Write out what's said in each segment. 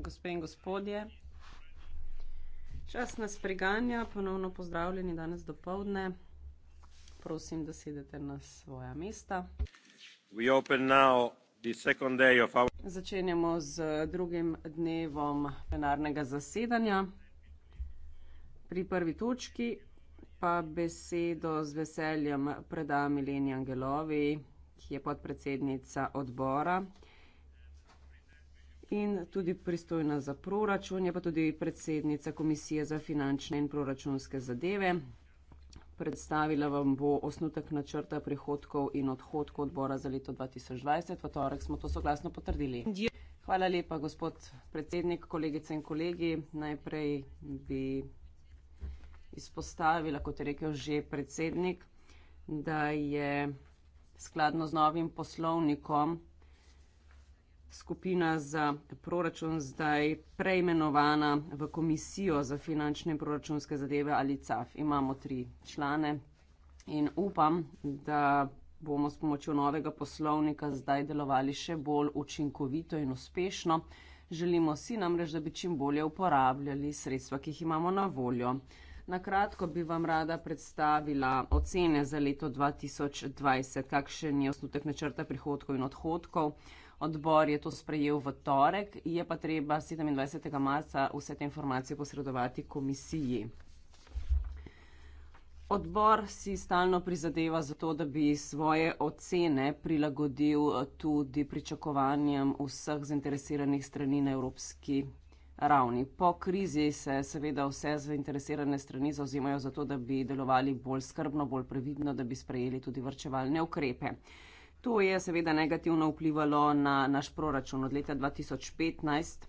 gospe in gospodje, čas nas preganja, ponovno pozdravljeni danes dopoledne. Prosim, da sedete na svoja mesta. Our... Začenjamo z drugim dnevom plenarnega zasedanja. Pri prvi točki pa besedo z veseljem predam Ileni Angelovi, ki je podpredsednica odbora in tudi pristojna za proračun, je pa tudi predsednica Komisije za finančne in proračunske zadeve. Predstavila vam bo osnutek načrta prihodkov in odhodkov odbora za leto 2020. V torek smo to soglasno potrdili. Hvala lepa, gospod predsednik, kolegice in kolegi. Najprej bi izpostavila, kot je rekel že predsednik, da je skladno z novim poslovnikom skupina za proračun zdaj preimenovana v Komisijo za finančne in proračunske zadeve ali CAF. Imamo tri člane in upam, da bomo s pomočjo novega poslovnika zdaj delovali še bolj učinkovito in uspešno. Želimo si namreč, da bi čim bolje uporabljali sredstva, ki jih imamo na voljo. Na kratko bi vam rada predstavila ocene za leto 2020, kakšen je osnutek načrta prihodkov in odhodkov. Odbor je to sprejel v torek, je pa treba 27. marca vse te informacije posredovati komisiji. Odbor si stalno prizadeva za to, da bi svoje ocene prilagodil tudi pričakovanjem vseh zainteresiranih strani na Evropski ravni. Po krizi se seveda vse zainteresirane strani zauzimajo za to, da bi delovali bolj skrbno, bolj previdno, da bi sprejeli tudi vrčevalne ukrepe. To je seveda negativno vplivalo na naš proračun. Od leta 2015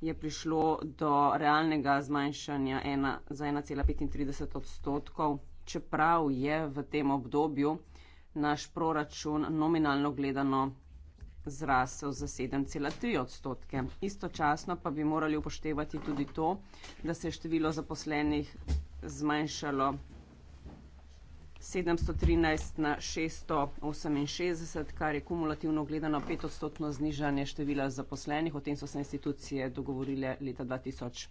je prišlo do realnega zmanjšanja ena, za 1,35 odstotkov, čeprav je v tem obdobju naš proračun nominalno gledano zrasel za 7,3 odstotke. Istočasno pa bi morali upoštevati tudi to, da se je število zaposlenih zmanjšalo 713 na 668, kar je kumulativno gledano 5 odstotno znižanje števila zaposlenih. O tem so se institucije dogovorile leta 2000.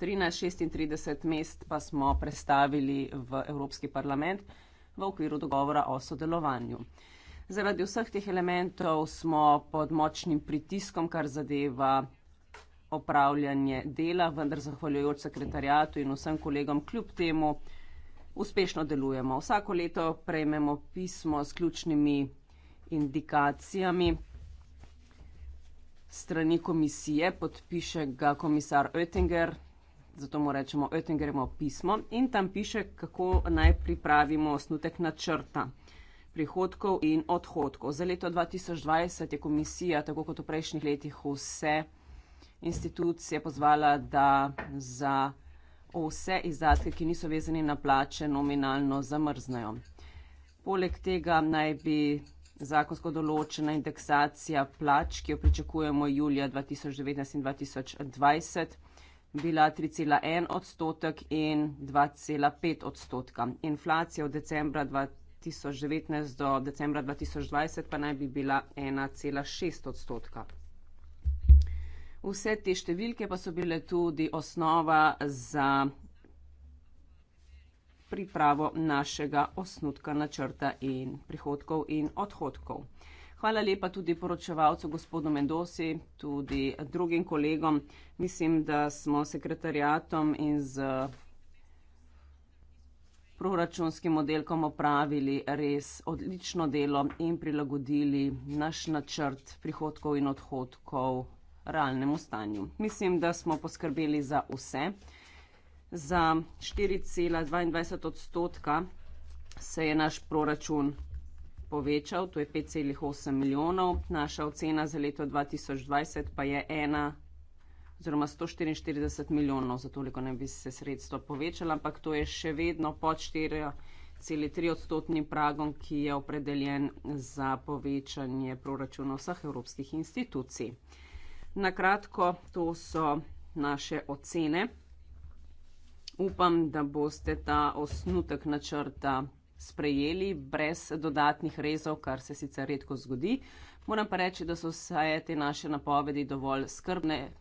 1336 mest pa smo predstavili v Evropski parlament v okviru dogovora o sodelovanju. Zaradi vseh teh elementov smo pod močnim pritiskom, kar zadeva opravljanje dela, vendar zahvaljujoč sekretarjatu in vsem kolegom kljub temu uspešno delujemo. Vsako leto prejmemo pismo s ključnimi indikacijami strani komisije, podpiše ga komisar Oettinger, zato mu rečemo Oettingerjemo pismo in tam piše, kako naj pripravimo osnutek načrta prihodkov in odhodkov. Za leto 2020 je komisija, tako kot v prejšnjih letih, vse institucije pozvala, da za vse izdatke, ki niso vezani na plače, nominalno zamrznejo. Poleg tega naj bi zakonsko določena indeksacija plač, ki jo pričakujemo julija 2019 in 2020, bila 3,1 odstotek in 2,5 odstotka. Inflacija v decembra 2020 2019 do decembra 2020 pa naj bi bila 1,6 odstotka. Vse te številke pa so bile tudi osnova za pripravo našega osnutka načrta in prihodkov in odhodkov. Hvala lepa tudi poročevalcu gospodu Mendosi, tudi drugim kolegom. Mislim, da smo sekretarjatom in z proračunskim modelkom opravili res odlično delo in prilagodili naš načrt prihodkov in odhodkov realnemu stanju. Mislim, da smo poskrbeli za vse. Za 4,22 odstotka se je naš proračun povečal, to je 5,8 milijonov. Naša ocena za leto 2020 pa je 1,5 oziroma 144 milijonov, za toliko ne bi se sredstva povečala, ampak to je še vedno pod 4,3 odstotni pragom, ki je opredeljen za povečanje proračuna vseh evropskih institucij. Na kratko, to so naše ocene. Upam, da boste ta osnutek načrta sprejeli brez dodatnih rezov, kar se sicer redko zgodi, Moram pa reči, da so vse te naše napovedi dovolj skrbne,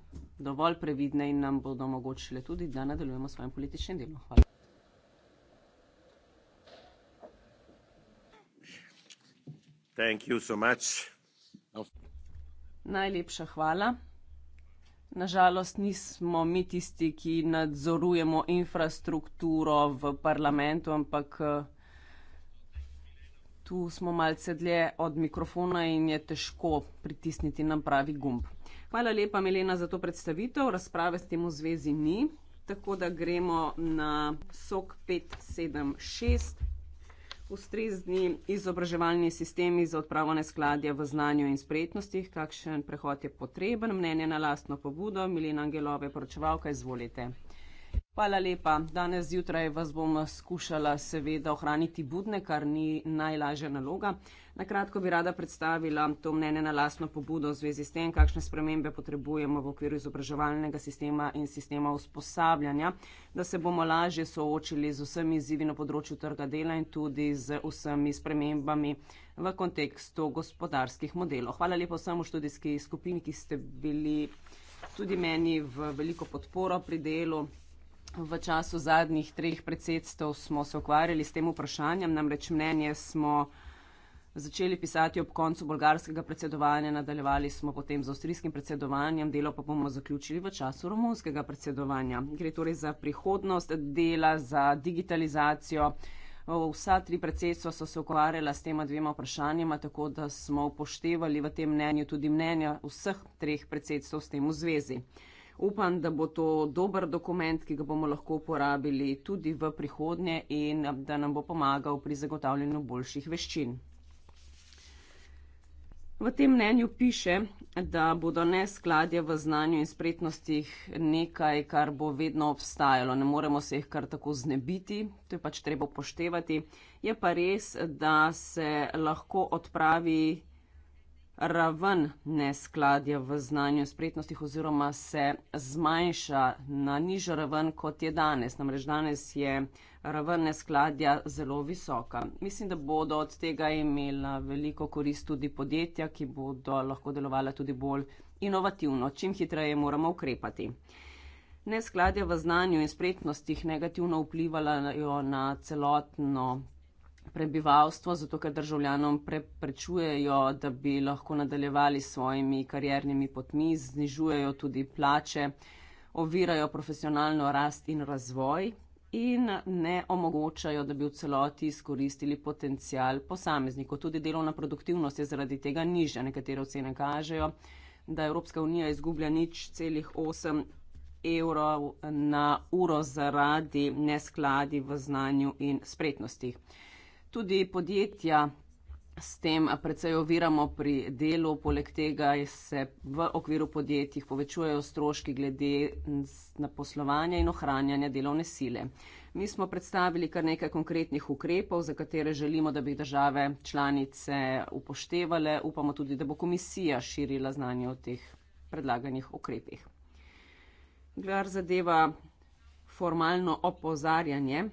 dovolj previdne in nam bodo omogočile tudi, da nadaljujemo s svojim političnim delom. Hvala. So Najlepša hvala. Nažalost nismo mi tisti, ki nadzorujemo infrastrukturo v parlamentu, ampak tu smo malce dlje od mikrofona in je težko pritisniti na pravi gumb. Hvala lepa, Melena, za to predstavitev. Razprave s tem v zvezi ni, tako da gremo na SOK 576. Ustrezni izobraževalni sistemi za odpravo neskladja v znanju in spretnostih, kakšen prehod je potreben, mnenje na lastno pobudo, Milena Angelove, poročevalka, izvolite. Hvala lepa. Danes zjutraj vas bom skušala seveda ohraniti budne, kar ni najlažja naloga. Nakratko bi rada predstavila to mnenje na lastno pobudo v zvezi s tem, kakšne spremembe potrebujemo v okviru izobraževalnega sistema in sistema usposabljanja, da se bomo lažje soočili z vsemi izzivi na področju trga dela in tudi z vsemi spremembami v kontekstu gospodarskih modelov. Hvala lepa vsemu študijski skupini, ki ste bili tudi meni v veliko podporo pri delu. V času zadnjih treh predsedstv smo se ukvarjali s tem vprašanjem, namreč mnenje smo začeli pisati ob koncu bolgarskega predsedovanja, nadaljevali smo potem z avstrijskim predsedovanjem, delo pa bomo zaključili v času romunskega predsedovanja. Gre torej za prihodnost dela, za digitalizacijo. Vsa tri predsedstva so se ukvarjala s tema dvema vprašanjima, tako da smo upoštevali v tem mnenju tudi mnenja vseh treh predsedstv s tem v zvezi. Upam, da bo to dober dokument, ki ga bomo lahko uporabili tudi v prihodnje in da nam bo pomagal pri zagotavljanju boljših veščin. V tem mnenju piše, da bodo neskladje v znanju in spretnostih nekaj, kar bo vedno obstajalo. Ne moremo se jih kar tako znebiti, to je pač treba poštevati. Je pa res, da se lahko odpravi raven neskladja v znanju in spretnostih oziroma se zmanjša na nižjo raven, kot je danes. Namreč danes je raven neskladja zelo visoka. Mislim, da bodo od tega imela veliko korist tudi podjetja, ki bodo lahko delovala tudi bolj inovativno. Čim hitreje moramo ukrepati. Neskladja v znanju in spretnostih negativno vplivala na celotno prebivalstvo, zato ker državljanom preprečujejo, da bi lahko nadaljevali s svojimi kariernimi potmi, znižujejo tudi plače, ovirajo profesionalno rast in razvoj in ne omogočajo, da bi v celoti izkoristili potencial posameznikov. Tudi delovna produktivnost je zaradi tega nižja. Nekatere ocene kažejo, da Evropska unija izgublja nič celih 8 evrov na uro zaradi neskladi v znanju in spretnostih tudi podjetja s tem precej oviramo pri delu, poleg tega se v okviru podjetjih povečujejo stroški glede na poslovanje in ohranjanje delovne sile. Mi smo predstavili kar nekaj konkretnih ukrepov, za katere želimo, da bi države članice upoštevale, upamo tudi, da bo komisija širila znanje o teh predlaganih ukrepih. Glede na zadeva formalno opozarjanje,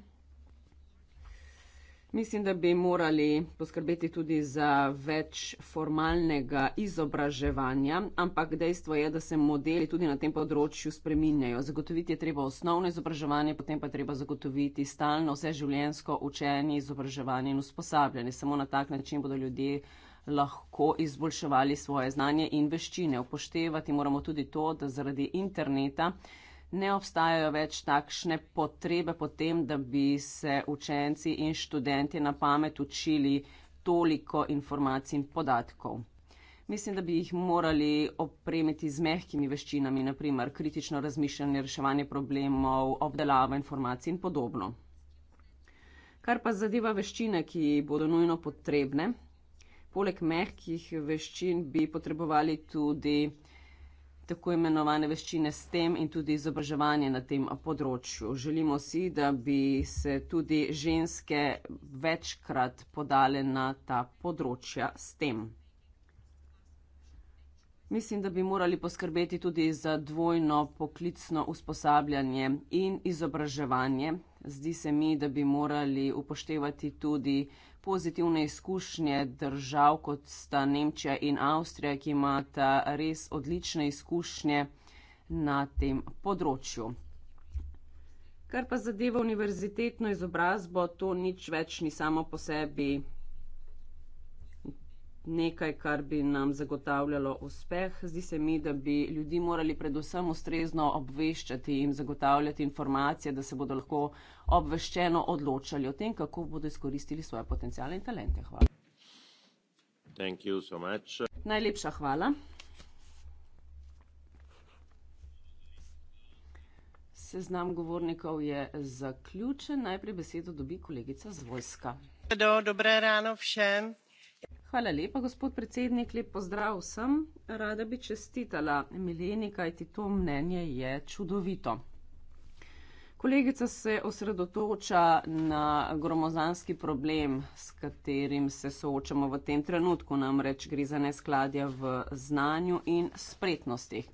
Mislim, da bi morali poskrbeti tudi za več formalnega izobraževanja, ampak dejstvo je, da se modeli tudi na tem področju spreminjajo. Zagotoviti je treba osnovno izobraževanje, potem pa je treba zagotoviti stalno vseživljensko učenje, izobraževanje in usposabljanje. Samo na tak način bodo ljudje lahko izboljševali svoje znanje in veščine. Upoštevati moramo tudi to, da zaradi interneta ne obstajajo več takšne potrebe potem, da bi se učenci in študenti na pamet učili toliko informacij in podatkov. Mislim, da bi jih morali opremiti z mehkimi veščinami, naprimer kritično razmišljanje, reševanje problemov, obdelava informacij in podobno. Kar pa zadeva veščine, ki bodo nujno potrebne, poleg mehkih veščin bi potrebovali tudi tako imenovane veščine s tem in tudi izobraževanje na tem področju. Želimo si, da bi se tudi ženske večkrat podale na ta področja s tem. Mislim, da bi morali poskrbeti tudi za dvojno poklicno usposabljanje in izobraževanje. Zdi se mi, da bi morali upoštevati tudi pozitivne izkušnje držav, kot sta Nemčija in Avstrija, ki imata res odlične izkušnje na tem področju. Kar pa zadeva univerzitetno izobrazbo, to nič več ni samo po sebi nekaj, kar bi nam zagotavljalo uspeh. Zdi se mi, da bi ljudi morali predvsem ustrezno obveščati in zagotavljati informacije, da se bodo lahko obveščeno odločali o tem, kako bodo izkoristili svoje potencijale in talente. Hvala. So Najlepša hvala. Seznam govornikov je zaključen. Najprej besedo dobi kolegica Zvojska. Dobre ráno všem. Hvala lepa, gospod predsednik. Lep pozdrav vsem. Rada bi čestitala Mileni, kaj ti to mnenje je čudovito. Kolegica se osredotoča na gromozanski problem, s katerim se soočamo v tem trenutku, namreč gre za neskladja v znanju in spretnostih.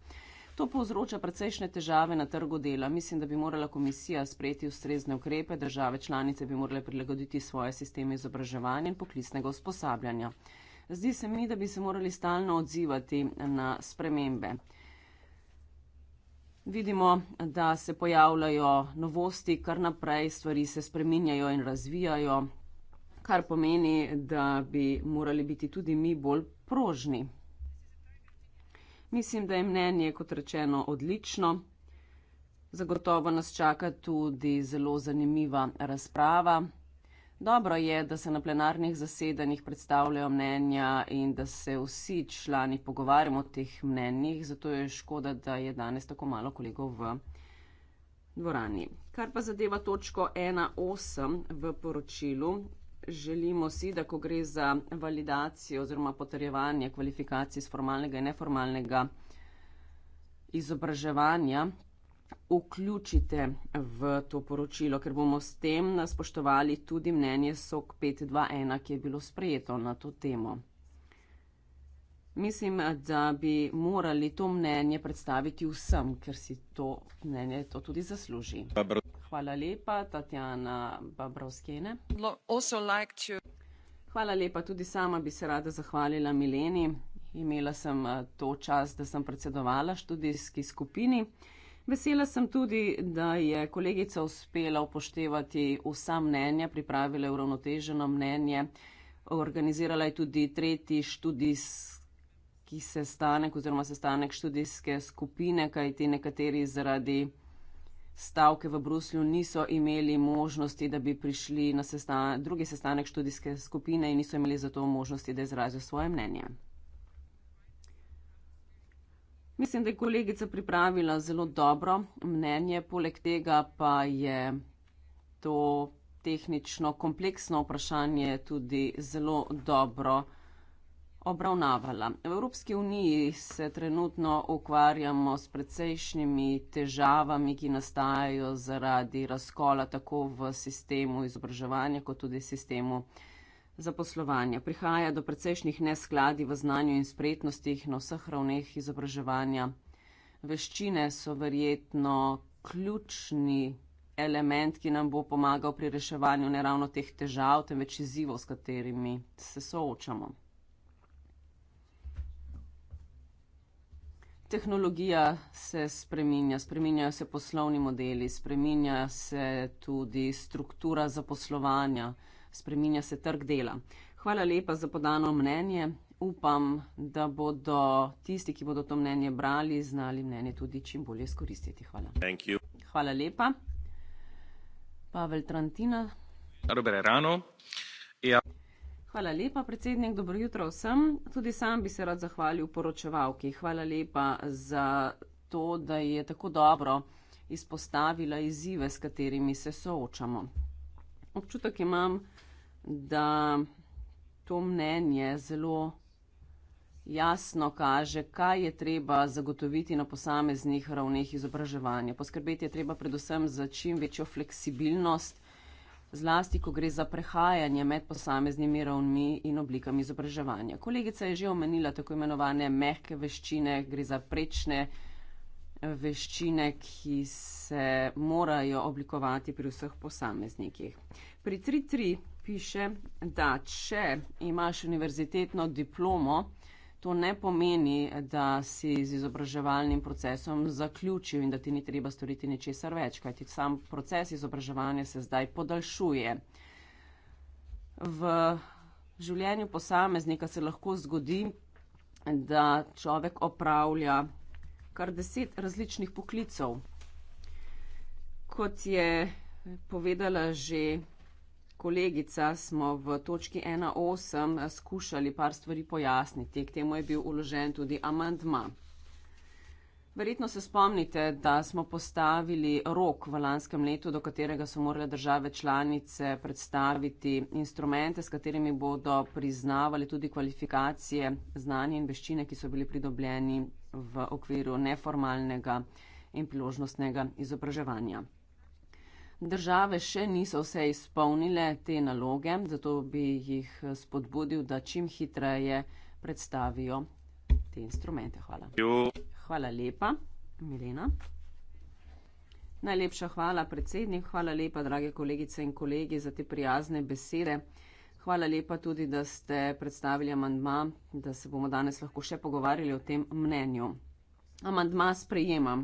To povzroča precejšnje težave na trgu dela. Mislim, da bi morala komisija sprejeti ustrezne ukrepe, države članice bi morale prilagoditi svoje sisteme izobraževanja in poklicnega usposabljanja. Zdi se mi, da bi se morali stalno odzivati na spremembe. Vidimo, da se pojavljajo novosti, kar naprej stvari se spreminjajo in razvijajo, kar pomeni, da bi morali biti tudi mi bolj prožni Mislim, da je mnenje, kot rečeno, odlično. Zagotovo nas čaka tudi zelo zanimiva razprava. Dobro je, da se na plenarnih zasedanjih predstavljajo mnenja in da se vsi člani pogovarjamo o teh mnenjih, zato je škoda, da je danes tako malo kolegov v dvorani. Kar pa zadeva točko 1.8 v poročilu, Želimo si, da ko gre za validacijo oziroma potrjevanje kvalifikacij iz formalnega in neformalnega izobraževanja, vključite v to poročilo, ker bomo s tem spoštovali tudi mnenje SOK 521, ki je bilo sprejeto na to temo. Mislim, da bi morali to mnenje predstaviti vsem, ker si to mnenje to tudi zasluži. Dobro. Hvala lepa, Tatjana Babrovskene. Like to... Hvala lepa, tudi sama bi se rada zahvalila Mileni. Imela sem eh, to čas, da sem predsedovala študijski skupini. Vesela sem tudi, da je kolegica uspela upoštevati vsa mnenja, pripravila je uravnoteženo mnenje, organizirala je tudi tretji študijski sestanek oziroma sestanek študijske skupine, kajti nekateri zaradi stavke v Bruslju niso imeli možnosti, da bi prišli na sestan drugi sestanek študijske skupine in niso imeli zato možnosti, da izrazijo svoje mnenje. Mislim, da je kolegica pripravila zelo dobro mnenje, poleg tega pa je to tehnično kompleksno vprašanje tudi zelo dobro obravnavala. V Evropski uniji se trenutno ukvarjamo s precejšnjimi težavami, ki nastajajo zaradi razkola tako v sistemu izobraževanja kot tudi sistemu zaposlovanja. Prihaja do precejšnjih neskladi v znanju in spretnostih na vseh ravneh izobraževanja. Veščine so verjetno ključni element, ki nam bo pomagal pri reševanju ne ravno teh težav, temveč izzivov, s katerimi se soočamo. Tehnologija se spreminja, spreminjajo se poslovni modeli, spreminja se tudi struktura zaposlovanja, spreminja se trg dela. Hvala lepa za podano mnenje. Upam, da bodo tisti, ki bodo to mnenje brali, znali mnenje tudi čim bolje skoristiti. Hvala. Hvala lepa. Pavel Trantina. Dobro, rano. Ja. Hvala lepa, predsednik. Dobro jutro vsem. Tudi sam bi se rad zahvalil poročevalki. Hvala lepa za to, da je tako dobro izpostavila izzive, s katerimi se soočamo. Občutek imam, da to mnenje zelo jasno kaže, kaj je treba zagotoviti na posameznih ravneh izobraževanja. Poskrbeti je treba predvsem za čim večjo fleksibilnost zlasti, ko gre za prehajanje med posameznimi ravnmi in oblikami izobraževanja. Kolegica je že omenila tako imenovane mehke veščine, gre za prečne veščine, ki se morajo oblikovati pri vseh posameznikih. Pri 3.3 piše, da če imaš univerzitetno diplomo, To ne pomeni, da si z izobraževalnim procesom zaključil in da ti ni treba storiti ničesar več, kajti sam proces izobraževanja se zdaj podaljšuje. V življenju posameznika se lahko zgodi, da človek opravlja kar deset različnih poklicov. Kot je povedala že kolegica smo v točki 1.8 skušali par stvari pojasniti, k temu je bil uložen tudi amantma. Verjetno se spomnite, da smo postavili rok v lanskem letu, do katerega so morale države članice predstaviti instrumente, s katerimi bodo priznavali tudi kvalifikacije, znanje in veščine, ki so bili pridobljeni v okviru neformalnega in priložnostnega izobraževanja. Države še niso vse izpolnile te naloge, zato bi jih spodbudil, da čim hitreje predstavijo te instrumente. Hvala. Hvala lepa, Milena. Najlepša hvala, predsednik. Hvala lepa, drage kolegice in kolegi, za te prijazne besede. Hvala lepa tudi, da ste predstavili amandma, da se bomo danes lahko še pogovarjali o tem mnenju. Amandma sprejemam,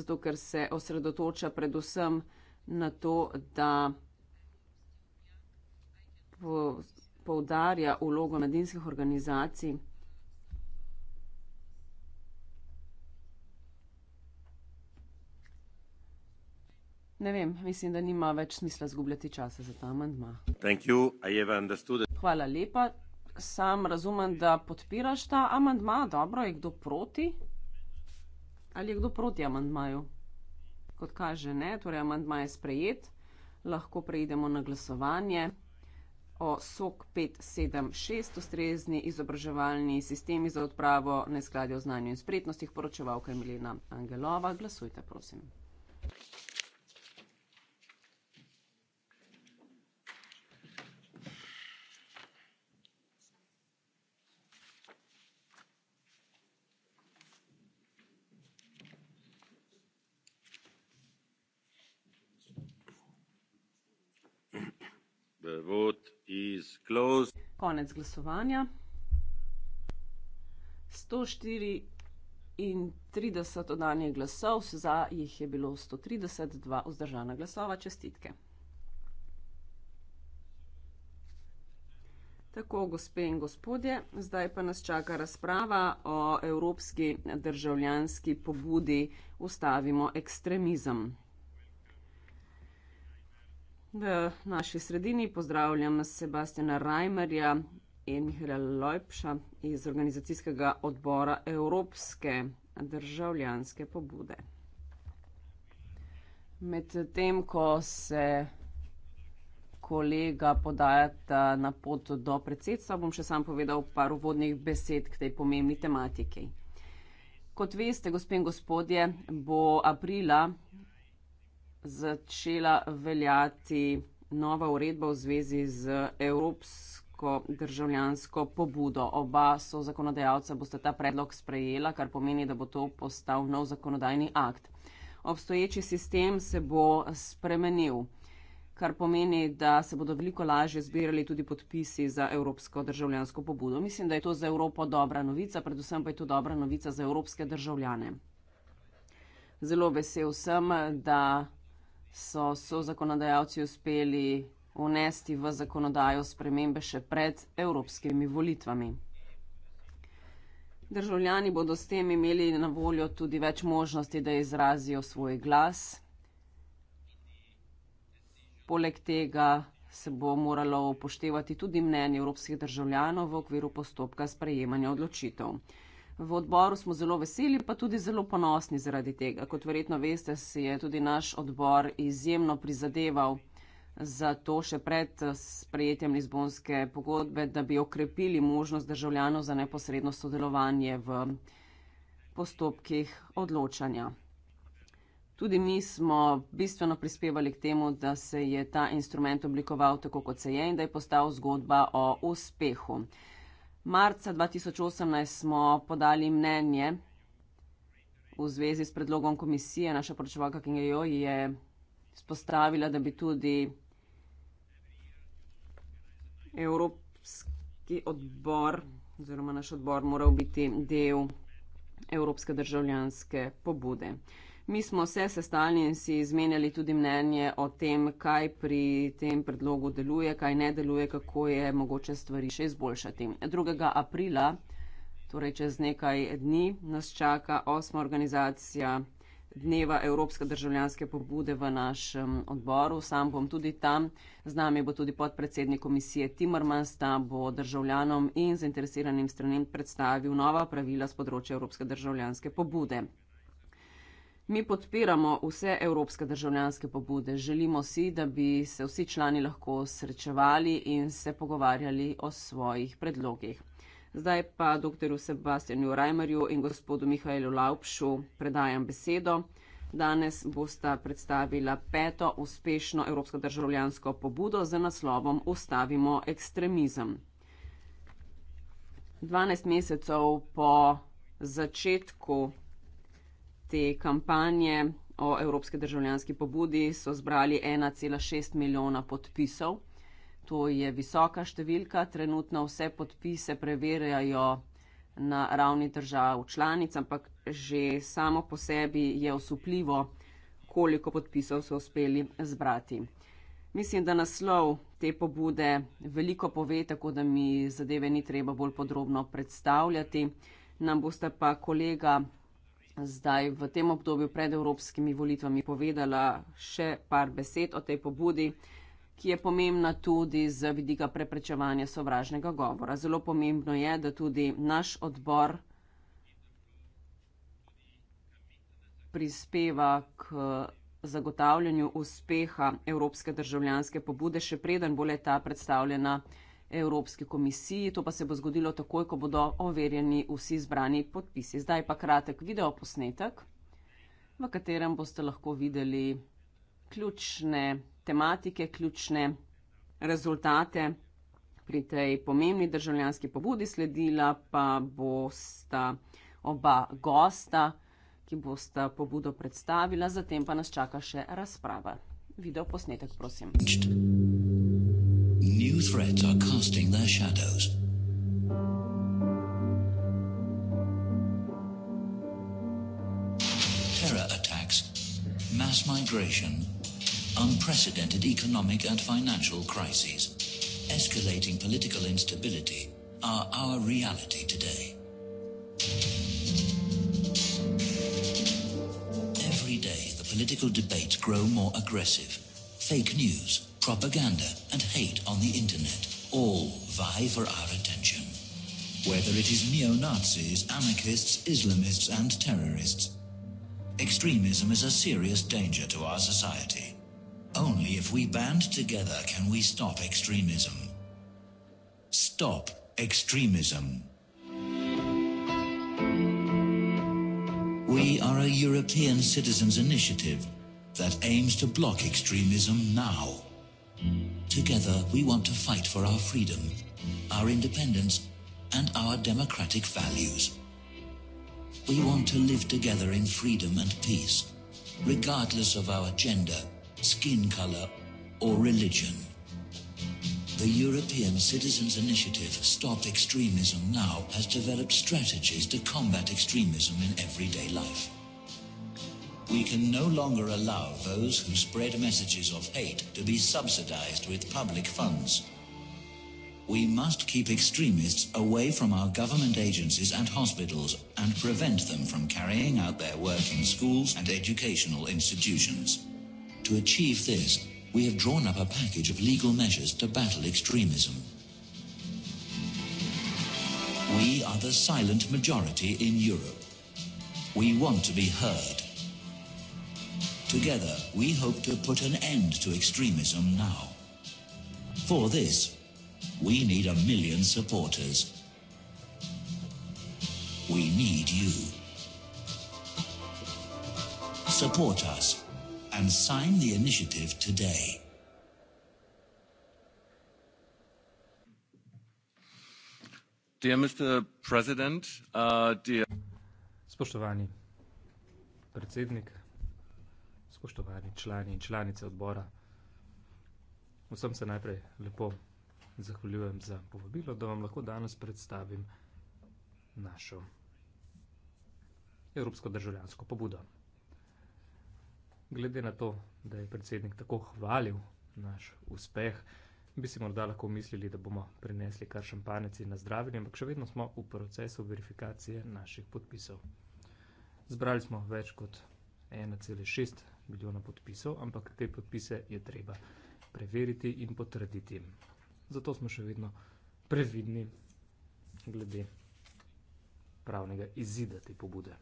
zato ker se osredotoča predvsem na to, da poudarja vlogo mladinskih organizacij. Ne vem, mislim, da nima več smisla zgubljati časa za ta amantma. Hvala lepa. Sam razumem, da podpiraš ta amantma. Dobro, je kdo proti? Ali je kdo proti amantmaju? kot kaže ne, torej amandma je sprejet, lahko preidemo na glasovanje. O SOK 576, ustrezni izobraževalni sistemi za odpravo neskladja v znanju in spretnostih, poročevalka Emilina Angelova, glasujte prosim. Close. Konec glasovanja. 134 oddanih glasov, vse za jih je bilo 130, dva vzdržana glasova, čestitke. Tako, gospe in gospodje, zdaj pa nas čaka razprava o evropski državljanski pobudi Ustavimo ekstremizem. V naši sredini pozdravljam Sebastiana Reimerja in Mihaela Lojpša iz organizacijskega odbora Evropske državljanske pobude. Medtem, ko se kolega podajata na pot do predsedstva, bom še sam povedal par uvodnih besed k tej pomembni tematiki. Kot veste, gospe in gospodje, bo aprila začela veljati nova uredba v zvezi z evropsko državljansko pobudo. Oba so zakonodajalca, boste ta predlog sprejela, kar pomeni, da bo to postal nov zakonodajni akt. Obstoječi sistem se bo spremenil, kar pomeni, da se bodo veliko lažje zbirali tudi podpisi za evropsko državljansko pobudo. Mislim, da je to za Evropo dobra novica, predvsem pa je to dobra novica za evropske državljane. Zelo vesel sem, da so, so zakonodajalci uspeli unesti v zakonodajo spremembe še pred evropskimi volitvami. Državljani bodo s tem imeli na voljo tudi več možnosti, da izrazijo svoj glas. Poleg tega se bo moralo upoštevati tudi mnenje evropskih državljanov v okviru postopka sprejemanja odločitev. V odboru smo zelo veseli, pa tudi zelo ponosni zaradi tega. Kot verjetno veste, si je tudi naš odbor izjemno prizadeval za to še pred eh, sprejetjem Lizbonske pogodbe, da bi okrepili možnost državljanov za neposredno sodelovanje v postopkih odločanja. Tudi mi smo bistveno prispevali k temu, da se je ta instrument oblikoval tako, kot se je in da je postal zgodba o uspehu. Marca 2018 smo podali mnenje v zvezi s predlogom komisije. Naša poročevalka Kingejo je spostavila, da bi tudi Evropski odbor oziroma naš odbor moral biti del Evropske državljanske pobude. Mi smo se sestali in si izmenjali tudi mnenje o tem, kaj pri tem predlogu deluje, kaj ne deluje, kako je mogoče stvari še izboljšati. 2. aprila, torej čez nekaj dni, nas čaka osma organizacija dneva Evropske državljanske pobude v našem odboru. Sam bom tudi tam, z nami bo tudi podpredsednik komisije Timmermans, ta bo državljanom in zainteresiranim stranim predstavil nova pravila z področja Evropske državljanske pobude. Mi podpiramo vse evropske državljanske pobude. Želimo si, da bi se vsi člani lahko srečevali in se pogovarjali o svojih predlogih. Zdaj pa dr. Sebastianu Reimerju in gospodu Mihajlu Laupšu predajam besedo. Danes bosta predstavila peto uspešno evropsko državljansko pobudo z naslovom Ustavimo ekstremizem. 12 mesecev po začetku te kampanje o evropske državljanski pobudi so zbrali 1,6 milijona podpisov. To je visoka številka. Trenutno vse podpise preverjajo na ravni držav članic, ampak že samo po sebi je osupljivo, koliko podpisov so uspeli zbrati. Mislim, da naslov te pobude veliko pove, tako da mi zadeve ni treba bolj podrobno predstavljati. Nam boste pa kolega zdaj v tem obdobju pred evropskimi volitvami povedala še par besed o tej pobudi, ki je pomembna tudi z vidika preprečevanja sovražnega govora. Zelo pomembno je, da tudi naš odbor prispeva k zagotavljanju uspeha evropske državljanske pobude, še preden bo leta predstavljena Evropski komisiji. To pa se bo zgodilo takoj, ko bodo overjeni vsi zbrani podpisi. Zdaj pa kratek video posnetek, v katerem boste lahko videli ključne tematike, ključne rezultate pri tej pomembni državljanski pobudi. Sledila pa bosta oba gosta, ki bosta pobudo predstavila, zatem pa nas čaka še razprava. Video posnetek, prosim. Čt two threads are casting their shadows. Terror attacks, mass migration, unprecedented economic and financial crises, escalating political instability are our reality today. Every day, the political debates grow more aggressive. Fake news propaganda, and hate on the internet all vie for our attention. Whether it is neo Nazis, anarchists, Islamists, and terrorists, extremism is a serious danger to our society. Only if we band together can we stop extremism. Stop extremism. We are a European Citizens Initiative that aims to block extremism now. Together, we want to fight for our freedom, our independence, and our democratic values. We want to live together in freedom and peace, regardless of our gender, skin color, or religion. The European Citizens Initiative Stop Extremism Now has developed strategies to combat extremism in everyday life. We can no longer allow those who spread messages of hate to be subsidized with public funds. We must keep extremists away from our government agencies and hospitals and prevent them from carrying out their work in schools and educational institutions. To achieve this, we have drawn up a package of legal measures to battle extremism. We are the silent majority in Europe. We want to be heard. Together, we hope to put an end to extremism now. For this, we need a million supporters. We need you. Support us and sign the initiative today. Dear Mr. President, uh, dear... Spoštovani predsednik, spoštovani člani in članice odbora. Vsem se najprej lepo zahvaljujem za povabilo, da vam lahko danes predstavim našo evropsko državljansko pobudo. Glede na to, da je predsednik tako hvalil naš uspeh, bi si morda lahko mislili, da bomo prinesli kar šampanec in nazdravili, ampak še vedno smo v procesu verifikacije naših podpisov. Zbrali smo več kot 1,6 milijona podpisov, ampak te podpise je treba preveriti in potrditi. Zato smo še vedno previdni glede pravnega izida te pobude.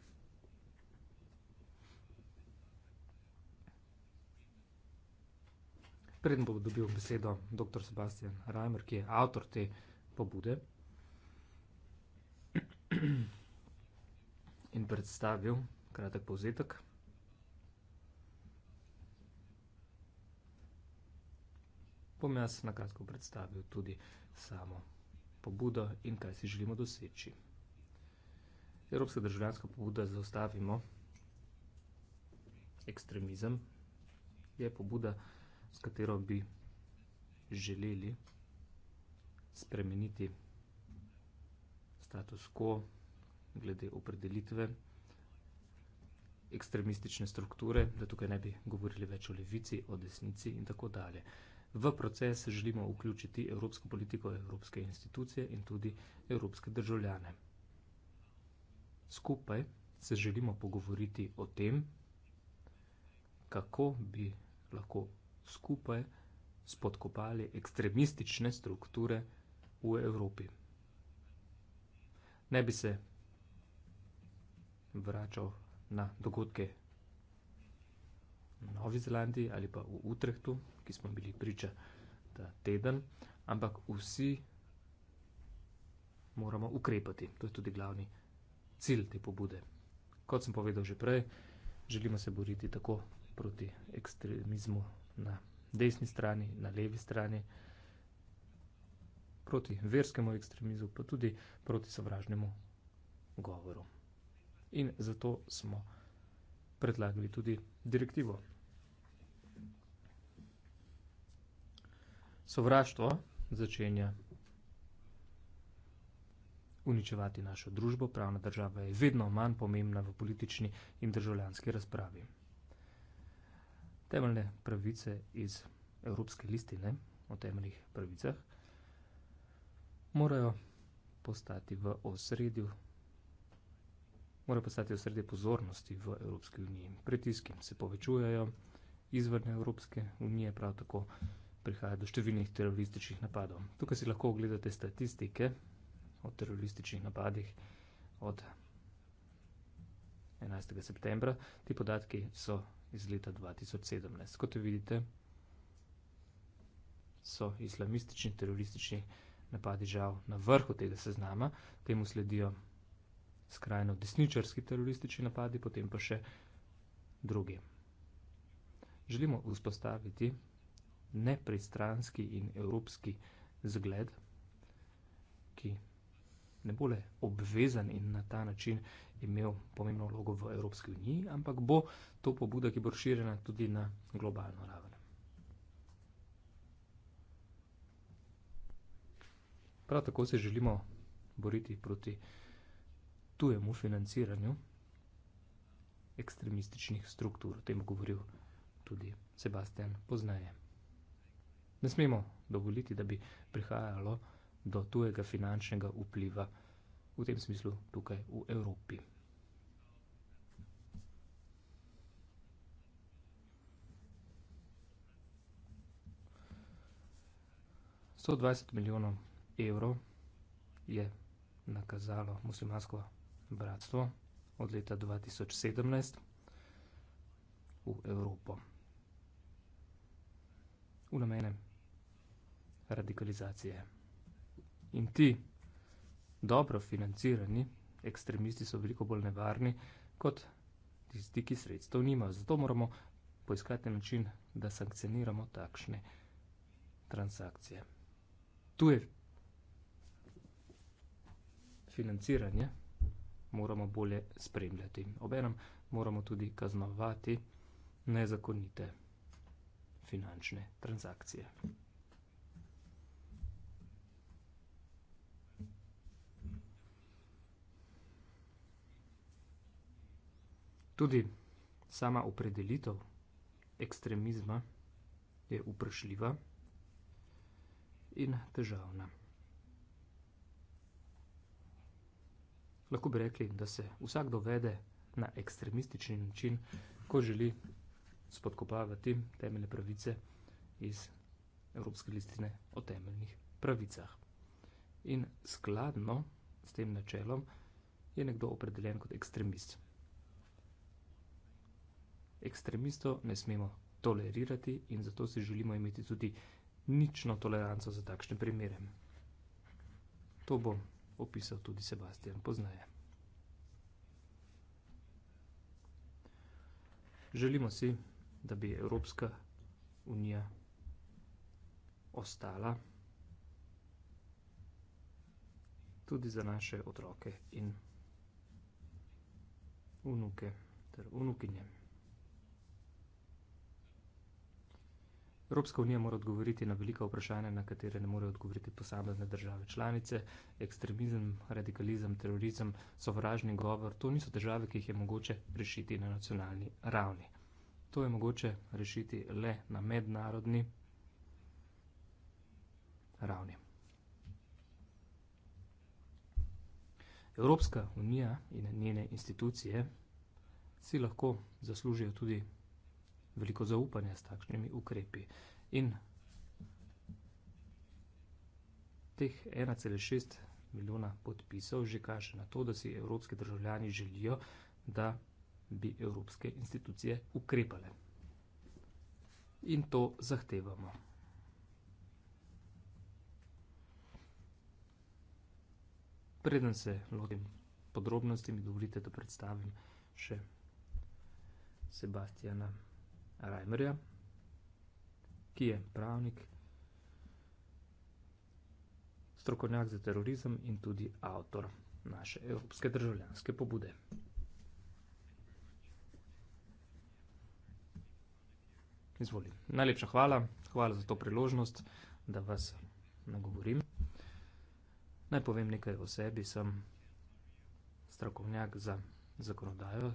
Predn bo dobil besedo dr. Sebastian Reimer, ki je avtor te pobude in predstavil kratek povzetek. bom jaz na kratko predstavil tudi samo pobudo in kaj si želimo doseči. Evropska državljanska pobuda zaustavimo ekstremizem je pobuda, s katero bi želeli spremeniti status quo glede opredelitve ekstremistične strukture, da tukaj ne bi govorili več o levici, o desnici in tako dalje v proces želimo vključiti evropsko politiko, evropske institucije in tudi evropske državljane. Skupaj se želimo pogovoriti o tem, kako bi lahko skupaj spodkopali ekstremistične strukture v Evropi. Ne bi se vračal na dogodke Novi Zelandiji ali pa v Utrehtu, ki smo bili priča ta teden, ampak vsi moramo ukrepati. To je tudi glavni cilj te pobude. Kot sem povedal že prej, želimo se boriti tako proti ekstremizmu na desni strani, na levi strani, proti verskemu ekstremizmu, pa tudi proti sovražnemu govoru. In zato smo predlagali tudi direktivo. Sovraštvo začenja uničevati našo družbo, pravna država je vedno manj pomembna v politični in državljanski razpravi. Temeljne pravice iz Evropske listine o temeljnih pravicah morajo postati v osredju mora postati v sredi pozornosti v Evropski uniji. Pritiski se povečujejo izvrne Evropske unije, prav tako prihaja do številnih terorističnih napadov. Tukaj si lahko ogledate statistike o terorističnih napadih od 11. septembra. Ti podatki so iz leta 2017. Kot vidite, so islamistični teroristični napadi žal na vrhu tega seznama, temu sledijo skrajno desničarski teroristični napadi, potem pa še drugi. Želimo vzpostaviti nepristranski in evropski zgled, ki ne bo le obvezan in na ta način imel pomembno vlogo v Evropski uniji, ampak bo to pobuda, ki bo širjena tudi na globalno raven. Prav tako se želimo boriti proti tujemu financiranju ekstremističnih struktur. O tem govoril tudi Sebastian Poznajem. Ne smemo dovoliti, da bi prihajalo do tujega finančnega vpliva v tem smislu tukaj v Evropi. Sto dvajset milijonov evrov je nakazalo muslimansko bratstvo od leta 2017 v Evropo. V namene radikalizacije. In ti, dobro financirani, ekstremisti so veliko bolj nevarni kot tisti, ki sredstev nimajo. Zato moramo poiskati način, da sankcioniramo takšne transakcije. Tu je financiranje, moramo bolje spremljati. Obenem moramo tudi kaznovati nezakonite finančne transakcije. Tudi sama opredelitev ekstremizma je vprašljiva in težavna. Lahko bi rekli, da se vsakdo vede na ekstremistični način, ko želi spodkopavati temeljne pravice iz Evropske listine o temeljnih pravicah. In skladno s tem načelom je nekdo opredeljen kot ekstremist ekstremistov ne smemo tolerirati in zato si želimo imeti tudi nično toleranco za takšne primere. To bo opisal tudi Sebastian poznaje. Želimo si, da bi Evropska unija ostala tudi za naše otroke in unuke ter unukinjem. Evropska unija mora odgovoriti na velika vprašanja, na katere ne morejo odgovoriti posamezne države članice. Ekstremizem, radikalizem, terorizem, sovražni govor, to niso države, ki jih je mogoče rešiti na nacionalni ravni. To je mogoče rešiti le na mednarodni ravni. Evropska unija in njene institucije si lahko zaslužijo tudi veliko zaupanja s takšnimi ukrepi. In teh 1,6 milijona podpisov že kaže na to, da si evropski državljani želijo, da bi evropske institucije ukrepale. In to zahtevamo. Preden se lotim podrobnosti, mi dovolite, da predstavim še Sebastiana. Reimerja, ki je pravnik, strokovnjak za terorizem in tudi avtor naše evropske državljanske pobude. Izvoli. Najlepša hvala, hvala za to priložnost, da vas nagovorim. Naj povem nekaj o sebi, sem strokovnjak za zakonodajo,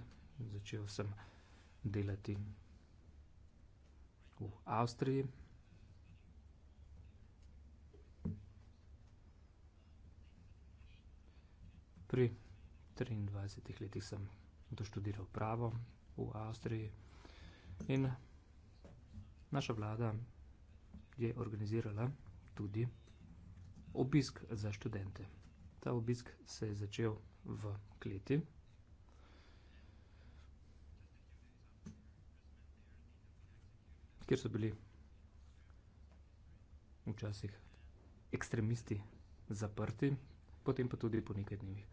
začel sem delati v Avstriji. Pri 23 letih sem doštudiral pravo v Avstriji in naša vlada je organizirala tudi obisk za študente. Ta obisk se je začel v kleti. kjer so bili včasih ekstremisti zaprti, potem pa tudi po nekaj dnevih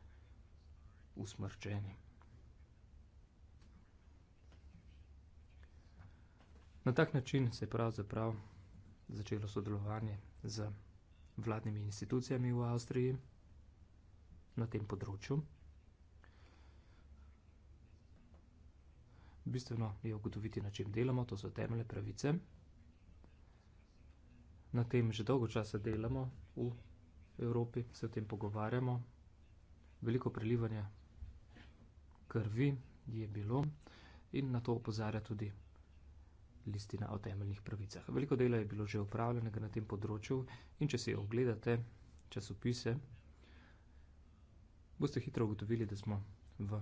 usmrčeni. Na tak način se je pravzaprav začelo sodelovanje z vladnimi institucijami v Avstriji na tem področju. bistveno je ugotoviti, na čem delamo, to so temeljne pravice. Na tem že dolgo časa delamo v Evropi, se o tem pogovarjamo. Veliko prelivanja krvi je bilo in na to opozarja tudi listina o temeljnih pravicah. Veliko dela je bilo že upravljenega na tem področju in če se ogledate časopise, boste hitro ugotovili, da smo v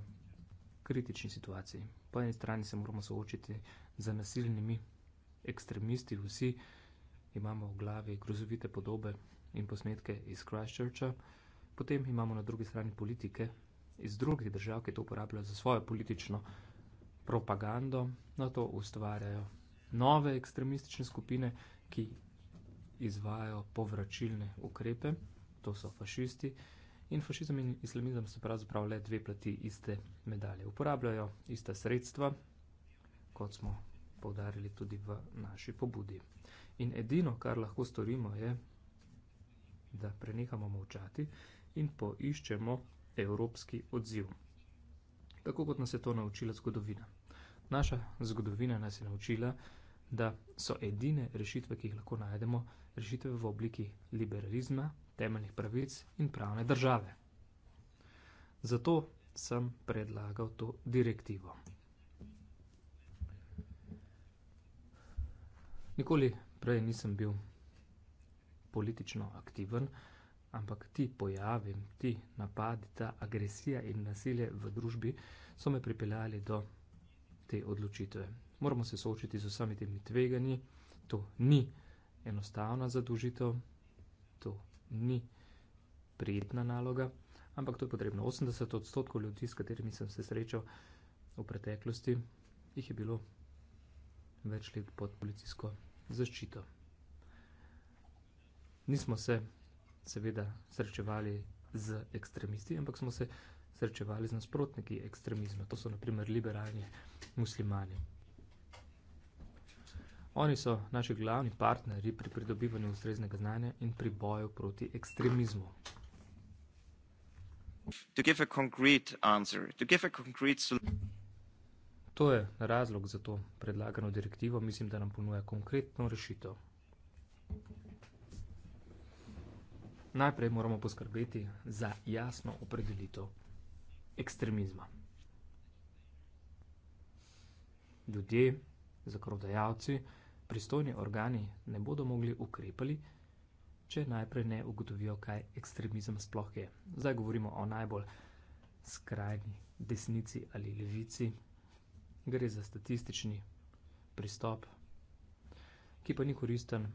kritični situaciji. Po eni strani se moramo soočiti z nasilnimi ekstremisti, vsi imamo v glavi grozovite podobe in posnetke iz Christchurcha, potem imamo na drugi strani politike iz drugih držav, ki to uporabljajo za svojo politično propagando, na to ustvarjajo nove ekstremistične skupine, ki izvajo povračilne ukrepe, to so fašisti. In fašizem in islamizem so pravzaprav le dve plati iste medalje. Uporabljajo ista sredstva, kot smo povdarili tudi v naši pobudi. In edino, kar lahko storimo, je, da prenehamo molčati in poiščemo evropski odziv. Tako kot nas je to naučila zgodovina. Naša zgodovina nas je naučila, da so edine rešitve, ki jih lahko najdemo, rešitve v obliki liberalizma, temeljnih pravic in pravne države. Zato sem predlagal to direktivo. Nikoli prej nisem bil politično aktiven, ampak ti pojavi, ti napadi, ta agresija in nasilje v družbi so me pripeljali do te odločitve. Moramo se soočiti z vsemi temi tveganji, to ni enostavna zadužitev, to ni prijetna naloga, ampak to je potrebno. 80 odstotkov ljudi, s katerimi sem se srečal v preteklosti, jih je bilo več let pod policijsko zaščito. Nismo se seveda srečevali z ekstremisti, ampak smo se srečevali z nasprotniki ekstremizma. To so naprimer liberalni muslimani. Oni so naši glavni partnerji pri pridobivanju ustreznega znanja in pri boju proti ekstremizmu. To je razlog za to predlagano direktivo. Mislim, da nam ponuja konkretno rešitev. Najprej moramo poskrbeti za jasno opredelitev ekstremizma. Ljudje, zakonodajalci, pristojni organi ne bodo mogli ukrepali, če najprej ne ugotovijo, kaj ekstremizem sploh je. Zdaj govorimo o najbolj skrajni desnici ali levici. Gre za statistični pristop, ki pa ni koristen,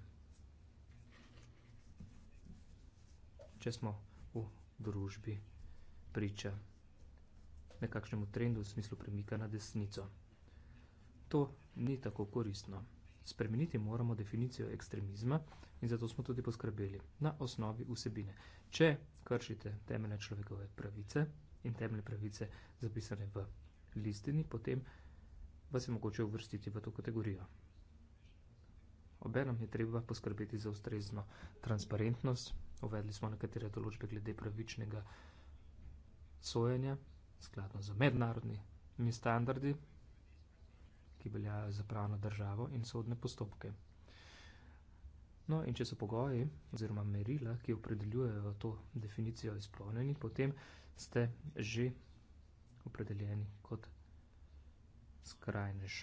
če smo v družbi priča nekakšnemu trendu v smislu premika na desnico. To ni tako koristno. Spremeniti moramo definicijo ekstremizma in zato smo tudi poskrbeli na osnovi vsebine. Če kršite temeljne človekove pravice in temeljne pravice zapisane v listini, potem vas je mogoče uvrstiti v to kategorijo. Obenem je treba poskrbeti za ustrezno transparentnost. Uvedli smo nekatere določbe glede pravičnega sojenja, skladno z mednarodnimi standardi, ki veljajo za pravno državo in sodne postopke. No, in če so pogoji oziroma merila, ki opredeljujejo to definicijo, izpolnjeni, potem ste že opredeljeni kot skrajnež.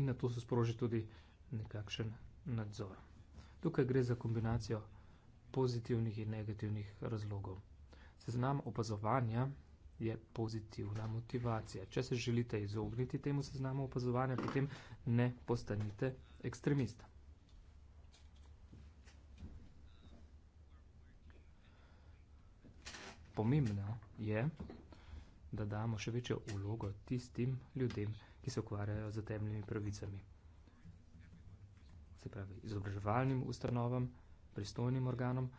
In na to se sproži tudi nekakšen nadzor. Tukaj gre za kombinacijo pozitivnih in negativnih razlogov. Seznam opazovanja je pozitivna motivacija. Če se želite izogniti temu seznamu opazovanja, potem ne postanite ekstremista. Pomembno je, da damo še večjo ulogo tistim ljudem, ki se ukvarjajo z temnimi pravicami. Se pravi, izobraževalnim ustanovam, pristojnim organom,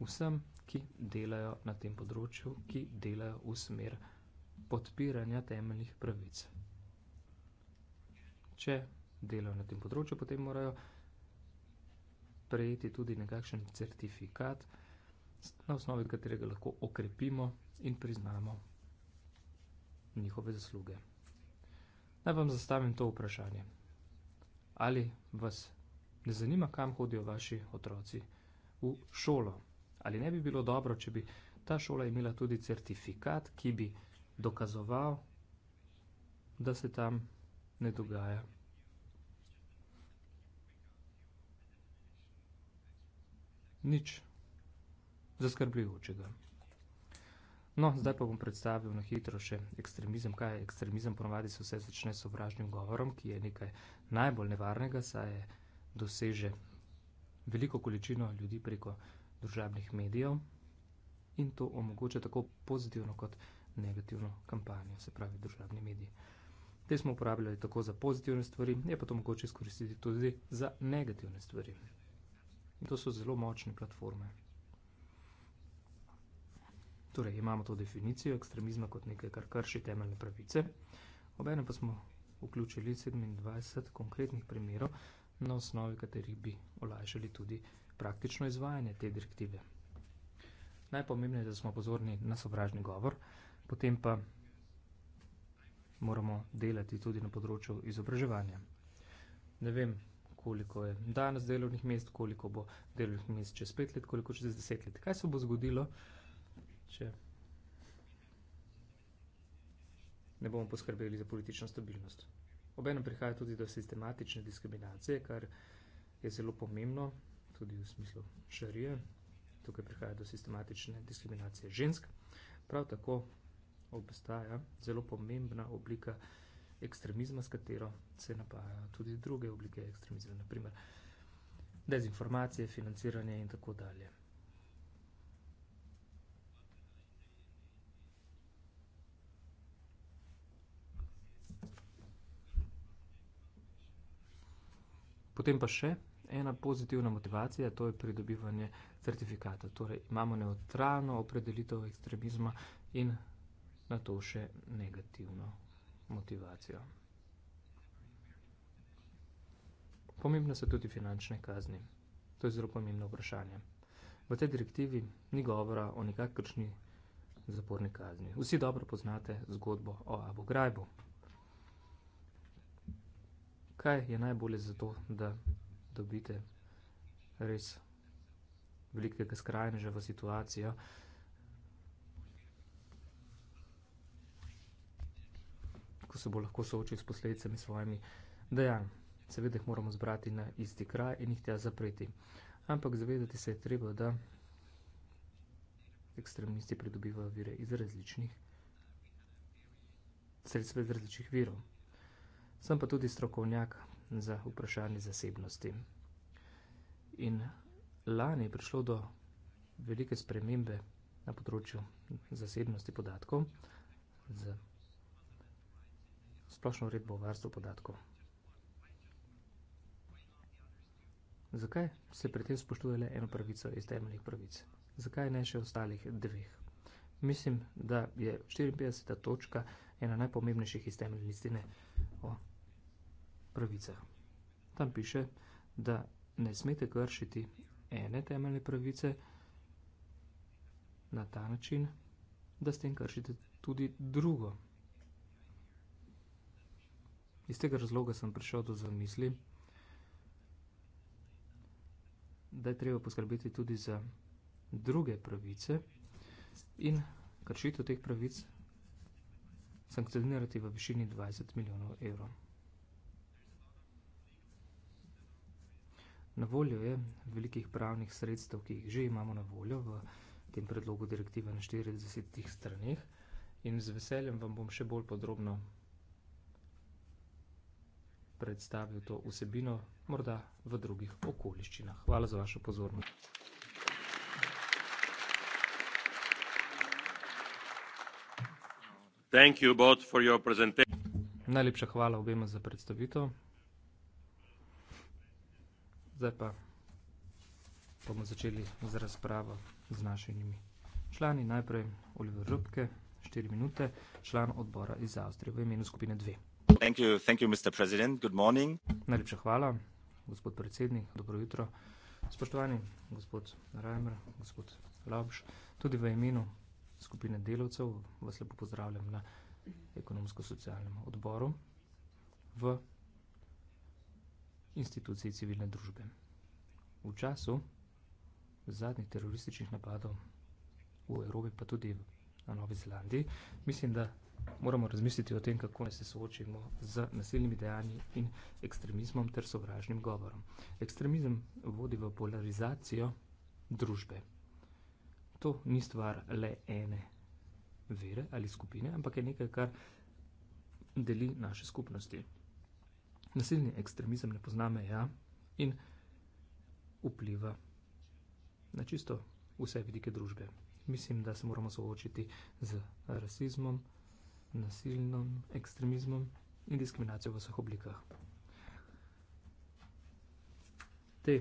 vsem, ki delajo na tem področju, ki delajo v smer podpiranja temeljnih pravic. Če delajo na tem področju, potem morajo prejeti tudi nekakšen certifikat, na osnovi katerega lahko okrepimo in priznamo njihove zasluge. Naj vam zastavim to vprašanje. Ali vas ne zanima, kam hodijo vaši otroci v šolo? Ali ne bi bilo dobro, če bi ta šola imela tudi certifikat, ki bi dokazoval, da se tam ne dogaja? Nič zaskrbljujočega. No, zdaj pa bom predstavil na hitro še ekstremizem. Kaj je ekstremizem? Ponovadi se vse začne s vražnim govorom, ki je nekaj najbolj nevarnega, saj je doseže veliko količino ljudi preko vsega družabnih medijev in to omogoča tako pozitivno kot negativno kampanjo, se pravi družabni mediji. Te smo uporabljali tako za pozitivne stvari, je pa to mogoče izkoristiti tudi za negativne stvari. In to so zelo močne platforme. Torej, imamo to definicijo ekstremizma kot nekaj, kar krši temeljne pravice. Obene pa smo vključili 27 konkretnih primerov, na osnovi katerih bi olajšali tudi nekaj praktično izvajanje te direktive. Najpomembnejše, da smo pozorni na sovražni govor, potem pa moramo delati tudi na področju izobraževanja. Ne vem, koliko je danes delovnih mest, koliko bo delovnih mest čez pet let, koliko čez deset let. Kaj se bo zgodilo, če ne bomo poskrbeli za politično stabilnost? Obenem prihaja tudi do sistematične diskriminacije, kar je zelo pomembno tudi v smislu šarije. Tukaj prihaja do sistematične diskriminacije žensk. Prav tako obstaja zelo pomembna oblika ekstremizma, s katero se napajajo tudi druge oblike ekstremizma, naprimer dezinformacije, financiranje in tako dalje. Potem pa še ena pozitivna motivacija, to je pridobivanje certifikata. Torej, imamo neutralno opredelitev ekstremizma in na to še negativno motivacijo. Pomembne so tudi finančne kazni. To je zelo pomembno vprašanje. V tej direktivi ni govora o nikakršni zaporni kazni. Vsi dobro poznate zgodbo o Abu Grajbu. Kaj je najbolje za to, da dobite res velikega skrajneža v situacijo. Ko se bo lahko soočil s posledicami svojimi dejanj. Seveda jih moramo zbrati na isti kraj in jih tja zapreti. Ampak zavedati se je treba, da ekstremisti pridobivajo vire iz različnih sredstva iz različnih virov. Sem pa tudi strokovnjak za vprašanje zasebnosti. In lani je prišlo do velike spremembe na področju zasebnosti podatkov z splošno uredbo o varstvu podatkov. Zakaj se pri tem spoštuje le eno pravico iz temeljnih pravic? Zakaj ne še ostalih dveh? Mislim, da je 54. točka ena najpomembnejših iz temeljne listine o pravicah. Tam piše, da ne smete kršiti ene temeljne pravice na ta način, da s tem kršite tudi drugo. Iz tega razloga sem prišel do zamisli, da je treba poskrbeti tudi za druge pravice in kršitev teh pravic sankcionirati v višini 20 milijonov evrov. Na voljo je velikih pravnih sredstev, ki jih že imamo na voljo v tem predlogu direktive na 40 stranih in z veseljem vam bom še bolj podrobno predstavil to vsebino, morda v drugih okoliščinah. Hvala za vašo pozornost. Najlepša hvala obema za predstavitev. Zdaj pa bomo začeli z razpravo z našimi člani. Najprej Oliver Rupke, 4 minute, član odbora iz Avstrije v imenu skupine 2. Thank you, thank you, Mr. President. Good morning. Najlepša hvala, gospod predsednik. Dobro jutro. Spoštovani gospod Reimer, gospod Laubš, tudi v imenu skupine delavcev vas lepo pozdravljam na ekonomsko-socialnem odboru v institucij civilne družbe. V času zadnjih terorističnih napadov v Evropi, pa tudi na Novi Zelandiji, mislim, da moramo razmisliti o tem, kako se soočimo z nasilnimi dejanji in ekstremizmom ter sovražnim govorom. Ekstremizem vodi v polarizacijo družbe. To ni stvar le ene vere ali skupine, ampak je nekaj, kar deli naše skupnosti nasilni ekstremizem ne pozna meja in vpliva na čisto vse vidike družbe. Mislim, da se moramo soočiti z rasizmom, nasilnim ekstremizmom in diskriminacijo v vseh oblikah. Te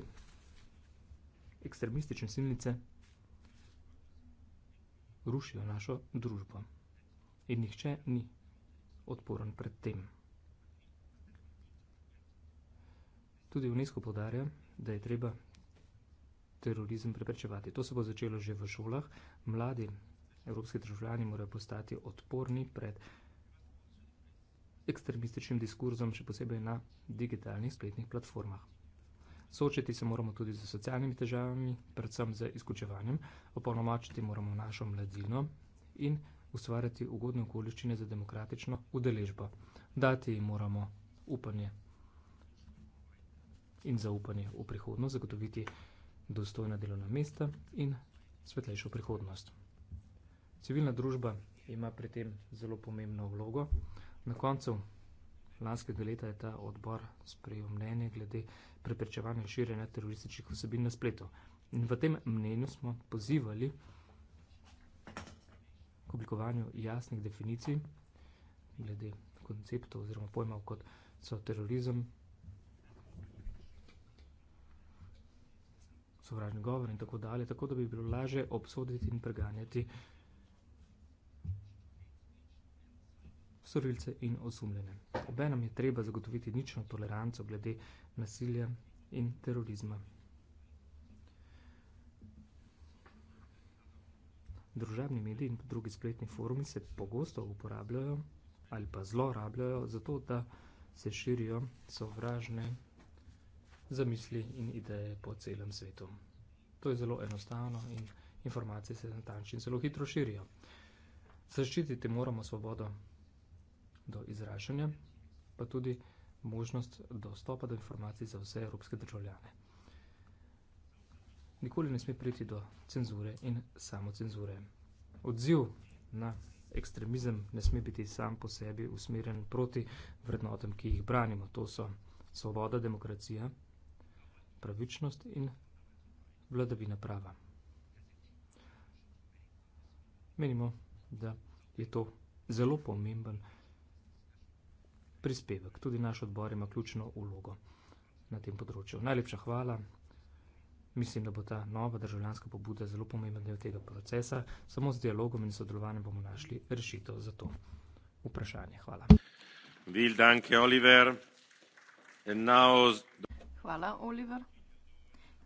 ekstremistične silnice rušijo našo družbo in nihče ni odporen pred tem. Tudi UNESCO podarja, da je treba terorizem preprečevati. To se bo začelo že v šolah. Mladi evropski državljani morajo postati odporni pred ekstremističnim diskurzom, še posebej na digitalnih spletnih platformah. Soočiti se moramo tudi z socialnimi težavami, predvsem z izključevanjem, opolnomačiti moramo našo mladino in ustvarjati ugodne okoliščine za demokratično udeležbo. Dati jim moramo upanje in zaupanje v prihodnost, zagotoviti dostojna delovna mesta in svetlejšo prihodnost. Civilna družba ima pri tem zelo pomembno vlogo. Na koncu lanskega leta je ta odbor sprejel mnenje glede preprečevanja širjenja terorističnih vsebin na spletu. In v tem mnenju smo pozivali k oblikovanju jasnih definicij glede konceptov oziroma pojmov, kot so terorizem, sovražni govor in tako dalje, tako da bi bilo laže obsoditi in preganjati storilce in osumljene. Obenem je treba zagotoviti nično toleranco glede nasilja in terorizma. Družabni mediji in drugi spletni forumi se pogosto uporabljajo ali pa zlorabljajo zato, da se širijo sovražne za misli in ideje po celem svetu. To je zelo enostavno in informacije se natančno in zelo hitro širijo. Zaščititi moramo svobodo do izražanja, pa tudi možnost dostopa do informacij za vse evropske državljane. Nikoli ne sme priti do cenzure in samocenzure. Odziv na ekstremizem ne sme biti sam po sebi usmerjen proti vrednotam, ki jih branimo. To so svoboda, demokracija, pravičnost in vladavina prava. Menimo, da je to zelo pomemben prispevek. Tudi naš odbor ima ključno ulogo na tem področju. Najlepša hvala. Mislim, da bo ta nova državljanska pobuda zelo pomemben del tega procesa. Samo z dialogom in sodelovanjem bomo našli rešitev za to vprašanje. Hvala. Vil danke, Oliver. And now... Hvala, Oliver.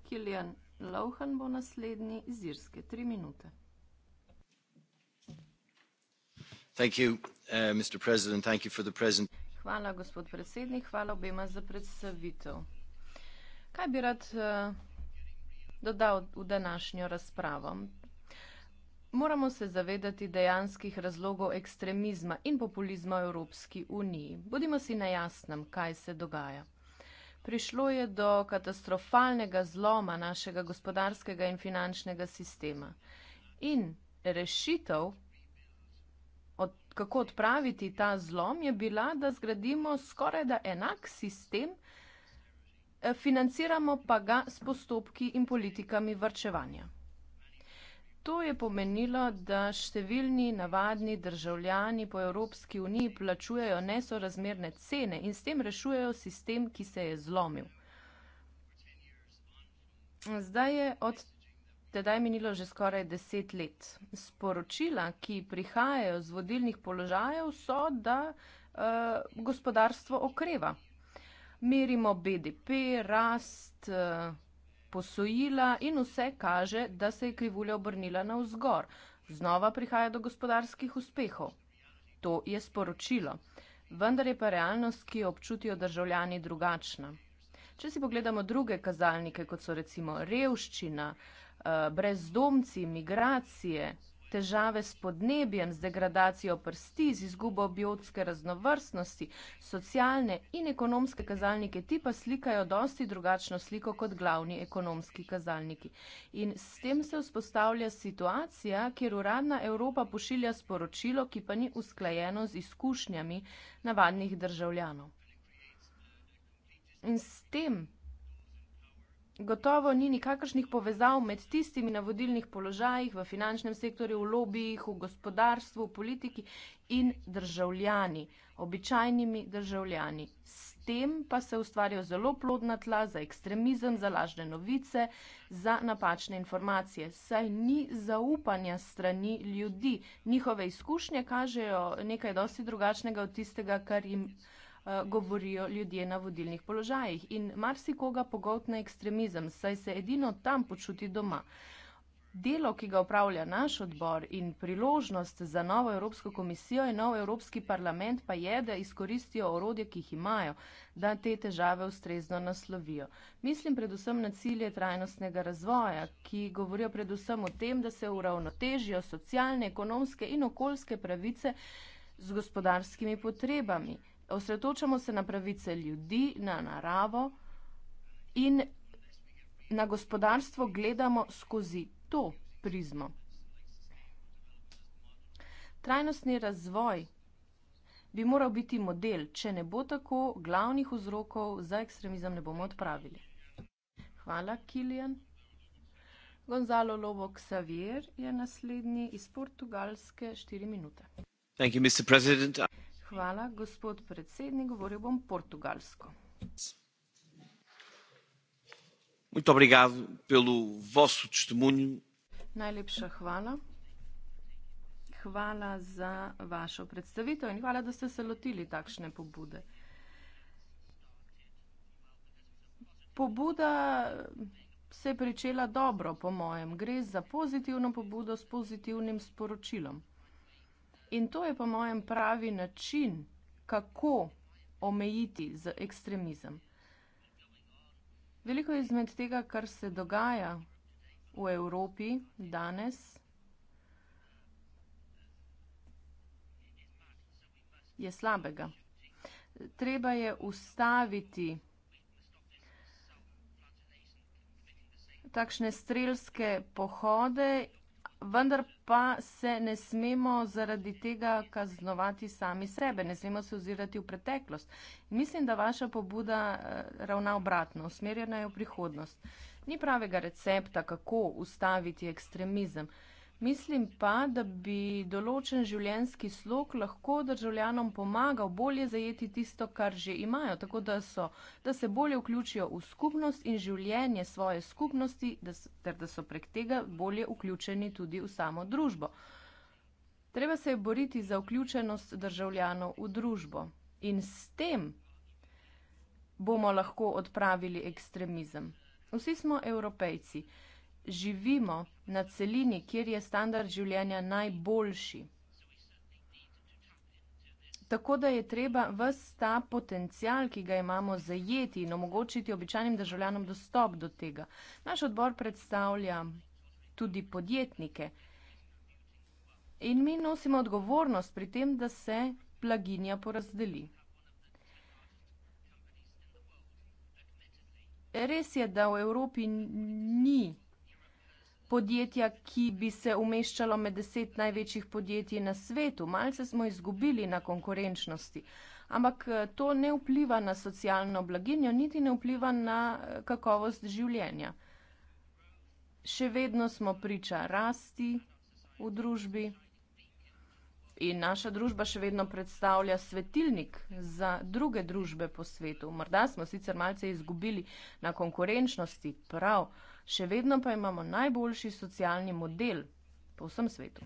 Kilian Lauhan bo naslednji iz Irske. Tri minute. Thank you, uh, Mr. President. Thank you for the present. Hvala, gospod predsednik. Hvala obema za predstavitev. Kaj bi rad uh, dodal v današnjo razpravo? Moramo se zavedati dejanskih razlogov ekstremizma in populizma v Evropski uniji. Bodimo si na jasnem, kaj se dogaja prišlo je do katastrofalnega zloma našega gospodarskega in finančnega sistema. In rešitev, od, kako odpraviti ta zlom, je bila, da zgradimo skoraj da enak sistem, eh, financiramo pa ga s postopki in politikami vrčevanja. To je pomenilo, da številni navadni državljani po Evropski uniji plačujejo nesorazmerne cene in s tem rešujejo sistem, ki se je zlomil. Zdaj je od tedaj minilo že skoraj deset let. Sporočila, ki prihajajo z vodilnih položajev, so, da eh, gospodarstvo okreva. Merimo BDP, rast. Eh, posojila in vse kaže, da se je krivulja obrnila navzgor. Znova prihaja do gospodarskih uspehov. To je sporočilo. Vendar je pa realnost, ki jo občutijo državljani, drugačna. Če si pogledamo druge kazalnike, kot so recimo revščina, eh, brezdomci, migracije, težave s podnebjem, z degradacijo prsti, z izgubo biotske raznovrstnosti, socialne in ekonomske kazalnike, ti pa slikajo dosti drugačno sliko kot glavni ekonomski kazalniki. In s tem se vzpostavlja situacija, kjer uradna Evropa pošilja sporočilo, ki pa ni usklajeno z izkušnjami navadnih državljanov. In s tem Gotovo ni nikakršnih povezav med tistimi na vodilnih položajih v finančnem sektorju, v lobijih, v gospodarstvu, v politiki in državljani, običajnimi državljani. S tem pa se ustvarjajo zelo plodna tla za ekstremizem, za lažne novice, za napačne informacije. Saj ni zaupanja strani ljudi. Njihove izkušnje kažejo nekaj dosti drugačnega od tistega, kar jim. Eh, govorijo ljudje na vodilnih položajih. In marsikoga pogotne ekstremizem, saj se edino tam počuti doma. Delo, ki ga upravlja naš odbor in priložnost za novo Evropsko komisijo in nov Evropski parlament pa je, da izkoristijo orodje, ki jih imajo, da te težave ustrezno naslovijo. Mislim predvsem na cilje trajnostnega razvoja, ki govorijo predvsem o tem, da se uravnotežijo socialne, ekonomske in okoljske pravice z gospodarskimi potrebami osredotočamo se na pravice ljudi, na naravo in na gospodarstvo gledamo skozi to prizmo. Trajnostni razvoj bi moral biti model, če ne bo tako, glavnih vzrokov za ekstremizem ne bomo odpravili. Hvala, Kilian. Gonzalo Lobo Xavier je naslednji iz Portugalske štiri minute. Thank you, Mr. President. Hvala, gospod predsednik, govoril bom portugalsko. Muito obrigado pelo vosso testemunho. Najlepša hvala. Hvala za vašo predstavitev in hvala, da ste se lotili takšne pobude. Pobuda se je pričela dobro, po mojem. Gre za pozitivno pobudo s pozitivnim sporočilom. In to je po mojem pravi način, kako omejiti z ekstremizem. Veliko izmed tega, kar se dogaja v Evropi danes, je slabega. Treba je ustaviti takšne strelske pohode vendar pa se ne smemo zaradi tega kaznovati sami sebe, ne smemo se ozirati v preteklost. Mislim, da vaša pobuda eh, ravna obratno, usmerjena je v prihodnost. Ni pravega recepta, kako ustaviti ekstremizem. Mislim pa, da bi določen življenjski slog lahko državljanom pomagal bolje zajeti tisto, kar že imajo, tako da, so, da se bolje vključijo v skupnost in življenje svoje skupnosti, da so, ter da so prek tega bolje vključeni tudi v samo družbo. Treba se je boriti za vključenost državljanov v družbo in s tem bomo lahko odpravili ekstremizem. Vsi smo evropejci živimo na celini, kjer je standard življenja najboljši. Tako da je treba ves ta potencial, ki ga imamo, zajeti in omogočiti običajnim državljanom dostop do tega. Naš odbor predstavlja tudi podjetnike in mi nosimo odgovornost pri tem, da se blaginja porazdeli. Res je, da v Evropi ni podjetja, ki bi se umeščalo med deset največjih podjetij na svetu. Malce smo izgubili na konkurenčnosti. Ampak eh, to ne vpliva na socialno blaginjo, niti ne vpliva na eh, kakovost življenja. Še vedno smo priča rasti v družbi in naša družba še vedno predstavlja svetilnik za druge družbe po svetu. Morda smo sicer malce izgubili na konkurenčnosti, prav, še vedno pa imamo najboljši socialni model po vsem svetu.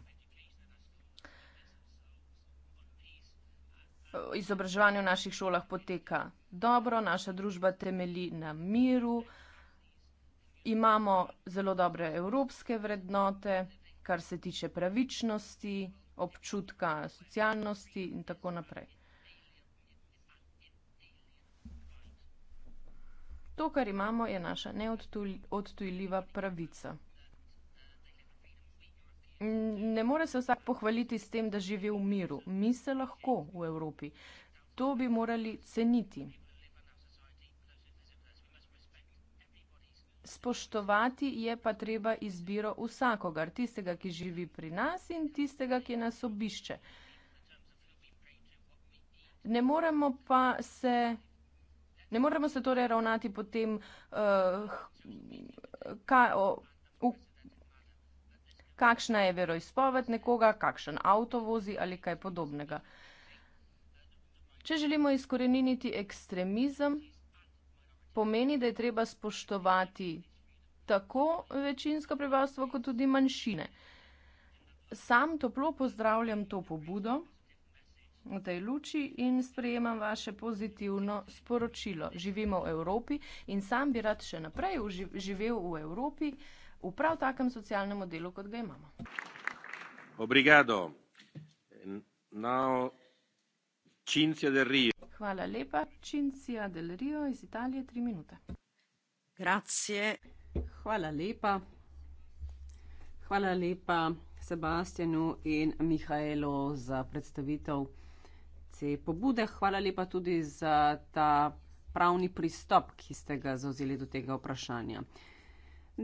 Izobraževanje v naših šolah poteka dobro, naša družba temelji na miru, imamo zelo dobre evropske vrednote, kar se tiče pravičnosti, občutka socialnosti in tako naprej. To, kar imamo, je naša neodtujljiva pravica. Ne more se vsak pohvaliti s tem, da živi v miru. Mi se lahko v Evropi. To bi morali ceniti. Spoštovati je pa treba izbiro vsakogar, tistega, ki živi pri nas in tistega, ki nas obišče. Ne moremo pa se Ne moremo se torej ravnati potem, uh, eh, kaj, o, v, kakšna je veroizpoved nekoga, kakšen avto vozi ali kaj podobnega. Če želimo izkoreniniti ekstremizem, pomeni, da je treba spoštovati tako večinsko prebivalstvo, kot tudi manjšine. Sam toplo pozdravljam to pobudo v tej luči in sprejemam vaše pozitivno sporočilo. Živimo v Evropi in sam bi rad še naprej živel v Evropi, v prav takem socialnem modelu, kot ga imamo. Hvala lepa. Cinzia del Rio iz Italije, tri minute. Grazie. Hvala lepa. Hvala lepa Sebastianu in Mihaelu za predstavitev organizaciji pobude, hvala lepa tudi za ta pravni pristop, ki ste ga zauzeli do tega vprašanja.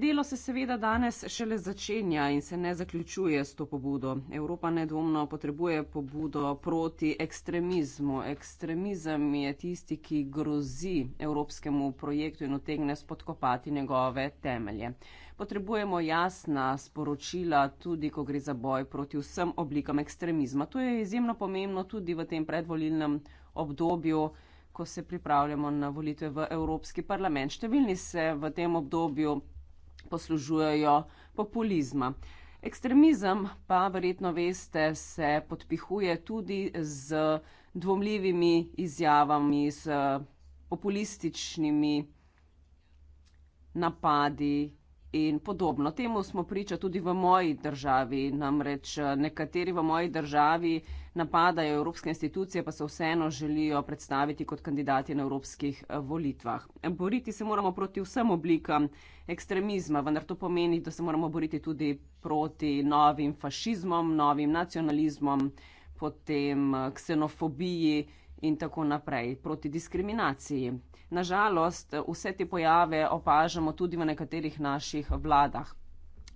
Delo se seveda danes šele začenja in se ne zaključuje s to pobudo. Evropa nedvomno potrebuje pobudo proti ekstremizmu. Ekstremizem je tisti, ki grozi evropskemu projektu in otegne spodkopati njegove temelje. Potrebujemo jasna sporočila tudi, ko gre za boj proti vsem oblikam ekstremizma. To je izjemno pomembno tudi v tem predvolilnem obdobju ko se pripravljamo na volitve v Evropski parlament. Številni se v tem obdobju poslužujejo populizma. Ekstremizem pa, verjetno veste, se podpihuje tudi z dvomljivimi izjavami, z populističnimi napadi In podobno temu smo priča tudi v moji državi. Namreč eh, nekateri v moji državi napadajo evropske institucije, pa se vseeno želijo predstaviti kot kandidati na evropskih eh, volitvah. Boriti se moramo proti vsem oblikam ekstremizma, vendar to pomeni, da se moramo boriti tudi proti novim fašizmom, novim nacionalizmom, potem eh, ksenofobiji in tako naprej, proti diskriminaciji. Nažalost, vse te pojave opažamo tudi v nekaterih naših vladah.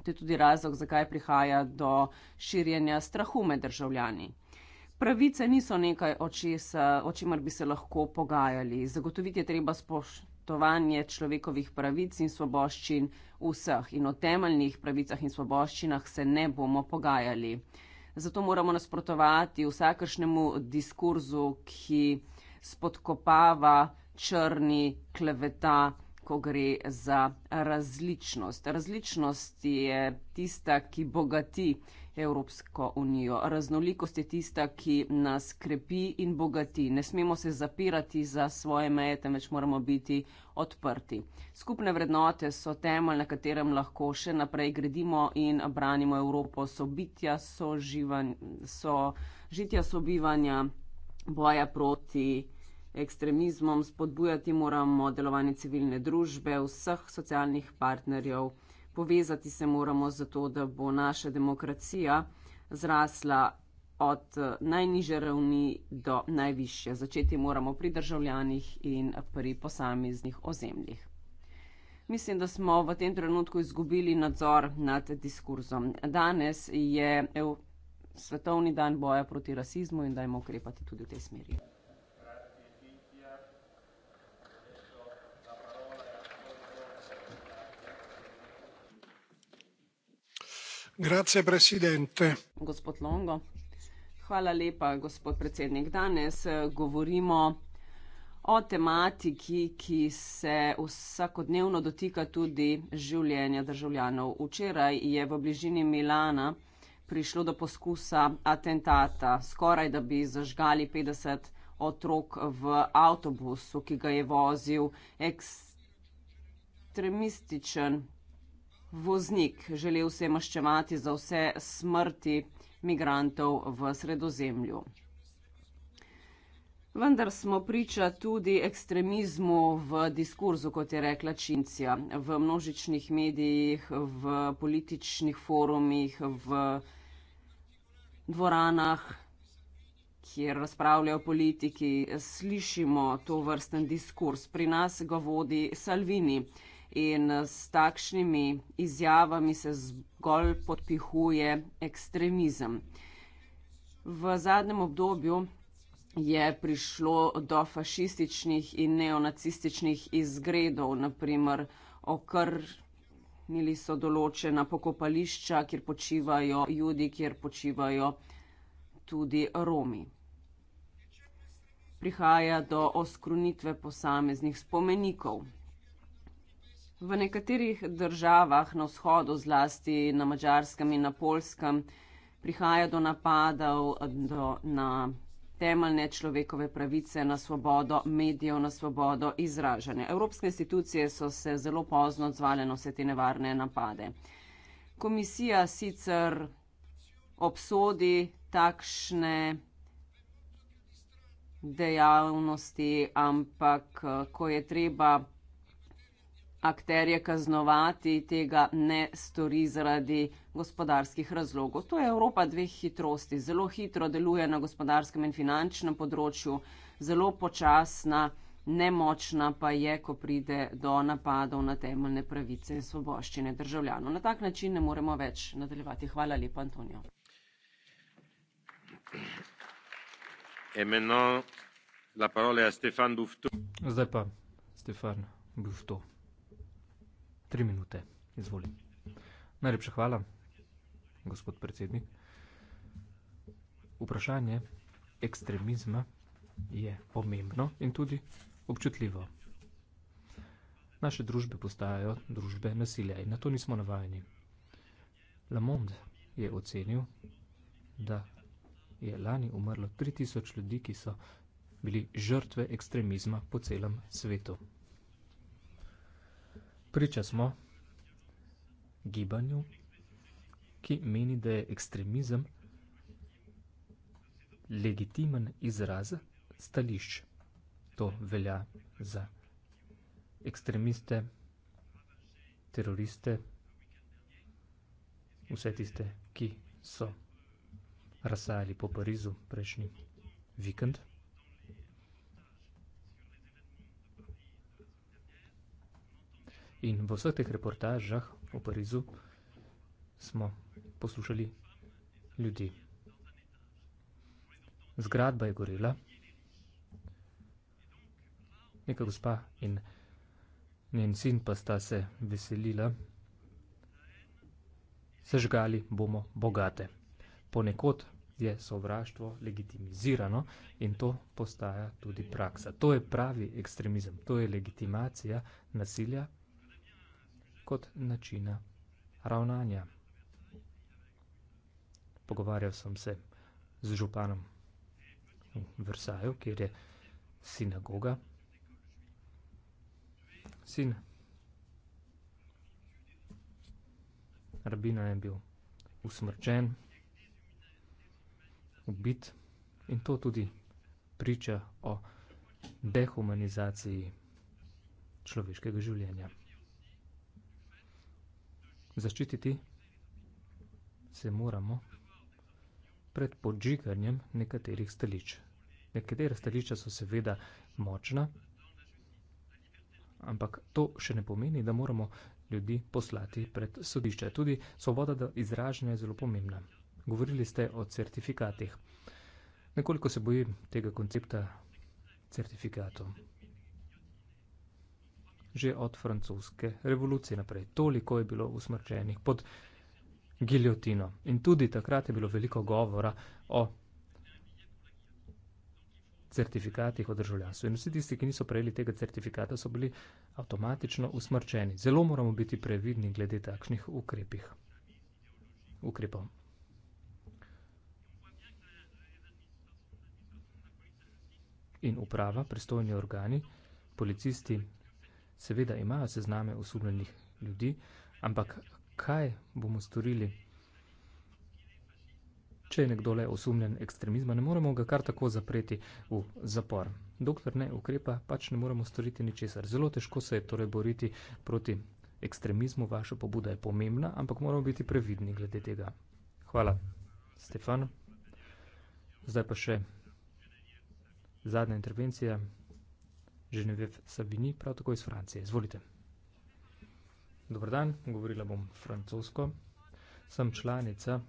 To je tudi razlog, zakaj prihaja do širjenja strahu med državljani. Pravice niso nekaj, o, česa, o čemer bi se lahko pogajali. Zagotoviti je treba spoštovanje človekovih pravic in svoboščin vseh in o temeljnih pravicah in svoboščinah se ne bomo pogajali. Zato moramo nasprotovati vsakršnemu diskurzu, ki spodkopava črni kleveta, ko gre za različnost. Različnost je tista, ki bogati Evropsko unijo. Raznolikost je tista, ki nas krepi in bogati. Ne smemo se zapirati za svoje meje, temveč moramo biti odprti. Skupne vrednote so temelj, na katerem lahko še naprej gradimo in branimo Evropo. So bitja, so, živan, so, so bivanja, boja proti ekstremizmom, spodbujati moramo delovanje civilne družbe, vseh socialnih partnerjev, povezati se moramo zato, da bo naša demokracija zrasla od najniže ravni do najviše. Začeti moramo pri državljanih in pri posameznih ozemljih. Mislim, da smo v tem trenutku izgubili nadzor nad diskurzom. Danes je svetovni dan boja proti rasizmu in dajmo ukrepati tudi v tej smeri. Grazie, presidente. Gospod Longo, hvala lepa, gospod predsednik. Danes eh, govorimo o tematiki, ki se vsakodnevno dotika tudi življenja državljanov. Včeraj je v bližini Milana prišlo do poskusa atentata, skoraj da bi zažgali 50 otrok v avtobusu, ki ga je vozil ekstremističen voznik želel se maščevati za vse smrti migrantov v sredozemlju. Vendar smo priča tudi ekstremizmu v diskurzu, kot je rekla Činca, v množičnih medijih, v političnih forumih, v dvoranah, kjer razpravljajo politiki, slišimo to vrsten diskurs. Pri nas ga vodi Salvini in eh, s takšnimi izjavami se zgolj podpihuje ekstremizem. V zadnjem obdobju je prišlo do fašističnih in neonacističnih izgredov, naprimer okrnili so določena pokopališča, kjer počivajo ljudi, kjer počivajo tudi Romi. Prihaja do oskrunitve posameznih spomenikov. V nekaterih državah na vzhodu, zlasti na Mačarskem in na Polskem, prihaja do napadov do, na temeljne človekove pravice, na svobodo medijev, na svobodo izražanja. Evropske institucije so se zelo pozno odzvale na vse te nevarne napade. Komisija sicer obsodi takšne dejavnosti, ampak ko je treba akterje kaznovati, tega ne stori zaradi gospodarskih razlogov. To je Evropa dveh hitrosti. Zelo hitro deluje na gospodarskem in finančnem področju, zelo počasna, nemočna pa je, ko pride do napadov na temeljne pravice in svoboščine državljanov. Na tak način ne moremo več nadaljevati. Hvala lepa, Antonijo. E Zdaj pa, Stefan Bufto. Tri minute, izvoli. Najlepša hvala, gospod predsednik. Vprašanje ekstremizma je pomembno in tudi občutljivo. Naše družbe postajajo družbe nasilja in na to nismo navajeni. Lamond je ocenil, da je lani umrlo 3000 ljudi, ki so bili žrtve ekstremizma po celem svetu. Priča smo gibanju, ki meni, da je ekstremizem legitimen izraz stališč. To velja za ekstremiste, teroriste, vse tiste, ki so razsajali po Parizu prejšnji vikend. In v vseh teh reportažah v Parizu smo poslušali ljudi. Zgradba je gorela, neka gospa in njen sin pa sta se veselila. Sežgali bomo bogate. Ponekod je sovraštvo legitimizirano in to postaja tudi praksa. To je pravi ekstremizem, to je legitimacija nasilja kot načina ravnanja. Pogovarjal sem se z županom v Vrsaju, kjer je sinagoga. Sin rabina je bil usmrčen, ubit in to tudi priča o dehumanizaciji človeškega življenja zaščititi se moramo pred podžiganjem nekaterih stališč. Nekatera stališča so seveda močna, ampak to še ne pomeni, da moramo ljudi poslati pred sodišče. Tudi svoboda izražanja je zelo pomembna. Govorili ste o certifikatih. Nekoliko se bojim tega koncepta certifikatov že od francoske revolucije naprej. Toliko je bilo usmrčenih pod giljotino. In tudi takrat je bilo veliko govora o certifikatih o državljanstvu. In vsi tisti, ki niso prejeli tega certifikata, so bili avtomatično usmrčeni. Zelo moramo biti previdni glede takšnih ukrepih. ukrepov. In uprava, pristojni organi, policisti, seveda imajo sezname osumljenih ljudi, ampak kaj bomo storili, če je nekdo le osumljen ekstremizma, ne moremo ga kar tako zapreti v zapor. Dokler ne ukrepa, pač ne moremo storiti ničesar. Zelo težko se je torej boriti proti ekstremizmu, vaša pobuda je pomembna, ampak moramo biti previdni glede tega. Hvala, Stefan. Zdaj pa še zadnja intervencija. Ženevev Sabini, prav tako iz Francije. Izvolite. Dobar dan, govorila bom francosko. Sem članica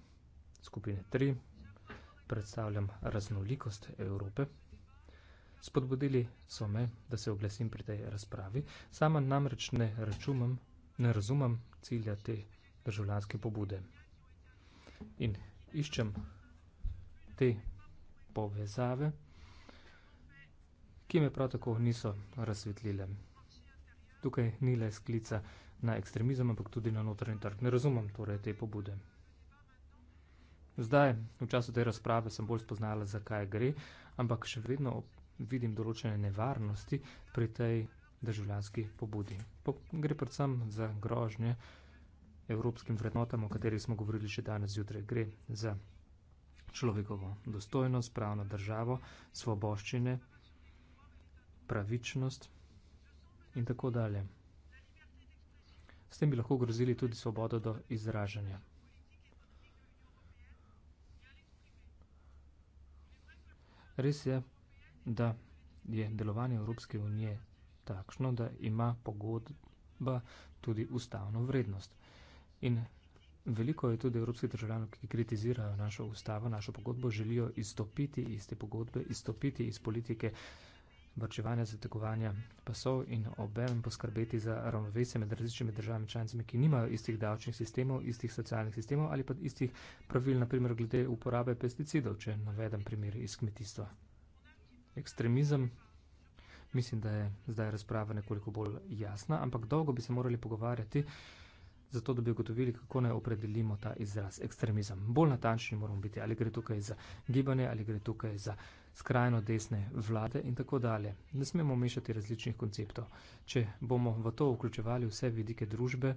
skupine 3, predstavljam raznolikost Evrope. Spodbudili so me, da se oglasim pri tej razpravi. Sama namreč ne, računam, ne razumem cilja te državljanske pobude. In iščem te povezave, ki me prav tako niso razsvetlile. Tukaj ni le sklica na ekstremizem, ampak tudi na notranji trg. Ne razumem torej te pobude. Zdaj, v času te razprave, sem bolj spoznala, zakaj gre, ampak še vedno vidim določene nevarnosti pri tej državljanski pobudi. Po, gre predvsem za grožnje evropskim vrednotam, o katerih smo govorili še danes zjutraj. Gre za človekovo dostojnost, pravno državo, svoboščine, pravičnost in tako dalje. S tem bi lahko grozili tudi svobodo do izražanja. Res je, da je delovanje Evropske unije takšno, da ima pogodba tudi ustavno vrednost. In veliko je tudi evropskih državljanov, ki kritizirajo našo ustavo, našo pogodbo, želijo izstopiti iz te pogodbe, izstopiti iz politike vrčevanja, zategovanja pasov in obem poskrbeti za ravnovesje med različnimi državami članicami, ki nimajo istih davčnih sistemov, istih socialnih sistemov ali pa istih pravil, naprimer glede uporabe pesticidov, če navedem primer iz kmetijstva. Ekstremizem. Mislim, da je zdaj razprava nekoliko bolj jasna, ampak dolgo bi se morali pogovarjati, zato da bi ugotovili, kako naj opredelimo ta izraz ekstremizem. Bolj natančni moramo biti, ali gre tukaj za gibanje, ali gre tukaj za skrajno desne vlade in tako dalje. Ne smemo mešati različnih konceptov. Če bomo v to vključevali vse vidike družbe,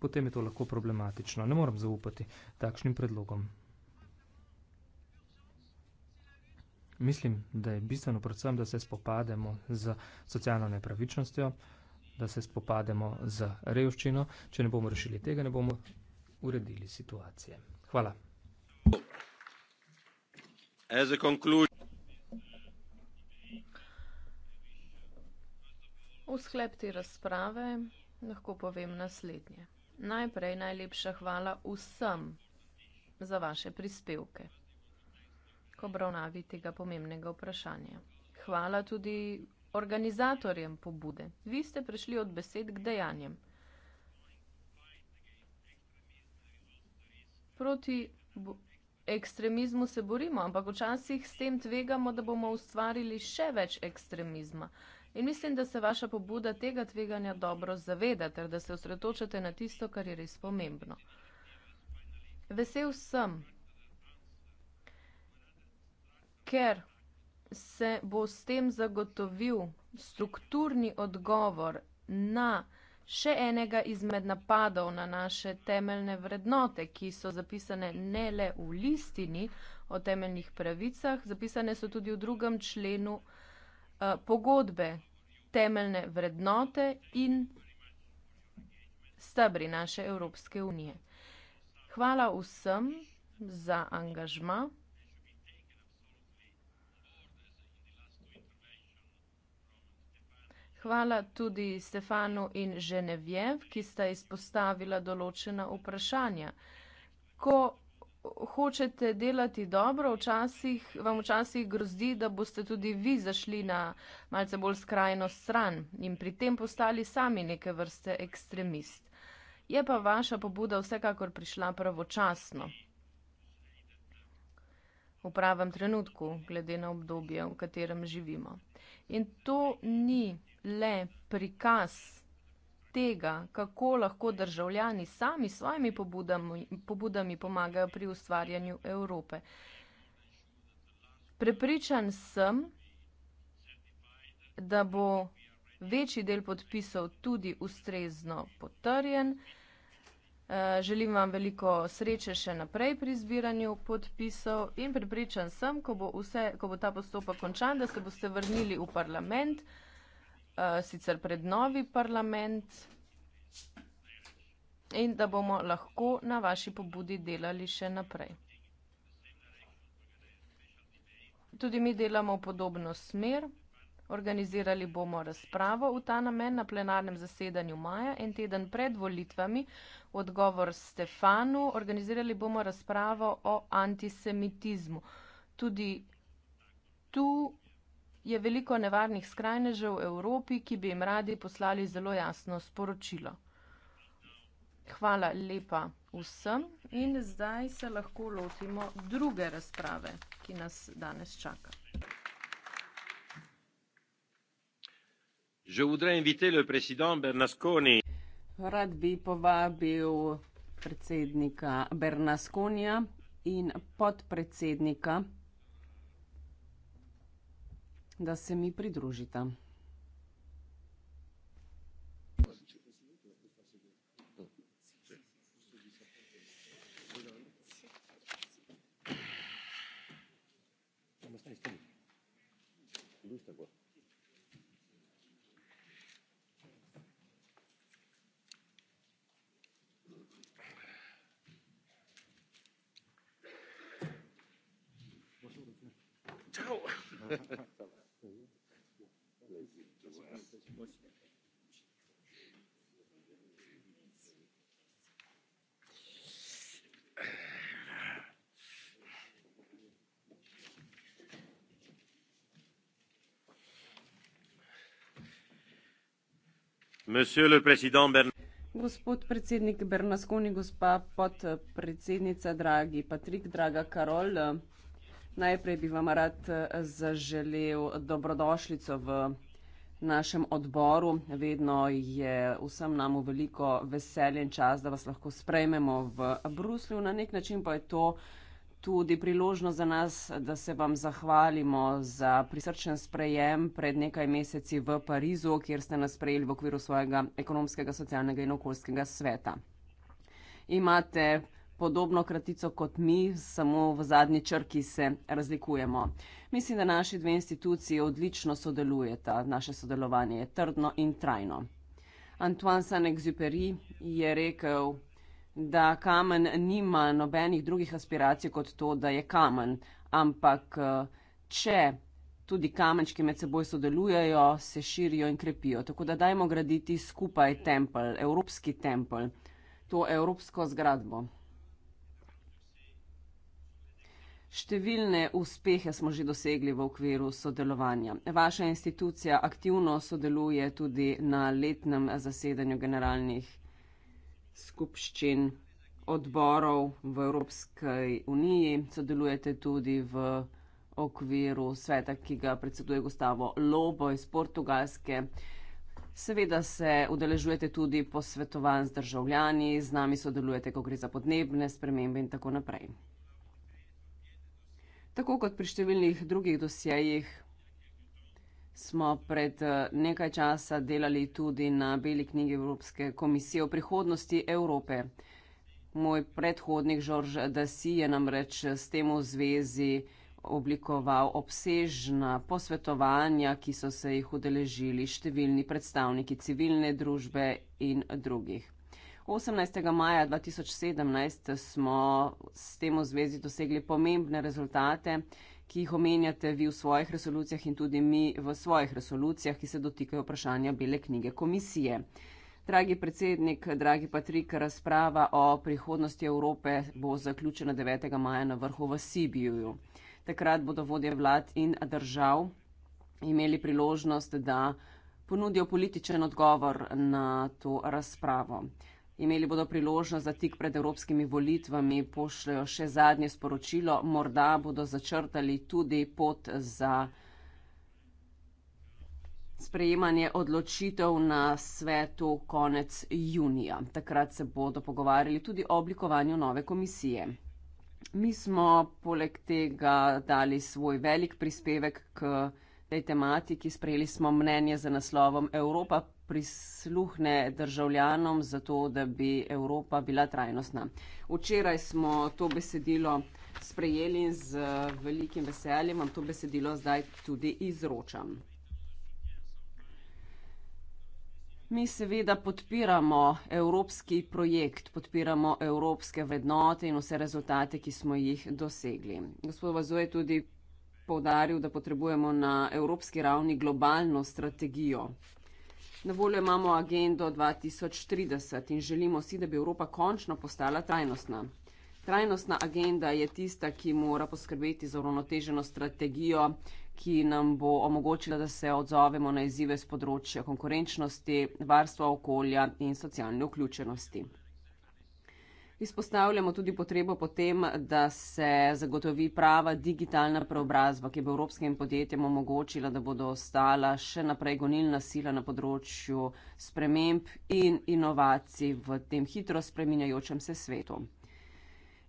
potem je to lahko problematično. Ne moram zaupati takšnim predlogom. Mislim, da je bistveno predvsem, da se spopademo z socialno nepravičnostjo, da se spopademo z revščino. Če ne bomo rešili tega, ne bomo uredili situacije. Hvala as a conclusion V sklep te razprave lahko povem naslednje. Najprej najlepša hvala vsem za vaše prispevke, ko obravnavi tega pomembnega vprašanja. Hvala tudi organizatorjem pobude. Vi ste prišli od besed k dejanjem. Proti bo ekstremizmu se borimo, ampak včasih s tem tvegamo, da bomo ustvarili še več ekstremizma. In mislim, da se vaša pobuda tega tveganja dobro zaveda, ter da se osredotočate na tisto, kar je res pomembno. Vesel sem, ker se bo s tem zagotovil strukturni odgovor na še enega izmed napadov na naše temeljne vrednote, ki so zapisane ne le v listini o temeljnih pravicah, zapisane so tudi v drugem členu uh, pogodbe temeljne vrednote in stabri naše Evropske unije. Hvala vsem za angažma. Hvala tudi Stefanu in Ženevjev, ki sta izpostavila določena vprašanja. Ko hočete delati dobro, včasih, vam včasih grozi, da boste tudi vi zašli na malce bolj skrajno stran in pri tem postali sami neke vrste ekstremist. Je pa vaša pobuda vsekakor prišla pravočasno. V pravem trenutku, glede na obdobje, v katerem živimo. In to ni le prikaz tega, kako lahko državljani sami s svojimi pobudami, pobudami pomagajo pri ustvarjanju Evrope. Prepričan sem, da bo večji del podpisov tudi ustrezno potrjen. Eh, želim vam veliko sreče še naprej pri zbiranju podpisov in prepričan sem, ko bo vse, ko bo ta postopek končan, da se boste vrnili v parlament Eh, sicer pred novi parlament in da bomo lahko na vaši pobudi delali še naprej. Tudi mi delamo v podobno smer. Organizirali bomo razpravo v ta namen na plenarnem zasedanju maja in teden pred volitvami. Odgovor Stefanu. Organizirali bomo razpravo o antisemitizmu. Tudi tu je veliko nevarnih skrajnežev v Evropi, ki bi jim radi poslali zelo jasno sporočilo. Hvala lepa vsem in zdaj se lahko lotimo druge razprave, ki nas danes čaka. Rad bi povabil predsednika Bernasconija in podpredsednika da se mi pridružita. Gospod predsednik Bernasconi, gospa podpredsednica, dragi Patrik, draga Karol, najprej bi vam rad eh, zaželel dobrodošlico v našem odboru. Vedno je vsem nam v veliko veseljen čas, da vas lahko sprejmemo v Bruslju. Na nek način pa je to tudi priložnost za nas, da se vam zahvalimo za prisrčen sprejem pred nekaj meseci v Parizu, kjer ste nas sprejeli v okviru svojega ekonomskega, socialnega in okoljskega sveta. Imate podobno kratico kot mi, samo v zadnji črki se razlikujemo. Mislim, da naši dve instituciji odlično sodelujeta, naše sodelovanje je trdno in trajno. Antoine Sanek Zuperi je rekel, da kamen nima nobenih drugih aspiracij kot to, da je kamen. Ampak, eh, če tudi kamenčki med seboj sodelujejo, se širijo in krepijo. Tako da dajmo graditi skupaj tempel, evropski tempel, to evropsko zgradbo. Številne uspehe smo že dosegli v okviru sodelovanja. Vaša institucija aktivno sodeluje tudi na letnem zasedanju generalnih skupščin, odborov v Evropski uniji, sodelujete tudi v okviru sveta, ki ga predseduje Gustavo Lobo iz Portugalske. Seveda se udeležujete tudi posvetovanj z državljani, z nami sodelujete, ko gre za podnebne spremembe in tako naprej. Tako kot pri številnih drugih dosjejih, smo pred eh, nekaj časa delali tudi na Beli knjigi Evropske komisije o prihodnosti Evrope. Moj predhodnik Žorž Dasi je namreč s tem v zvezi oblikoval obsežna posvetovanja, ki so se jih udeležili številni predstavniki civilne družbe in drugih. 18. maja 2017 smo s tem v zvezi dosegli pomembne rezultate ki jih omenjate vi v svojih resolucijah in tudi mi v svojih resolucijah, ki se dotikajo vprašanja Bele knjige komisije. Dragi predsednik, dragi Patrik, razprava o prihodnosti Evrope bo zaključena 9. maja na vrhu v Sibiju. Takrat bodo vodje vlad in držav imeli priložnost, da ponudijo političen odgovor na to razpravo. Imeli bodo priložnost, da tik pred evropskimi volitvami pošljajo še zadnje sporočilo, morda bodo začrtali tudi pot za sprejemanje odločitev na svetu konec junija. Takrat se bodo pogovarjali tudi o oblikovanju nove komisije. Mi smo poleg tega dali svoj velik prispevek k tej tematiki sprejeli smo mnenje za naslovom Evropa prisluhne državljanom za to, da bi Evropa bila trajnostna. Včeraj smo to besedilo sprejeli in z velikim veseljem vam to besedilo zdaj tudi izročam. Mi seveda podpiramo evropski projekt, podpiramo evropske vrednote in vse rezultate, ki smo jih dosegli. Gospod Vazo je tudi povdaril, da potrebujemo na evropski ravni globalno strategijo. Na voljo imamo agendo 2030 in želimo si, da bi Evropa končno postala trajnostna. Trajnostna agenda je tista, ki mora poskrbeti za uravnoteženo strategijo, ki nam bo omogočila, da se odzovemo na izzive z področja konkurenčnosti, varstva okolja in socialne vključenosti. Izpostavljamo tudi potrebo potem, da se zagotovi prava digitalna preobrazba, ki bo evropskim podjetjem omogočila, da bodo ostala še naprej gonilna sila na področju sprememb in inovacij v tem hitro spreminjajočem se svetu.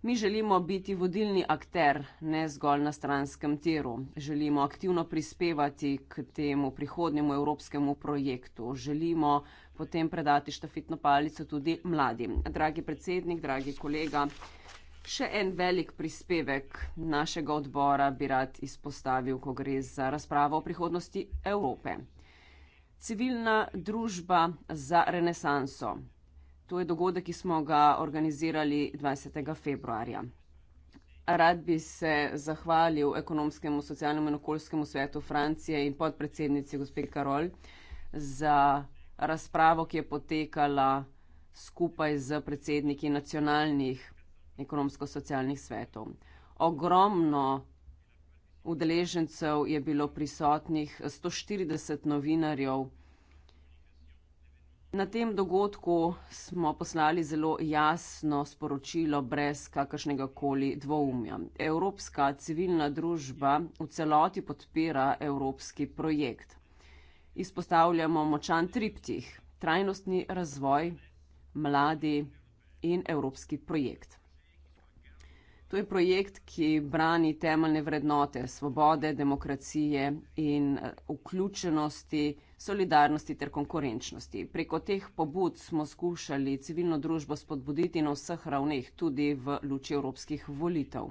Mi želimo biti vodilni akter, ne zgolj na stranskem tiru. Želimo aktivno prispevati k temu prihodnjemu evropskemu projektu. Želimo potem predati štafitno palico tudi mladim. Dragi predsednik, dragi kolega, še en velik prispevek našega odbora bi rad izpostavil, ko gre za razpravo o prihodnosti Evrope. Civilna družba za renesanso. To je dogodek, ki smo ga organizirali 20. februarja. Rad bi se zahvalil ekonomskemu, socialnemu in okoljskemu svetu Francije in podpredsednici gospe Karol za razpravo, ki je potekala skupaj z predsedniki nacionalnih ekonomsko-socialnih svetov. Ogromno udeležencev je bilo prisotnih, 140 novinarjev. Na tem dogodku smo poslali zelo jasno sporočilo brez kakršnega koli dvoumja. Evropska civilna družba v celoti podpira evropski projekt izpostavljamo močan triptih, trajnostni razvoj, mladi in evropski projekt. To je projekt, ki brani temeljne vrednote svobode, demokracije in eh, vključenosti, solidarnosti ter konkurenčnosti. Preko teh pobud smo skušali civilno družbo spodbuditi na vseh ravneh, tudi v luči evropskih volitev.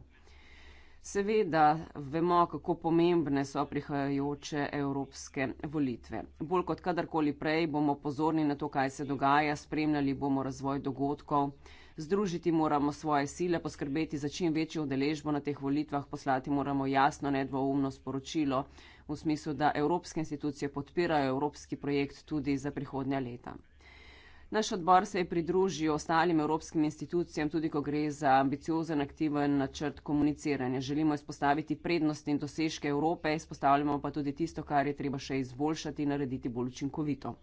Seveda vemo, kako pomembne so prihajajoče evropske volitve. Bolj kot kadarkoli prej bomo pozorni na to, kaj se dogaja, spremljali bomo razvoj dogodkov, združiti moramo svoje sile, poskrbeti za čim večjo udeležbo na teh volitvah, poslati moramo jasno, nedvoumno sporočilo v smislu, da evropske institucije podpirajo evropski projekt tudi za prihodnja leta. Naš odbor se je pridružil ostalim evropskim institucijam, tudi ko gre za ambiciozen, aktiven načrt komuniciranja. Želimo izpostaviti prednosti in dosežke Evrope, izpostavljamo pa tudi tisto, kar je treba še izboljšati in narediti bolj učinkovito.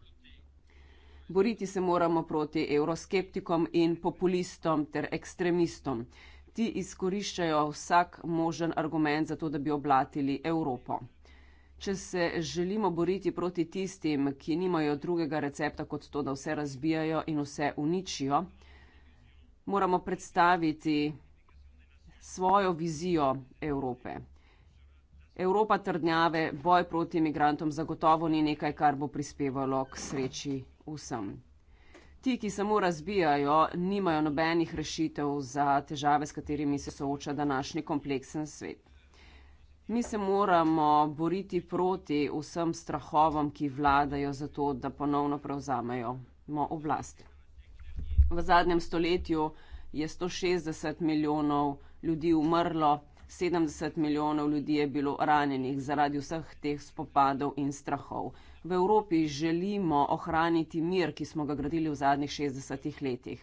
Boriti se moramo proti euroskeptikom in populistom ter ekstremistom. Ti izkoriščajo vsak možen argument za to, da bi oblatili Evropo. Če se želimo boriti proti tistim, ki nimajo drugega recepta kot to, da vse razbijajo in vse uničijo, moramo predstaviti svojo vizijo Evrope. Evropa trdnjave, boj proti imigrantom zagotovo ni nekaj, kar bo prispevalo k sreči vsem. Ti, ki samo razbijajo, nimajo nobenih rešitev za težave, s katerimi se sooča današnji kompleksen svet. Mi se moramo boriti proti vsem strahovom, ki vladajo za to, da ponovno prevzamejo oblast. V zadnjem stoletju je 160 milijonov ljudi umrlo, 70 milijonov ljudi je bilo ranjenih zaradi vseh teh spopadov in strahov. V Evropi želimo ohraniti mir, ki smo ga gradili v zadnjih 60 letih.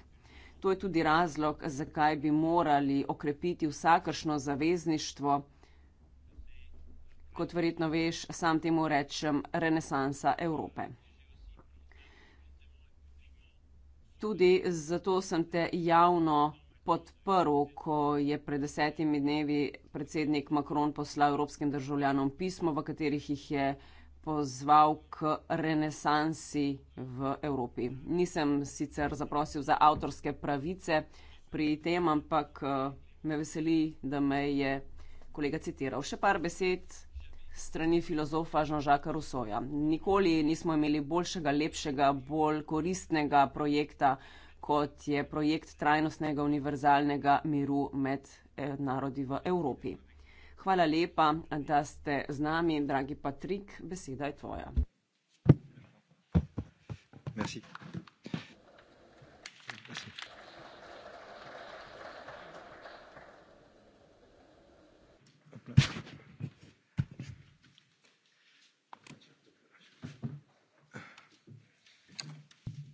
To je tudi razlog, zakaj bi morali okrepiti vsakršno zavezništvo kot verjetno veš, sam temu rečem renesansa Evrope. Tudi zato sem te javno podprl, ko je pred desetimi dnevi predsednik Macron poslal evropskim državljanom pismo, v katerih jih je pozval k renesansi v Evropi. Nisem sicer zaprosil za avtorske pravice pri tem, ampak eh, me veseli, da me je kolega citiral. Še par besed strani filozofa Jean-Jacques Rousseauja. Nikoli nismo imeli boljšega, lepšega, bolj koristnega projekta, kot je projekt trajnostnega univerzalnega miru med eh, narodi v Evropi. Hvala lepa, da ste z nami, dragi Patrik, beseda je tvoja. Merci. Merci.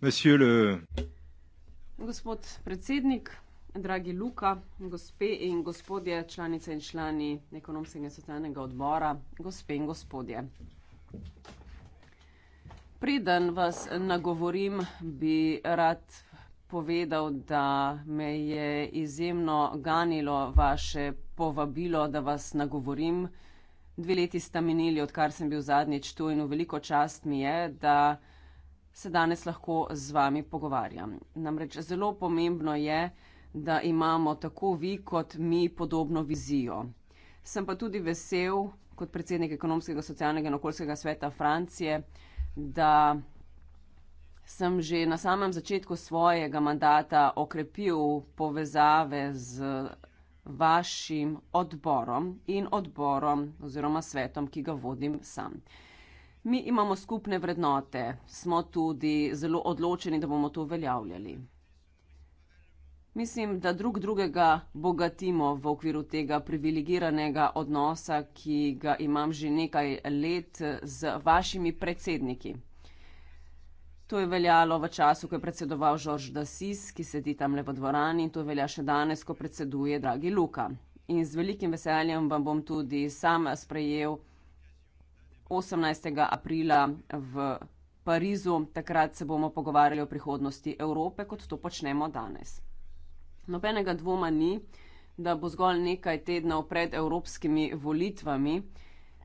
Monsieur le... Gospod predsednik, dragi Luka, gospe in gospodje, članice in člani ekonomskega in socialnega odbora, gospe in gospodje. Preden vas nagovorim, bi rad povedal, da me je izjemno ganilo vaše povabilo, da vas nagovorim. Dve leti sta minili, odkar sem bil zadnjič tu in v veliko čast mi je, da se danes lahko z vami pogovarjam. Namreč zelo pomembno je, da imamo tako vi kot mi podobno vizijo. Sem pa tudi vesel, kot predsednik ekonomskega, socialnega in okoljskega sveta Francije, da sem že na samem začetku svojega mandata okrepil povezave z vašim odborom in odborom oziroma svetom, ki ga vodim sam. Mi imamo skupne vrednote, smo tudi zelo odločeni, da bomo to uveljavljali. Mislim, da drug drugega bogatimo v okviru tega privilegiranega odnosa, ki ga imam že nekaj let z vašimi predsedniki. To je veljalo v času, ko je predsedoval Žorž Dasis, ki sedi tam le v dvorani, in to velja še danes, ko predseduje dragi Luka. In z velikim veseljem vam bom tudi sam sprejel. 18. aprila v Parizu. Takrat se bomo pogovarjali o prihodnosti Evrope, kot to počnemo danes. Nobenega dvoma ni, da bo zgolj nekaj tednov pred evropskimi volitvami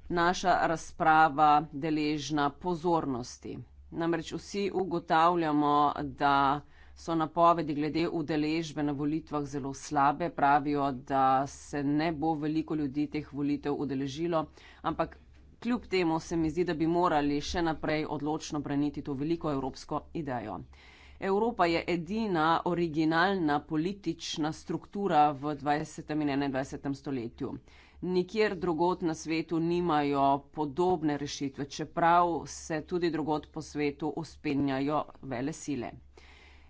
naša razprava deležna pozornosti. Namreč vsi ugotavljamo, da so napovedi glede udeležbe na volitvah zelo slabe, pravijo, da se ne bo veliko ljudi teh volitev udeležilo, ampak Kljub temu se mi zdi, da bi morali še naprej odločno braniti to veliko evropsko idejo. Evropa je edina originalna politična struktura v 20. in 21. stoletju. Nikjer drugot na svetu nimajo podobne rešitve, čeprav se tudi drugot po svetu uspenjajo vele sile.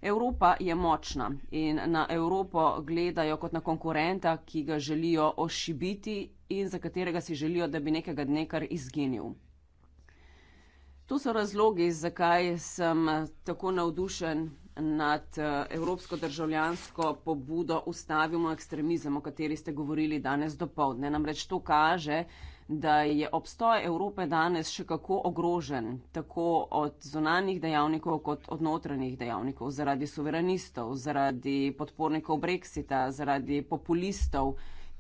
Evropa je močna in na Evropo gledajo kot na konkurenta, ki ga želijo ošibiti in za katerega si želijo, da bi nekega dne kar izginil. To so razlogi, zakaj sem eh, tako navdušen nad eh, evropsko državljansko pobudo Ustavimo ekstremizem, o kateri ste govorili danes dopovdne. Namreč to kaže, da je obstoj Evrope danes še kako ogrožen, tako od zonanjih dejavnikov kot od notranjih dejavnikov, zaradi suverenistov, zaradi podpornikov Brexita, zaradi populistov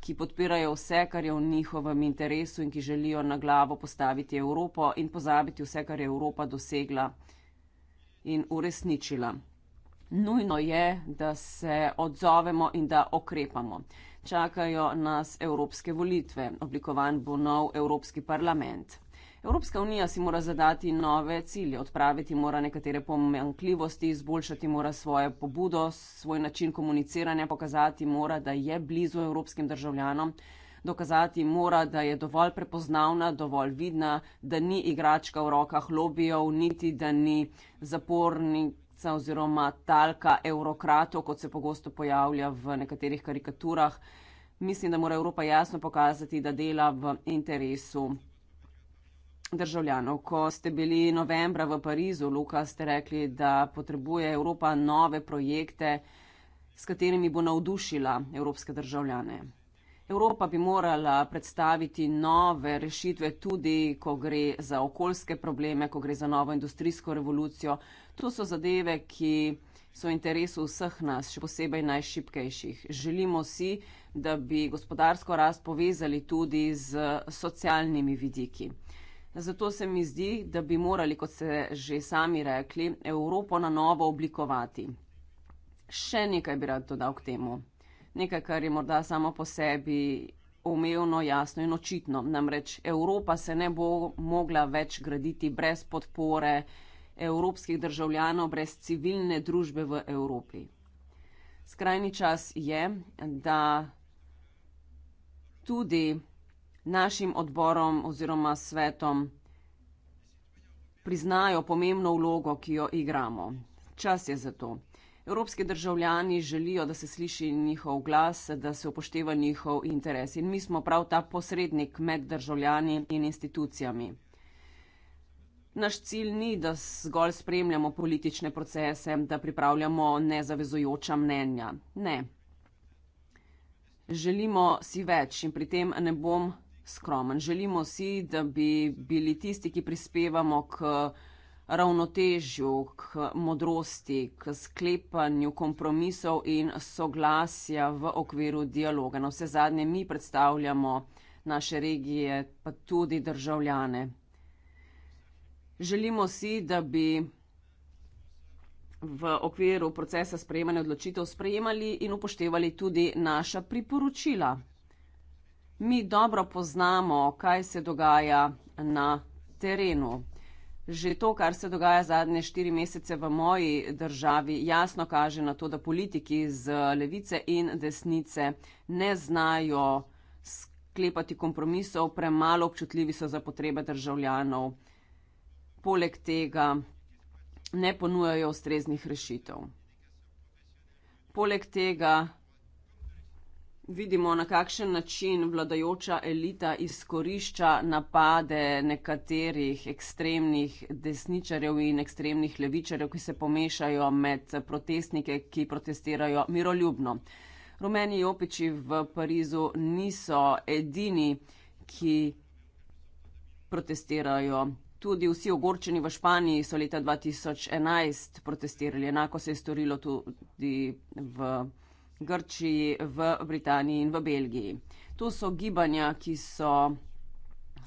ki podpirajo vse, kar je v njihovem interesu in ki želijo na glavo postaviti Evropo in pozabiti vse, kar je Evropa dosegla in uresničila. Nujno je, da se odzovemo in da okrepamo. Čakajo nas evropske volitve, oblikovan bo nov Evropski parlament. Evropska unija si mora zadati nove cilje, odpraviti mora nekatere pomankljivosti, izboljšati mora svoje pobudo, svoj način komuniciranja, pokazati mora, da je blizu evropskim državljanom, dokazati mora, da je dovolj prepoznavna, dovolj vidna, da ni igračka v rokah lobijov, niti da ni zapornica oziroma talka eurokratov, kot se pogosto pojavlja v nekaterih karikaturah. Mislim, da mora Evropa jasno pokazati, da dela v interesu državljanov. Ko ste bili novembra v Parizu, Luka, ste rekli, da potrebuje Evropa nove projekte, s katerimi bo navdušila evropske državljane. Evropa bi morala predstaviti nove rešitve tudi, ko gre za okoljske probleme, ko gre za novo industrijsko revolucijo. To so zadeve, ki so v interesu vseh nas, še posebej najšipkejših. Želimo si, da bi gospodarsko rast povezali tudi z socialnimi vidiki. Zato se mi zdi, da bi morali, kot ste že sami rekli, Evropo na novo oblikovati. Še nekaj bi rad dodal k temu. Nekaj, kar je morda samo po sebi umevno, jasno in očitno. Namreč Evropa se ne bo mogla več graditi brez podpore evropskih državljanov, brez civilne družbe v Evropi. Skrajni čas je, da tudi našim odborom oziroma svetom priznajo pomembno vlogo, ki jo igramo. Čas je za to. Evropski državljani želijo, da se sliši njihov glas, da se upošteva njihov interes. In mi smo prav ta posrednik med državljani in institucijami. Naš cilj ni, da zgolj spremljamo politične procese, da pripravljamo nezavezujoča mnenja. Ne. Želimo si več in pri tem ne bom skromen. Želimo si, da bi bili tisti, ki prispevamo k ravnotežju, k modrosti, k sklepanju kompromisov in soglasja v okviru dialoga. Na vse zadnje mi predstavljamo naše regije, pa tudi državljane. Želimo si, da bi v okviru procesa sprejemanja odločitev sprejemali in upoštevali tudi naša priporočila mi dobro poznamo, kaj se dogaja na terenu. Že to, kar se dogaja zadnje štiri mesece v moji državi, jasno kaže na to, da politiki z levice in desnice ne znajo sklepati kompromisov, premalo občutljivi so za potrebe državljanov. Poleg tega ne ponujajo ustreznih rešitev. Poleg tega vidimo, na kakšen način vladajoča elita izkorišča napade nekaterih ekstremnih desničarjev in ekstremnih levičarjev, ki se pomešajo med protestnike, ki protestirajo miroljubno. Rumeni jopiči v Parizu niso edini, ki protestirajo. Tudi vsi ogorčeni v Španiji so leta 2011 protestirali. Enako se je storilo tudi v Parizu. Grčiji, v Britaniji in v Belgiji. To so gibanja, ki so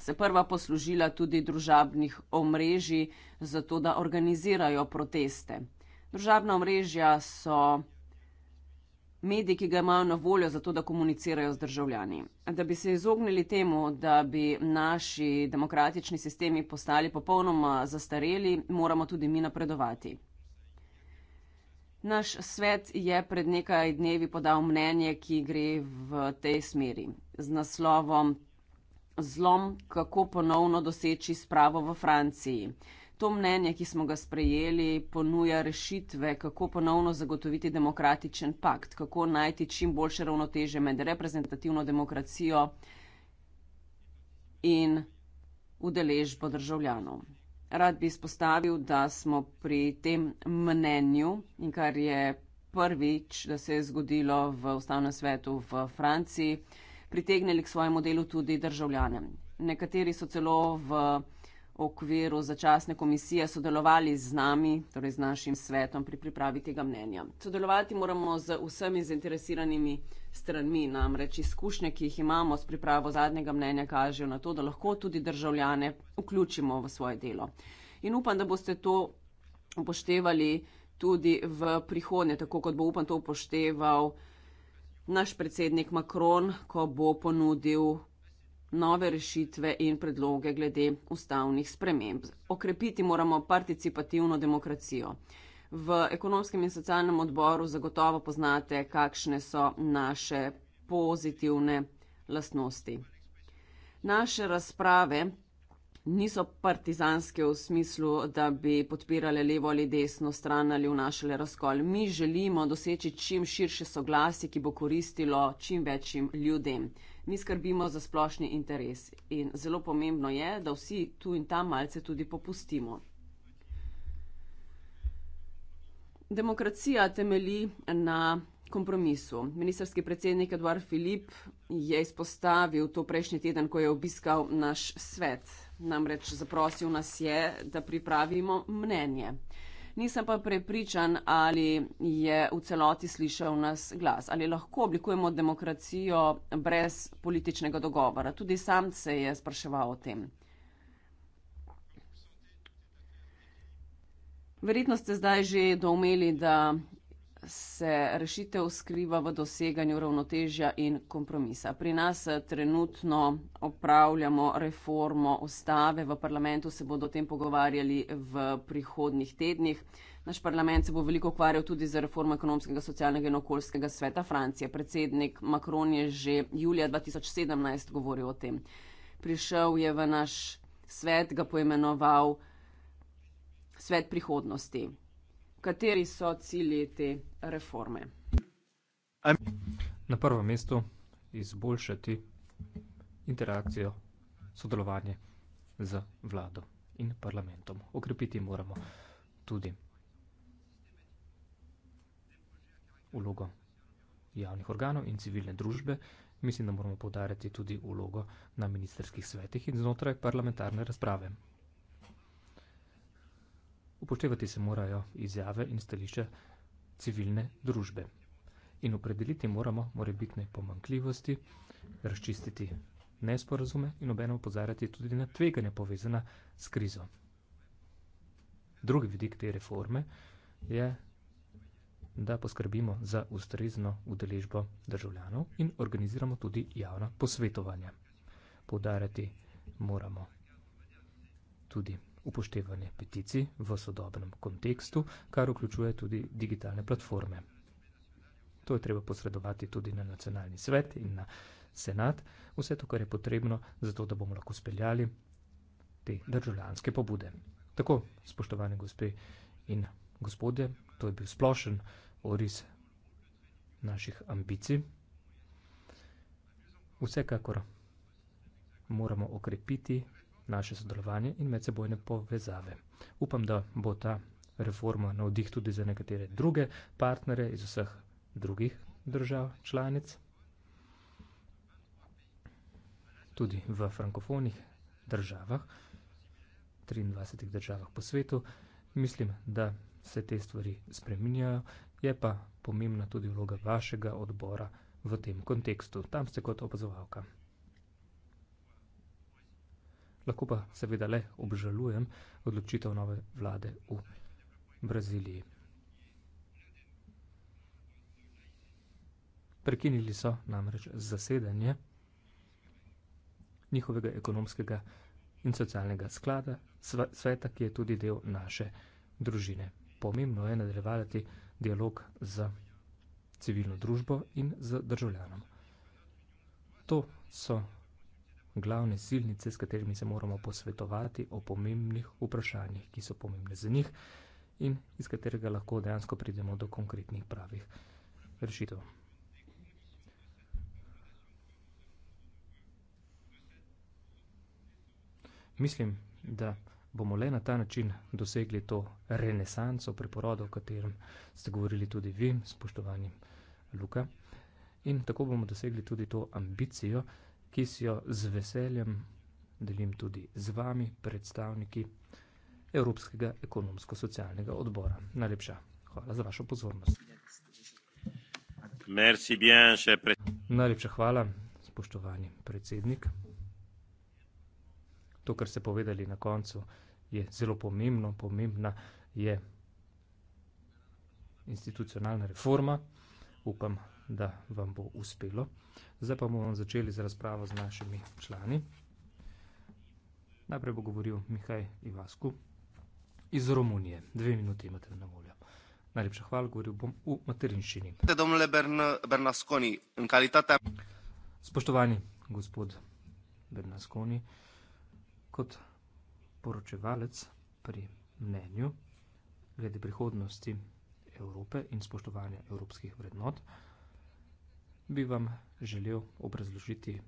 se prva poslužila tudi družabnih omrežij, zato da organizirajo proteste. Družabna omrežja so mediji, ki ga imajo na voljo, zato da komunicirajo z državljani. Da bi se izognili temu, da bi naši demokratični sistemi postali popolnoma zastareli, moramo tudi mi napredovati. Naš svet je pred nekaj dnevi podal mnenje, ki gre v tej smeri z naslovom Zlom, kako ponovno doseči spravo v Franciji. To mnenje, ki smo ga sprejeli, ponuja rešitve, kako ponovno zagotoviti demokratičen pakt, kako najti čim boljše ravnoteže med reprezentativno demokracijo in udeležbo državljanov. Rad bi izpostavil, da smo pri tem mnenju in kar je prvič, da se je zgodilo v ustavnem svetu v Franciji, pritegnili k svojemu delu tudi državljane. Nekateri so celo v okviru začasne komisije sodelovali z nami, torej z našim svetom pri pripravi tega mnenja. Sodelovati moramo z vsemi zainteresiranimi stranmi, namreč izkušnje, ki jih imamo s pripravo zadnjega mnenja, kažejo na to, da lahko tudi državljane vključimo v svoje delo. In upam, da boste to upoštevali tudi v prihodnje, tako kot bo upam to upošteval naš predsednik Macron, ko bo ponudil nove rešitve in predloge glede ustavnih sprememb. Okrepiti moramo participativno demokracijo. V ekonomskem in socialnem odboru zagotovo poznate, kakšne so naše pozitivne lastnosti. Naše razprave niso partizanske v smislu, da bi podpirale levo ali desno stran ali vnašale razkol. Mi želimo doseči čim širše soglasje, ki bo koristilo čim večjim ljudem mi skrbimo za splošni interes in zelo pomembno je, da vsi tu in tam malce tudi popustimo. Demokracija temeli na kompromisu. Ministrski predsednik Eduard Filip je izpostavil to prejšnji teden, ko je obiskal naš svet. Namreč zaprosil nas je, da pripravimo mnenje nisem pa prepričan, ali je v celoti slišal nas glas, ali lahko oblikujemo demokracijo brez političnega dogovora. Tudi sam se je spraševal o tem. Verjetno ste zdaj že domeli, da se rešitev skriva v doseganju ravnotežja in kompromisa. Pri nas eh, trenutno opravljamo reformo ustave, v parlamentu se bodo o tem pogovarjali v prihodnjih tednih. Naš parlament se bo veliko ukvarjal tudi z reformo ekonomskega, socialnega in okoljskega sveta Francije. Predsednik Macron je že julija 2017 govoril o tem. Prišel je v naš svet, ga poimenoval svet prihodnosti kateri so cilji te reforme? Na prvem mestu izboljšati interakcijo, sodelovanje z vlado in parlamentom. Okrepiti moramo tudi vlogo javnih organov in civilne družbe. Mislim, da moramo podarjati tudi vlogo na ministerskih svetih in znotraj parlamentarne razprave. Upoštevati se morajo izjave in stališče civilne družbe. In opredeliti moramo morebitne pomankljivosti, razčistiti nesporazume in obenem opozarjati tudi na tveganja povezana s krizo. Drugi vidik te reforme je, da poskrbimo za ustrezno udeležbo državljanov in organiziramo tudi javna posvetovanja. Poudarjati moramo tudi upoštevanje peticij v sodobnem kontekstu, kar vključuje tudi digitalne platforme. To je treba posredovati tudi na nacionalni svet in na senat, vse to, kar je potrebno, zato da bomo lahko speljali te državljanske pobude. Tako, spoštovane gospe in gospodje, to je bil splošen oris naših ambicij. Vsekakor moramo okrepiti naše sodelovanje in medsebojne povezave. Upam, da bo ta reforma navdih tudi za nekatere druge partnere iz vseh drugih držav članic, tudi v frankofonih državah, 23 državah po svetu. Mislim, da se te stvari spreminjajo, je pa pomembna tudi vloga vašega odbora v tem kontekstu. Tam ste kot opazovalka lahko pa seveda le obžalujem odločitev nove vlade v Braziliji. Prekinili so namreč zasedanje njihovega ekonomskega in socialnega sklada, sveta, ki je tudi del naše družine. Pomembno je nadaljevati dialog z civilno družbo in z državljanom. To so glavne silnice, s katerimi se moramo posvetovati o pomembnih vprašanjih, ki so pomembne za njih in iz katerega lahko dejansko pridemo do konkretnih pravih rešitev. Mislim, da bomo le na ta način dosegli to renesanco preporoda, o katerem ste govorili tudi vi, spoštovani Luka. In tako bomo dosegli tudi to ambicijo, ki si jo z veseljem delim tudi z vami, predstavniki Evropskega ekonomsko-socialnega odbora. Najlepša hvala za vašo pozornost. Najlepša hvala, spoštovani predsednik. To, kar ste povedali na koncu, je zelo pomembno. Pomembna je institucionalna reforma. Upam, da vam bo uspelo. Zdaj pa bomo začeli z razpravo z našimi člani. Najprej bo govoril Mihaj Ivasku iz Romunije. Dve minuti imate na voljo. Najlepša hvala, govoril bom v materinščini. Spoštovani gospod Bernasconi, kot poročevalec pri mnenju glede prihodnosti Evrope in spoštovanja evropskih vrednot, bi vam želel obrazložiti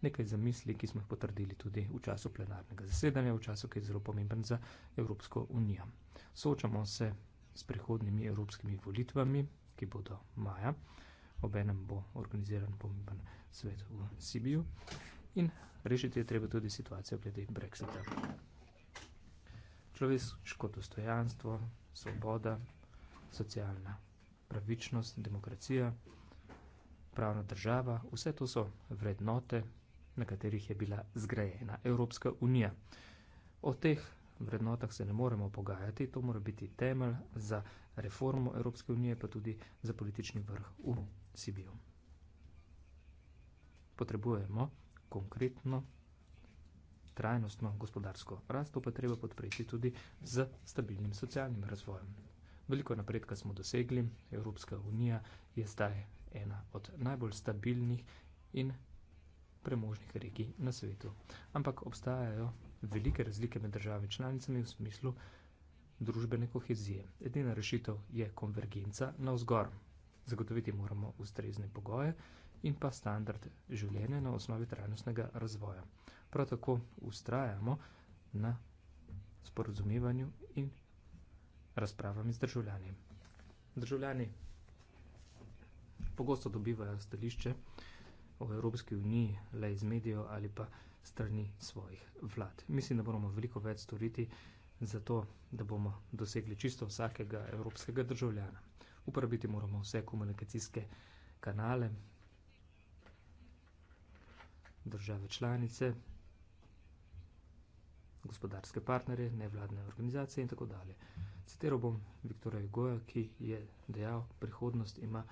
nekaj zamisli, ki smo jih potrdili tudi v času plenarnega zasedanja, v času, ki je zelo pomemben za Evropsko unijo. Soočamo se s prihodnimi evropskimi volitvami, ki bodo maja, ob enem bo organiziran pomemben svet v Sibiju in rešiti je treba tudi situacijo glede Brexita. Človeško dostojanstvo, svoboda, socialna pravičnost, demokracija pravna država, vse to so vrednote, na katerih je bila zgrajena Evropska unija. O teh vrednotah se ne moremo pogajati, to mora biti temelj za reformo Evropske unije, pa tudi za politični vrh v Sibiju. Potrebujemo konkretno, trajnostno gospodarsko rast, to pa treba podpreti tudi z stabilnim socialnim razvojem. Veliko napredka smo dosegli, Evropska unija je zdaj ena od najbolj stabilnih in premožnih regij na svetu. Ampak obstajajo velike razlike med državami članicami v smislu družbene kohezije. Edina rešitev je konvergenca na vzgor. Zagotoviti moramo ustrezne pogoje in pa standard življenja na osnovi trajnostnega razvoja. Prav tako ustrajamo na sporozumevanju in razpravami z državljani. Državljani, pogosto dobivajo stališče o Evropski uniji le iz medijev ali pa strani svojih vlad. Mislim, da moramo veliko več storiti za to, da bomo dosegli čisto vsakega evropskega državljana. Uporabiti moramo vse komunikacijske kanale, države članice, gospodarske partnerje, nevladne organizacije in tako dalje. Citeral bom Viktora Jugoja, ki je dejal, prihodnost ima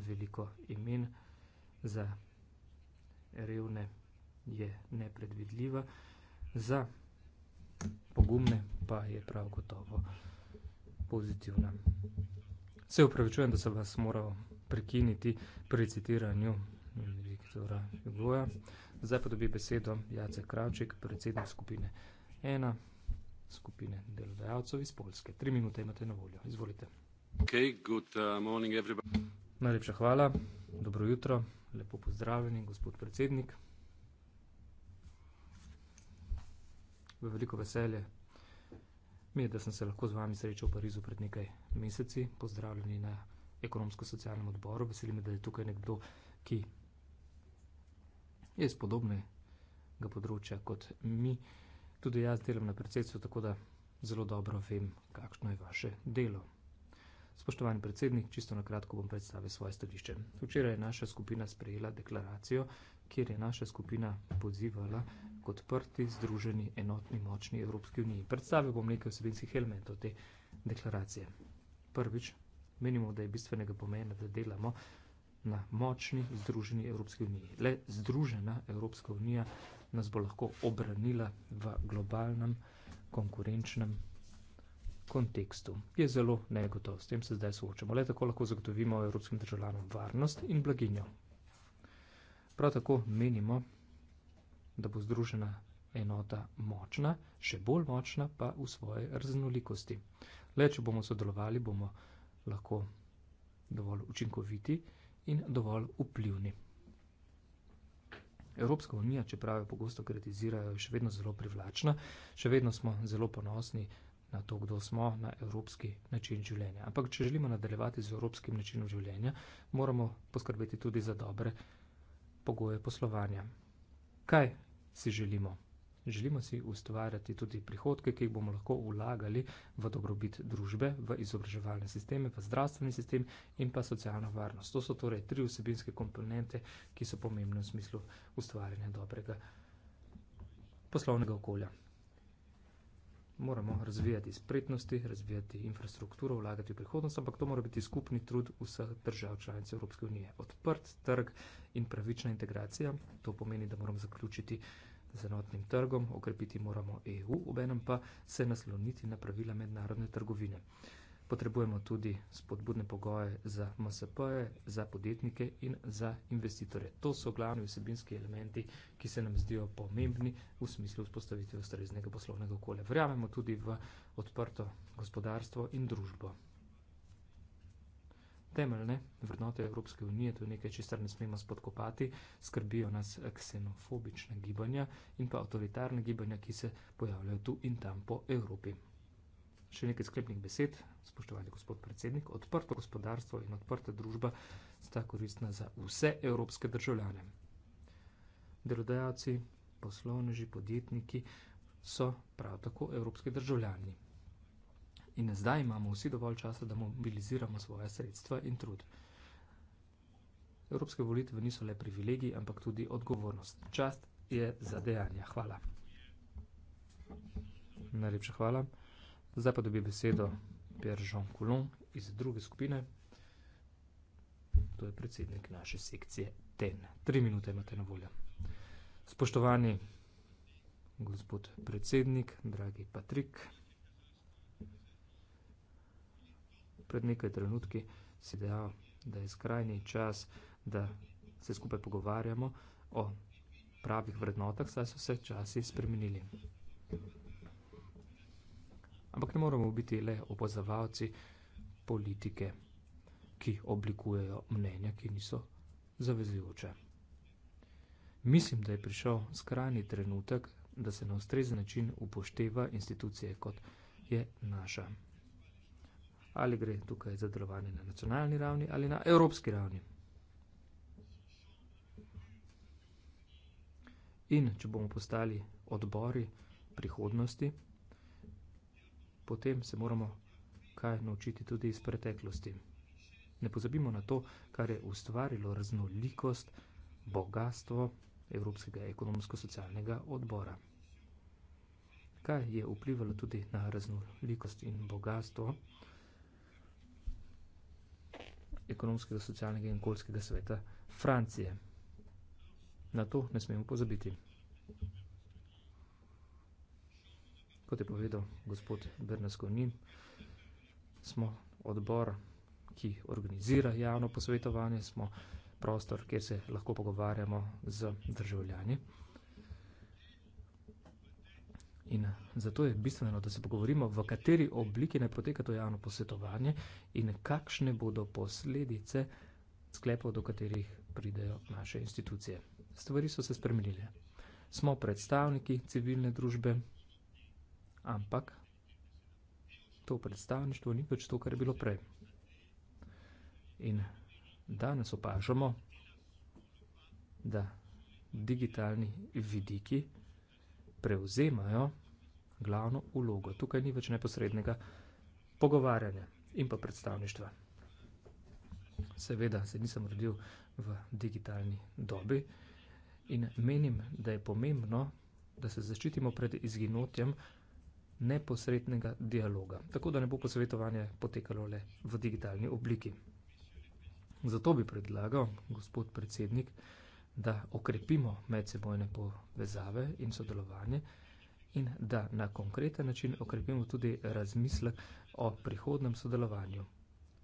veliko imen za revne je nepredvidljiva, za pogumne pa je prav gotovo pozitivna. Se upravičujem, da sem vas moral prekiniti pri citiranju Viktora Jugoja. Zdaj pa dobi besedo Jacek Kravček, predsednik skupine 1, skupine delodajalcev iz Polske. Tri minute imate na voljo. Izvolite. Okay, good uh, morning everybody. Najlepša hvala, dobro jutro, lepo pozdravljeni, gospod predsednik. V veliko veselje mi je, da sem se lahko z vami srečal v Parizu pred nekaj meseci. Pozdravljeni na ekonomsko-socialnem odboru. Veseli me, da je tukaj nekdo, ki je iz podobnega področja kot mi. Tudi jaz delam na predsedstvu, tako da zelo dobro vem, kakšno je vaše delo. Spoštovani predsednik, čisto na kratko bom predstavil svoje stališče. Včeraj je naša skupina sprejela deklaracijo, kjer je naša skupina pozivala k odprti, združeni, enotni, močni Evropski uniji. Predstavil bom nekaj osebinskih elementov te deklaracije. Prvič, menimo, da je bistvenega pomena, da delamo na močni, združeni Evropski uniji. Le združena Evropska unija nas bo lahko obranila v globalnem konkurenčnem kontekstu, ki je zelo negotov. S tem se zdaj soočamo. Le tako lahko zagotovimo evropskim državljanom varnost in blaginjo. Prav tako menimo, da bo združena enota močna, še bolj močna pa v svoje raznolikosti. Le, če bomo sodelovali, bomo lahko dovolj učinkoviti in dovolj vplivni. Evropska unija, čeprav jo pogosto kritizirajo, je še vedno zelo privlačna, še vedno smo zelo ponosni na to, kdo smo, na evropski način življenja. Ampak, če želimo nadaljevati z evropskim načinom življenja, moramo poskrbeti tudi za dobre pogoje poslovanja. Kaj si želimo? Želimo si ustvarjati tudi prihodke, ki jih bomo lahko vlagali v dobrobit družbe, v izobraževalne sisteme, v zdravstveni sistem in pa socialno varnost. To so torej tri vsebinske komponente, ki so pomembne v smislu ustvarjanja dobrega poslovnega okolja moramo razvijati spretnosti, razvijati infrastrukturo, vlagati v prihodnost, ampak to mora biti skupni trud vseh držav članic Evropske unije. Odprt trg in pravična integracija, to pomeni, da moramo zaključiti z enotnim trgom, okrepiti moramo EU, obenem pa se nasloniti na pravila mednarodne trgovine. Potrebujemo tudi spodbudne pogoje za MSP-je, za podjetnike in za investitorje. To so glavni vsebinski elementi, ki se nam zdijo pomembni v smislu vzpostavitve ustreznega poslovnega okolja. Verjamemo tudi v odprto gospodarstvo in družbo. Temeljne vrednote Evropske unije, to je nekaj, čistar ne smemo spodkopati, skrbijo nas ksenofobična gibanja in pa avtoritarna gibanja, ki se pojavljajo tu in tam po Evropi. Še nekaj sklepnih besed, spoštovani gospod predsednik. Odprto gospodarstvo in odprta družba sta koristna za vse evropske državljane. Delodajalci, poslovneži, podjetniki so prav tako evropski državljani. In zdaj imamo vsi dovolj časa, da mobiliziramo svoje sredstva in trud. Evropske volitve niso le privilegij, ampak tudi odgovornost. Čast je za dejanja. Hvala. Najlepša hvala. Zdaj pa dobi besedo Peržan Kulon iz druge skupine. To je predsednik naše sekcije TEN. Tri minute imate na voljo. Spoštovani gospod predsednik, dragi Patrik, pred nekaj trenutki si dejal, da je skrajni čas, da se skupaj pogovarjamo o pravih vrednotah, saj so se časi spremenili ampak ne moramo biti le opazovalci politike, ki oblikujejo mnenja, ki niso zavezujoče. Mislim, da je prišel skrajni trenutek, da se na ustrezen način upošteva institucije, kot je naša. Ali gre tukaj za delovanje na nacionalni ravni ali na evropski ravni. In če bomo postali odbori prihodnosti, potem se moramo kaj naučiti tudi iz preteklosti. Ne pozabimo na to, kar je ustvarilo raznolikost, bogatstvo Evropskega ekonomsko-socialnega odbora. Kaj je vplivalo tudi na raznolikost in bogatstvo ekonomskega, socialnega in okoljskega sveta Francije? Na to ne smemo pozabiti kot je povedal gospod Bernaskonin, smo odbor, ki organizira javno posvetovanje, smo prostor, kjer se lahko pogovarjamo z državljani. In zato je bistveno, da se pogovorimo, v kateri obliki naj poteka to javno posvetovanje in kakšne bodo posledice sklepov, do katerih pridejo naše institucije. Stvari so se spremenile. Smo predstavniki civilne družbe, Ampak to predstavništvo ni več pač to, kar je bilo prej. In danes opažamo, da digitalni vidiki prevzemajo glavno ulogo. Tukaj ni več neposrednega pogovarjanja in pa predstavništva. Seveda se nisem rodil v digitalni dobi in menim, da je pomembno, da se zaščitimo pred izginotjem neposrednega dialoga. Tako da ne bo posvetovanje potekalo le v digitalni obliki. Zato bi predlagal, gospod predsednik, da okrepimo medsebojne povezave in sodelovanje in da na konkreten način okrepimo tudi razmislek o prihodnem sodelovanju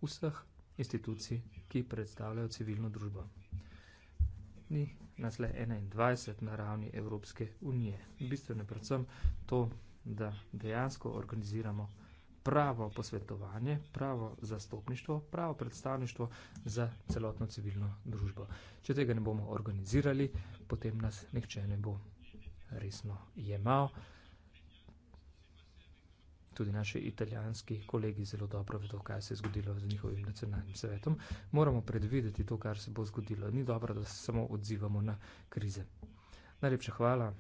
vseh institucij, ki predstavljajo civilno družbo. Ni nas le 21 na ravni Evropske unije. Bistveno je predvsem to, da dejansko organiziramo pravo posvetovanje, pravo zastopništvo, pravo predstavništvo za celotno civilno družbo. Če tega ne bomo organizirali, potem nas nihče ne bo resno jemal. Tudi naši italijanski kolegi zelo dobro vedo, kaj se je zgodilo z njihovim nacionalnim svetom. Moramo predvideti to, kar se bo zgodilo. Ni dobro, da se samo odzivamo na krize. Najlepša hvala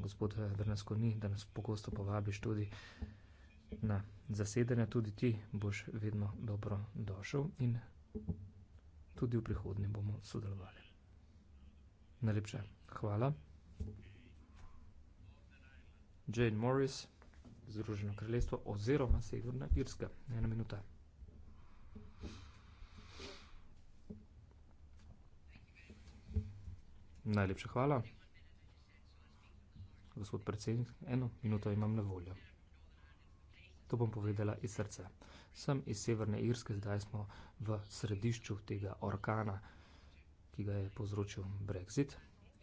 gospod Drnasko ni, da nas pogosto povabiš tudi na zasedanja, tudi ti boš vedno dobro došel in tudi v prihodnje bomo sodelovali. Najlepša hvala. Jane Morris, Združeno kraljestvo oziroma Severna Irska. Ena minuta. Najlepša hvala gospod predsednik, eno minuto imam na voljo. To bom povedala iz srca. Sem iz Severne Irske, zdaj smo v središču tega orkana, ki ga je povzročil Brexit.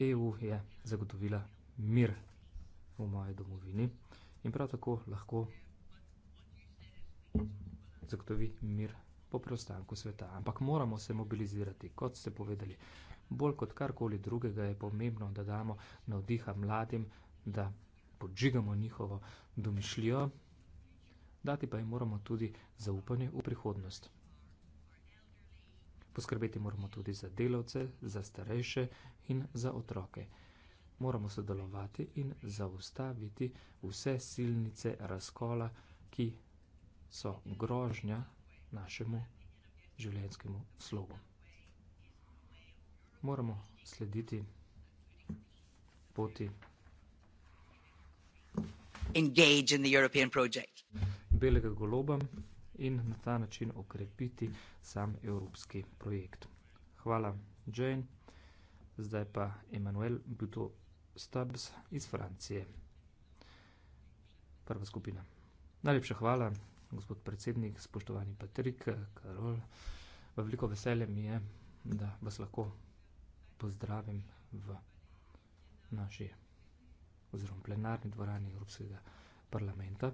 EU je zagotovila mir v moje domovini in prav tako lahko zagotovi mir po preostanku sveta. Ampak moramo se mobilizirati, kot ste povedali. Bolj kot karkoli drugega je pomembno, da damo navdiha mladim, da podžigamo njihovo domišljijo, dati pa jim moramo tudi zaupanje v prihodnost. Poskrbeti moramo tudi za delavce, za starejše in za otroke. Moramo sodelovati in zaustaviti vse silnice razkola, ki so grožnja našemu življenjskemu slogu. Moramo slediti poti engage in the European project. Belega goloba in na ta način okrepiti sam evropski projekt. Hvala, Jane. Zdaj pa Emanuel Buto Stubbs iz Francije. Prva skupina. Najlepša hvala, gospod predsednik, spoštovani Patrik, Karol. Veliko veselje mi je, da vas lahko pozdravim v naši oziroma plenarni dvorani Evropskega parlamenta.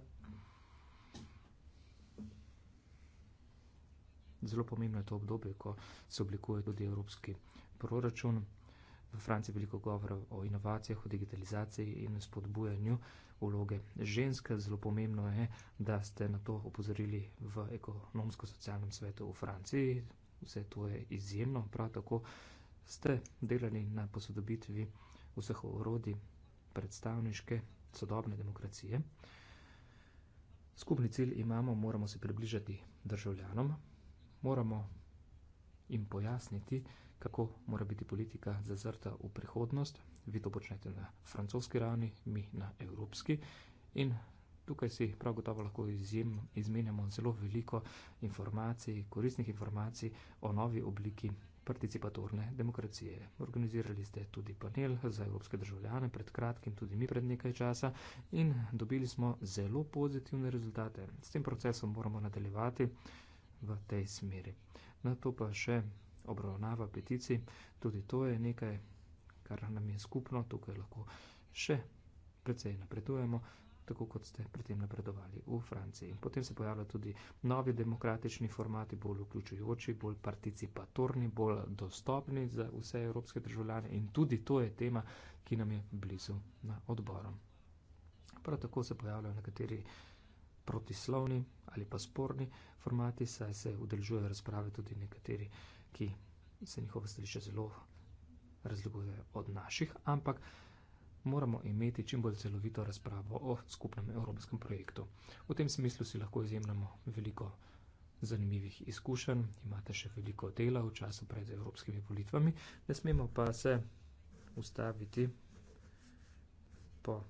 Zelo pomembno je to obdobje, ko se oblikuje tudi evropski proračun. V Franciji je veliko govora o inovacijah, o digitalizaciji in spodbujanju vloge ženske. Zelo pomembno je, da ste na to opozorili v ekonomsko-socialnem svetu v Franciji. Vse to je izjemno. Prav tako ste delali na posodobitvi vseh orodij predstavniške sodobne demokracije. Skupni cilj imamo, moramo se približati državljanom, moramo jim pojasniti, kako mora biti politika zazrta v prihodnost. Vi to počnete na francoski ravni, mi na evropski. In tukaj si prav gotovo lahko izjem, izmenjamo zelo veliko informacij, koristnih informacij o novi obliki participatorne demokracije. Organizirali ste tudi panel za evropske državljane pred kratkim, tudi mi pred nekaj časa in dobili smo zelo pozitivne rezultate. S tem procesom moramo nadaljevati v tej smeri. Na to pa še obravnava peticij. Tudi to je nekaj, kar nam je skupno. Tukaj lahko še precej napredujemo tako kot ste pri tem napredovali v Franciji. Potem se pojavljajo tudi novi demokratični formati, bolj vključujoči, bolj participatorni, bolj dostopni za vse evropske državljane in tudi to je tema, ki nam je blizu na odboru. Prav tako se pojavljajo nekateri protislovni ali pa sporni formati, saj se udeležujejo razprave tudi nekateri, ki se njihovo stališče zelo razlikuje od naših, ampak moramo imeti čim bolj celovito razpravo o skupnem evropskem projektu. V tem smislu si lahko izjemljamo veliko zanimivih izkušenj, imate še veliko dela v času pred evropskimi volitvami, ne smemo pa se ustaviti po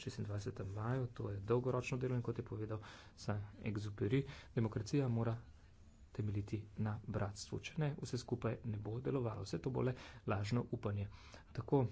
26. maju, to je dolgoročno delo in kot je povedal San Exupery, demokracija mora temeliti na bratstvu. Če ne, vse skupaj ne bo delovalo, vse to bo le lažno upanje. Tako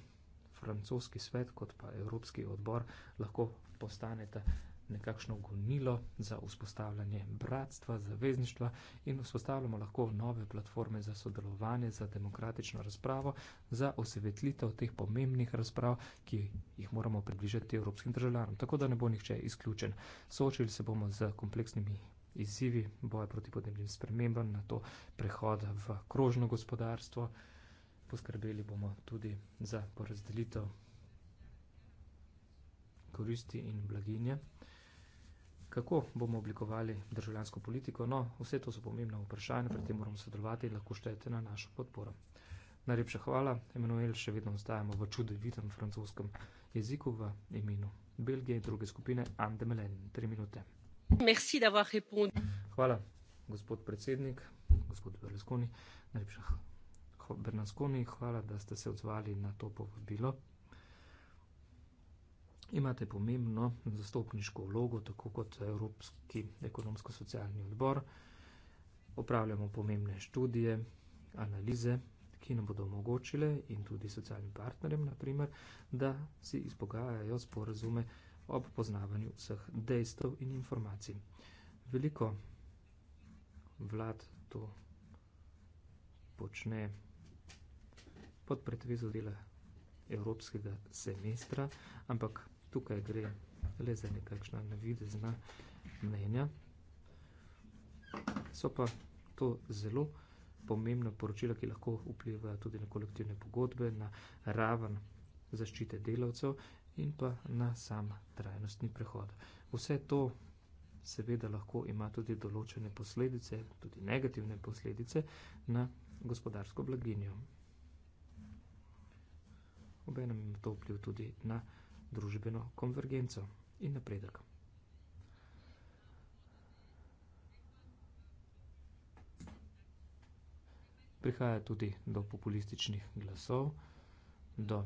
francoski svet kot pa Evropski odbor lahko postaneta nekakšno gonilo za vzpostavljanje bratstva, zavezništva in vzpostavljamo lahko nove platforme za sodelovanje, za demokratično razpravo, za osvetlitev teh pomembnih razprav, ki jih moramo približati evropskim državljanom, tako da ne bo nihče izključen. Soočili se bomo z kompleksnimi izzivi boja proti podnebnim spremembam, na to prehod v krožno gospodarstvo poskrbeli bomo tudi za porazdelitev koristi in blaginje. Kako bomo oblikovali državljansko politiko? No, vse to so pomembna vprašanja, pri tem moramo sodelovati in lahko štejete na našo podporo. Najlepša hvala, Emanuel, še vedno ostajamo v čudovitem francoskem jeziku v imenu Belgije in druge skupine Andemelen. Tri minute. Merci d'avoir répondu. Hvala, gospod predsednik, gospod Berlusconi. Najlepša hvala. Bernasconi, hvala, da ste se odzvali na to povabilo. Imate pomembno zastopniško vlogo, tako kot Evropski ekonomsko-socialni odbor. Opravljamo pomembne študije, analize, ki nam bodo omogočile in tudi socialnim partnerjem, naprimer, da si izpogajajo sporazume ob poznavanju vseh dejstev in informacij. Veliko vlad to počne pod pretvezo dela evropskega semestra, ampak tukaj gre le za nekakšna navidezna mnenja. So pa to zelo pomembna poročila, ki lahko vplivajo tudi na kolektivne pogodbe, na raven zaščite delavcev in pa na sam trajnostni prehod. Vse to seveda lahko ima tudi določene posledice, tudi negativne posledice na gospodarsko blaginjo obenem ima to vpliv tudi na družbeno konvergenco in napredek. Prihaja tudi do populističnih glasov, do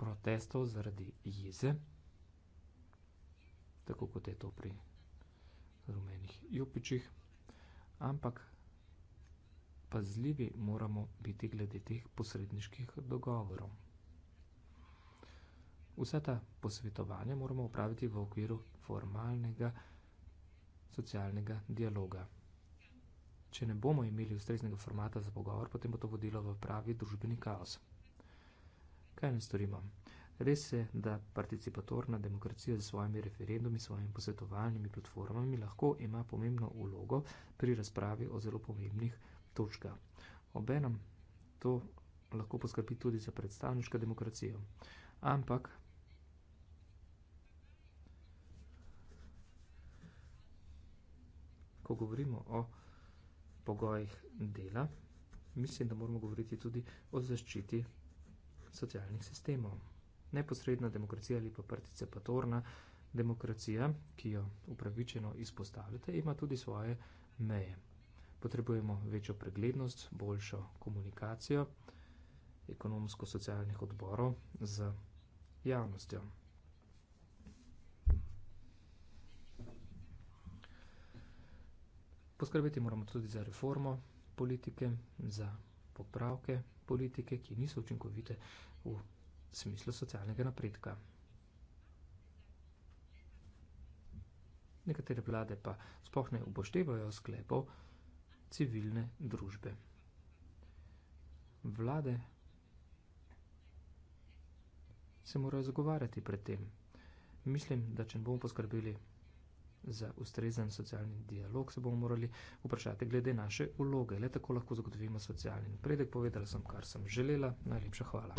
protestov zaradi jeze, tako kot je to pri rumenih jupičih, ampak pazljivi moramo biti glede teh posredniških dogovorov. Vsa ta posvetovanja moramo upraviti v okviru formalnega socialnega dialoga. Če ne bomo imeli ustreznega formata za pogovor, potem bo to vodilo v pravi družbeni kaos. Kaj ne storimo? Res je, da participatorna demokracija z svojimi referendumi, svojimi posvetovalnimi platformami lahko ima pomembno ulogo pri razpravi o zelo pomembnih vprašanjih točka. Obenem to lahko poskrbi tudi za predstavniško demokracijo. Ampak ko govorimo o pogojih dela, mislim, da moramo govoriti tudi o zaščiti socialnih sistemov. Neposredna demokracija ali pa participatorna demokracija, ki jo upravičeno izpostavljate, ima tudi svoje meje potrebujemo večjo preglednost, boljšo komunikacijo ekonomsko-socialnih odborov z javnostjo. Poskrbeti moramo tudi za reformo politike, za popravke politike, ki niso učinkovite v smislu socialnega napredka. Nekatere vlade pa spohne upoštevajo sklepov, civilne družbe. Vlade se morajo zagovarjati pred tem. Mislim, da če ne bomo poskrbeli za ustrezen socialni dialog, se bomo morali vprašati glede naše uloge. Le tako lahko zagotovimo socialni napredek. Povedala sem, kar sem želela. Najlepša hvala.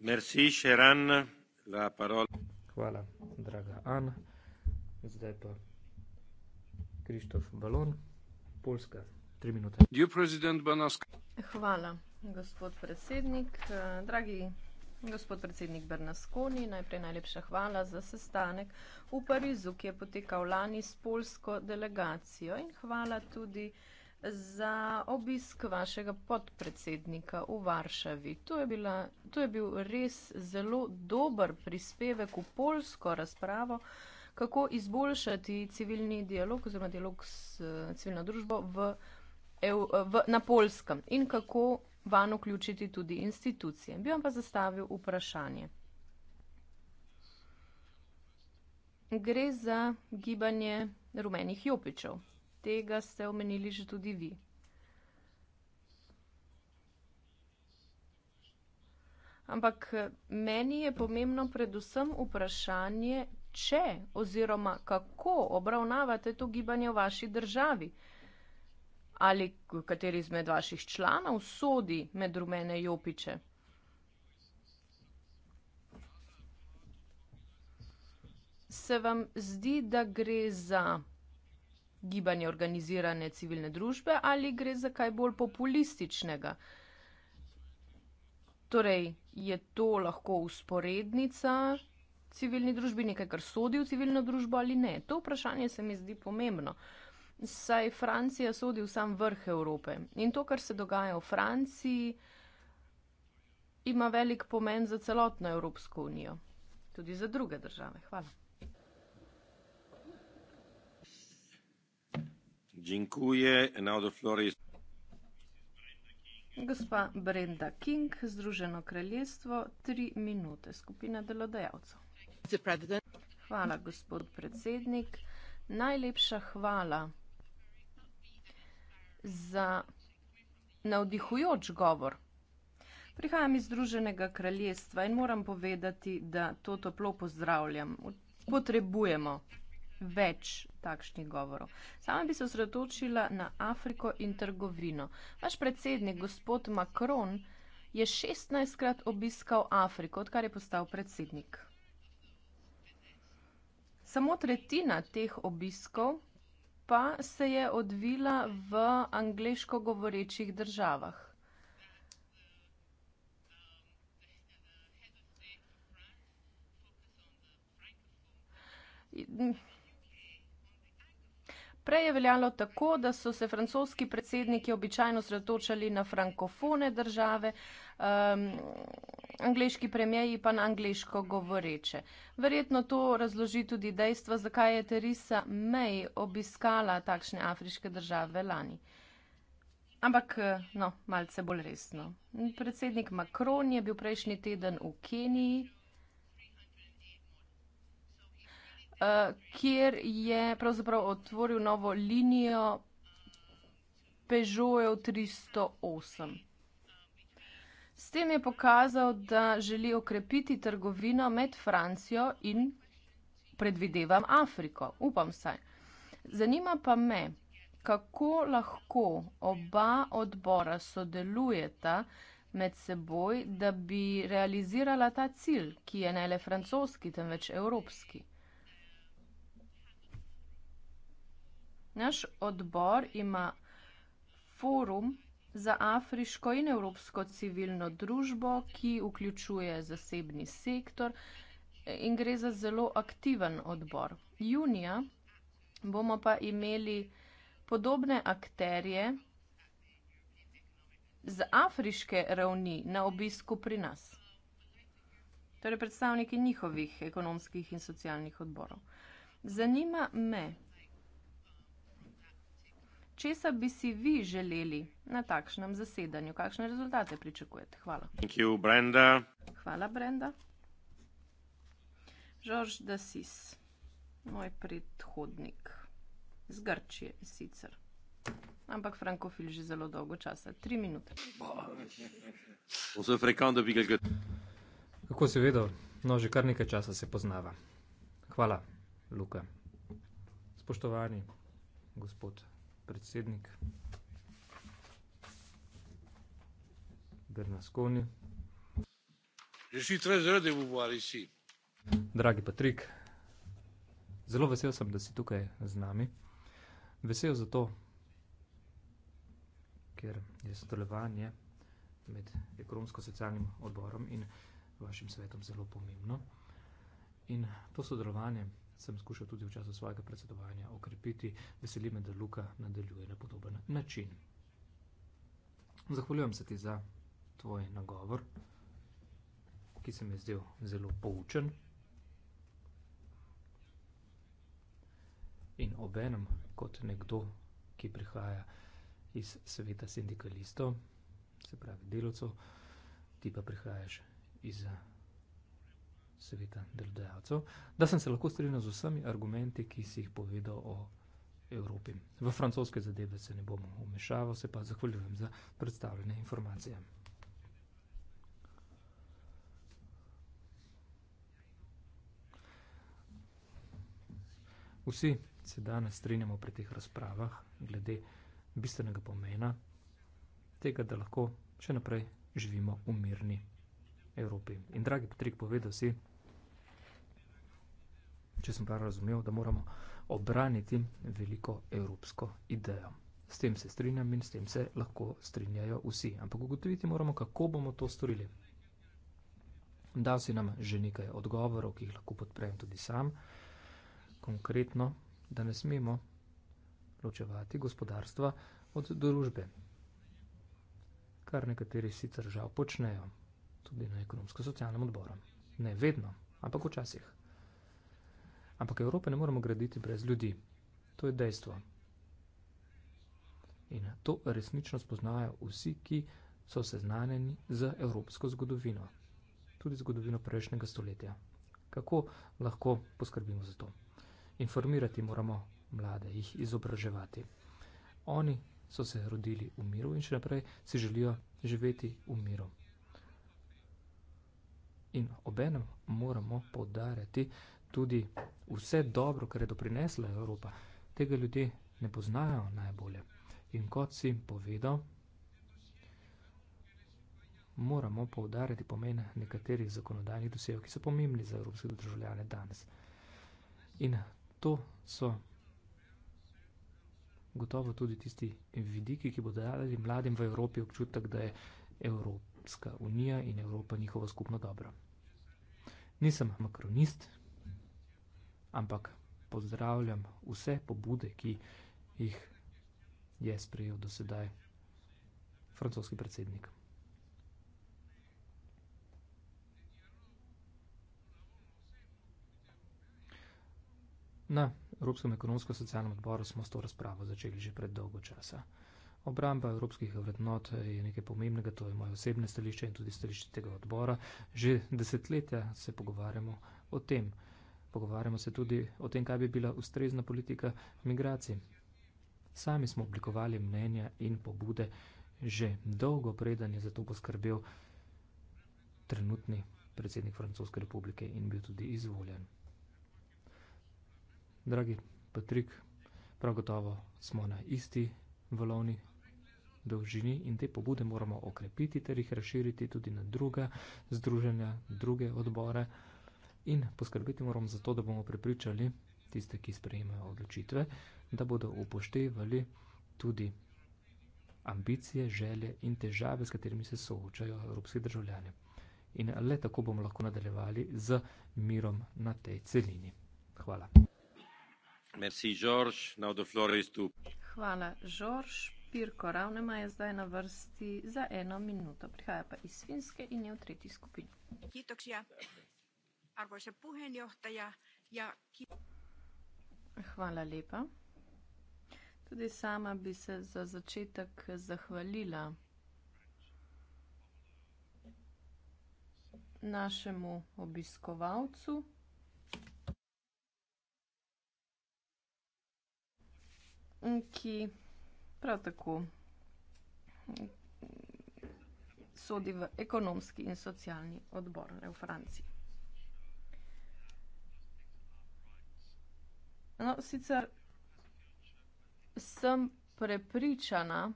Merci, Sheran, la parola. Hvala, draga Ana. Zdaj pa. Krištof Balon, Poljska. Tri minute. Hvala, gospod predsednik. Dragi gospod predsednik Bernasconi, najprej najlepša hvala za sestanek v Parizu, ki je potekal lani s polsko delegacijo in hvala tudi za obisk vašega podpredsednika v Varšavi. To je, bila, to je bil res zelo dober prispevek v polsko razpravo. Uh, kako izboljšati civilni dialog oziroma dialog s eh, civilno družbo v, EU, eh, v, na polskem in kako van vključiti tudi institucije. Bi vam pa zastavil vprašanje. Gre za gibanje rumenih jopičev. Tega ste omenili že tudi vi. Ampak eh, meni je pomembno predvsem vprašanje, če oziroma kako obravnavate to gibanje v vaši državi? Ali kateri izmed vaših članov sodi med rumene jopiče? Se vam zdi, da gre za gibanje organizirane civilne družbe ali gre za kaj bolj populističnega? Torej, je to lahko vzporednica civilni družbi, nekaj, kar sodi v civilno družbo ali ne. To vprašanje se mi zdi pomembno. Saj Francija sodi v sam vrh Evrope in to, kar se dogaja v Franciji, ima velik pomen za celotno Evropsko unijo, tudi za druge države. Hvala. Gospa Brenda King, Združeno kraljestvo, tri minute, skupina delodajalcev. Hvala, gospod predsednik. Najlepša hvala za navdihujoč govor. Prihajam iz Združenega kraljestva in moram povedati, da to toplo pozdravljam. Potrebujemo več takšnih govorov. Sama bi se osredotočila na Afriko in trgovino. Vaš predsednik, gospod Macron, je šestnajstkrat obiskal Afriko, odkar je postal predsednik. Samo tretjina teh obiskov pa se je odvila v angliško govorečih državah. In, Prej je veljalo tako, da so se francoski predsedniki običajno sredotočali na frankofone države, um, angliški premijeji pa na angliško govoreče. Verjetno to razloži tudi dejstvo, zakaj je Teresa May obiskala takšne afriške države lani. Ampak, eh, no, malce bolj resno. Predsednik Macron je bil prejšnji teden v Keniji, Eh, kjer je pravzaprav otvoril novo linijo Peugeotov 308. S tem je pokazal, da želi okrepiti trgovino med Francijo in, predvidevam, Afriko. Upam saj. Zanima pa me, kako lahko oba odbora sodelujeta med seboj, da bi realizirala ta cilj, ki je ne le francoski, temveč evropski. Naš odbor ima forum za afriško in evropsko civilno družbo, ki vključuje zasebni sektor in gre za zelo aktiven odbor. Junija bomo pa imeli podobne akterje z afriške ravni na obisku pri nas. Torej predstavniki njihovih ekonomskih in socialnih odborov. Zanima me, česa bi si vi želeli na takšnem zasedanju? Kakšne rezultate pričakujete? Hvala. You, Brenda. Hvala, Brenda. George Dasis, moj predhodnik iz Grčije sicer. Ampak frankofil že zelo dolgo časa, tri minute. Kako se vedo, no že kar nekaj časa se poznava. Hvala, Luka. Spoštovani gospod predsednik Bernasconi. Je si tre zrede v Bovari si. Dragi Patrik, zelo vesel sem, da si tukaj z nami. Vesel zato, ker je sodelovanje med ekonomsko-socialnim odborom in vašim svetom zelo pomembno. In to sodelovanje sem skušal tudi v času svojega predsedovanja okrepiti. Veseli me, da Luka nadaljuje na podoben način. Zahvaljujem se ti za tvoj nagovor, ki se mi je zdel zelo poučen. In obenem, kot nekdo, ki prihaja iz sveta sindikalistov, se pravi delovcev, ti pa prihajaš iz seveda delodajalcev, da sem se lahko strinjal z vsemi argumenti, ki si jih povedal o Evropi. V francoske zadeve se ne bom umešaval, se pa zahvaljujem za predstavljene informacije. Vsi se danes strinjamo pri teh razpravah glede bistvenega pomena tega, da lahko še naprej živimo v mirni Evropi. In dragi Patrik, povedal si, če sem prav razumel, da moramo obraniti veliko evropsko idejo. S tem se strinjam in s tem se lahko strinjajo vsi. Ampak ugotoviti moramo, kako bomo to storili. Dal si nam že nekaj odgovorov, ki jih lahko podprem tudi sam. Konkretno, da ne smemo ločevati gospodarstva od družbe, kar nekateri sicer žal počnejo tudi na ekonomsko-socialnem odboru. Ne vedno, ampak včasih. Ampak Evrope ne moremo graditi brez ljudi. To je dejstvo. In to resnično spoznajo vsi, ki so seznanjeni z evropsko zgodovino, tudi zgodovino prejšnjega stoletja. Kako lahko poskrbimo za to? Informirati moramo mlade, jih izobraževati. Oni so se rodili v miru in še naprej si želijo živeti v miru in obenem moramo podarjati tudi vse dobro, kar je doprinesla Evropa. Tega ljudje ne poznajo najbolje. In kot si jim povedal, moramo povdarjati pomen nekaterih zakonodajnih dosegov, ki so pomembni za evropske državljane danes. In to so gotovo tudi tisti vidiki, ki bodo dali mladim v Evropi občutek, da je Evropska unija in Evropa njihovo skupno dobro. Nisem makronist, ampak pozdravljam vse pobude, ki jih je sprejel do sedaj francoski predsednik. Na Evropskem ekonomsko-socialnem odboru smo s to razpravo začeli že pred dolgo časa. Obramba evropskih vrednot je nekaj pomembnega, to je moje osebne stališče in tudi stališče tega odbora. Že desetletja se pogovarjamo o tem. Pogovarjamo se tudi o tem, kaj bi bila ustrezna politika migracij. Sami smo oblikovali mnenja in pobude že dolgo preden je za to poskrbel trenutni predsednik Francoske republike in bil tudi izvoljen. Dragi Patrik, prav gotovo smo na isti valovni dolžini in te pobude moramo okrepiti ter jih razširiti tudi na druga združenja, druge odbore in poskrbeti moramo za to, da bomo prepričali tiste, ki sprejemajo odločitve, da bodo upoštevali tudi ambicije, želje in težave, s katerimi se soočajo evropski državljani. In le tako bomo lahko nadaljevali z mirom na tej celini. Hvala. Merci, Hvala, Žorž zbirko Ravnema je zdaj na vrsti za eno minuto. Prihaja pa iz Finske in je v tretji skupini. Ja Hvala lepa. Tudi sama bi se za začetek zahvalila našemu obiskovalcu. Ki prav tako sodi v ekonomski in socialni odbor v Franciji. No, sicer sem prepričana,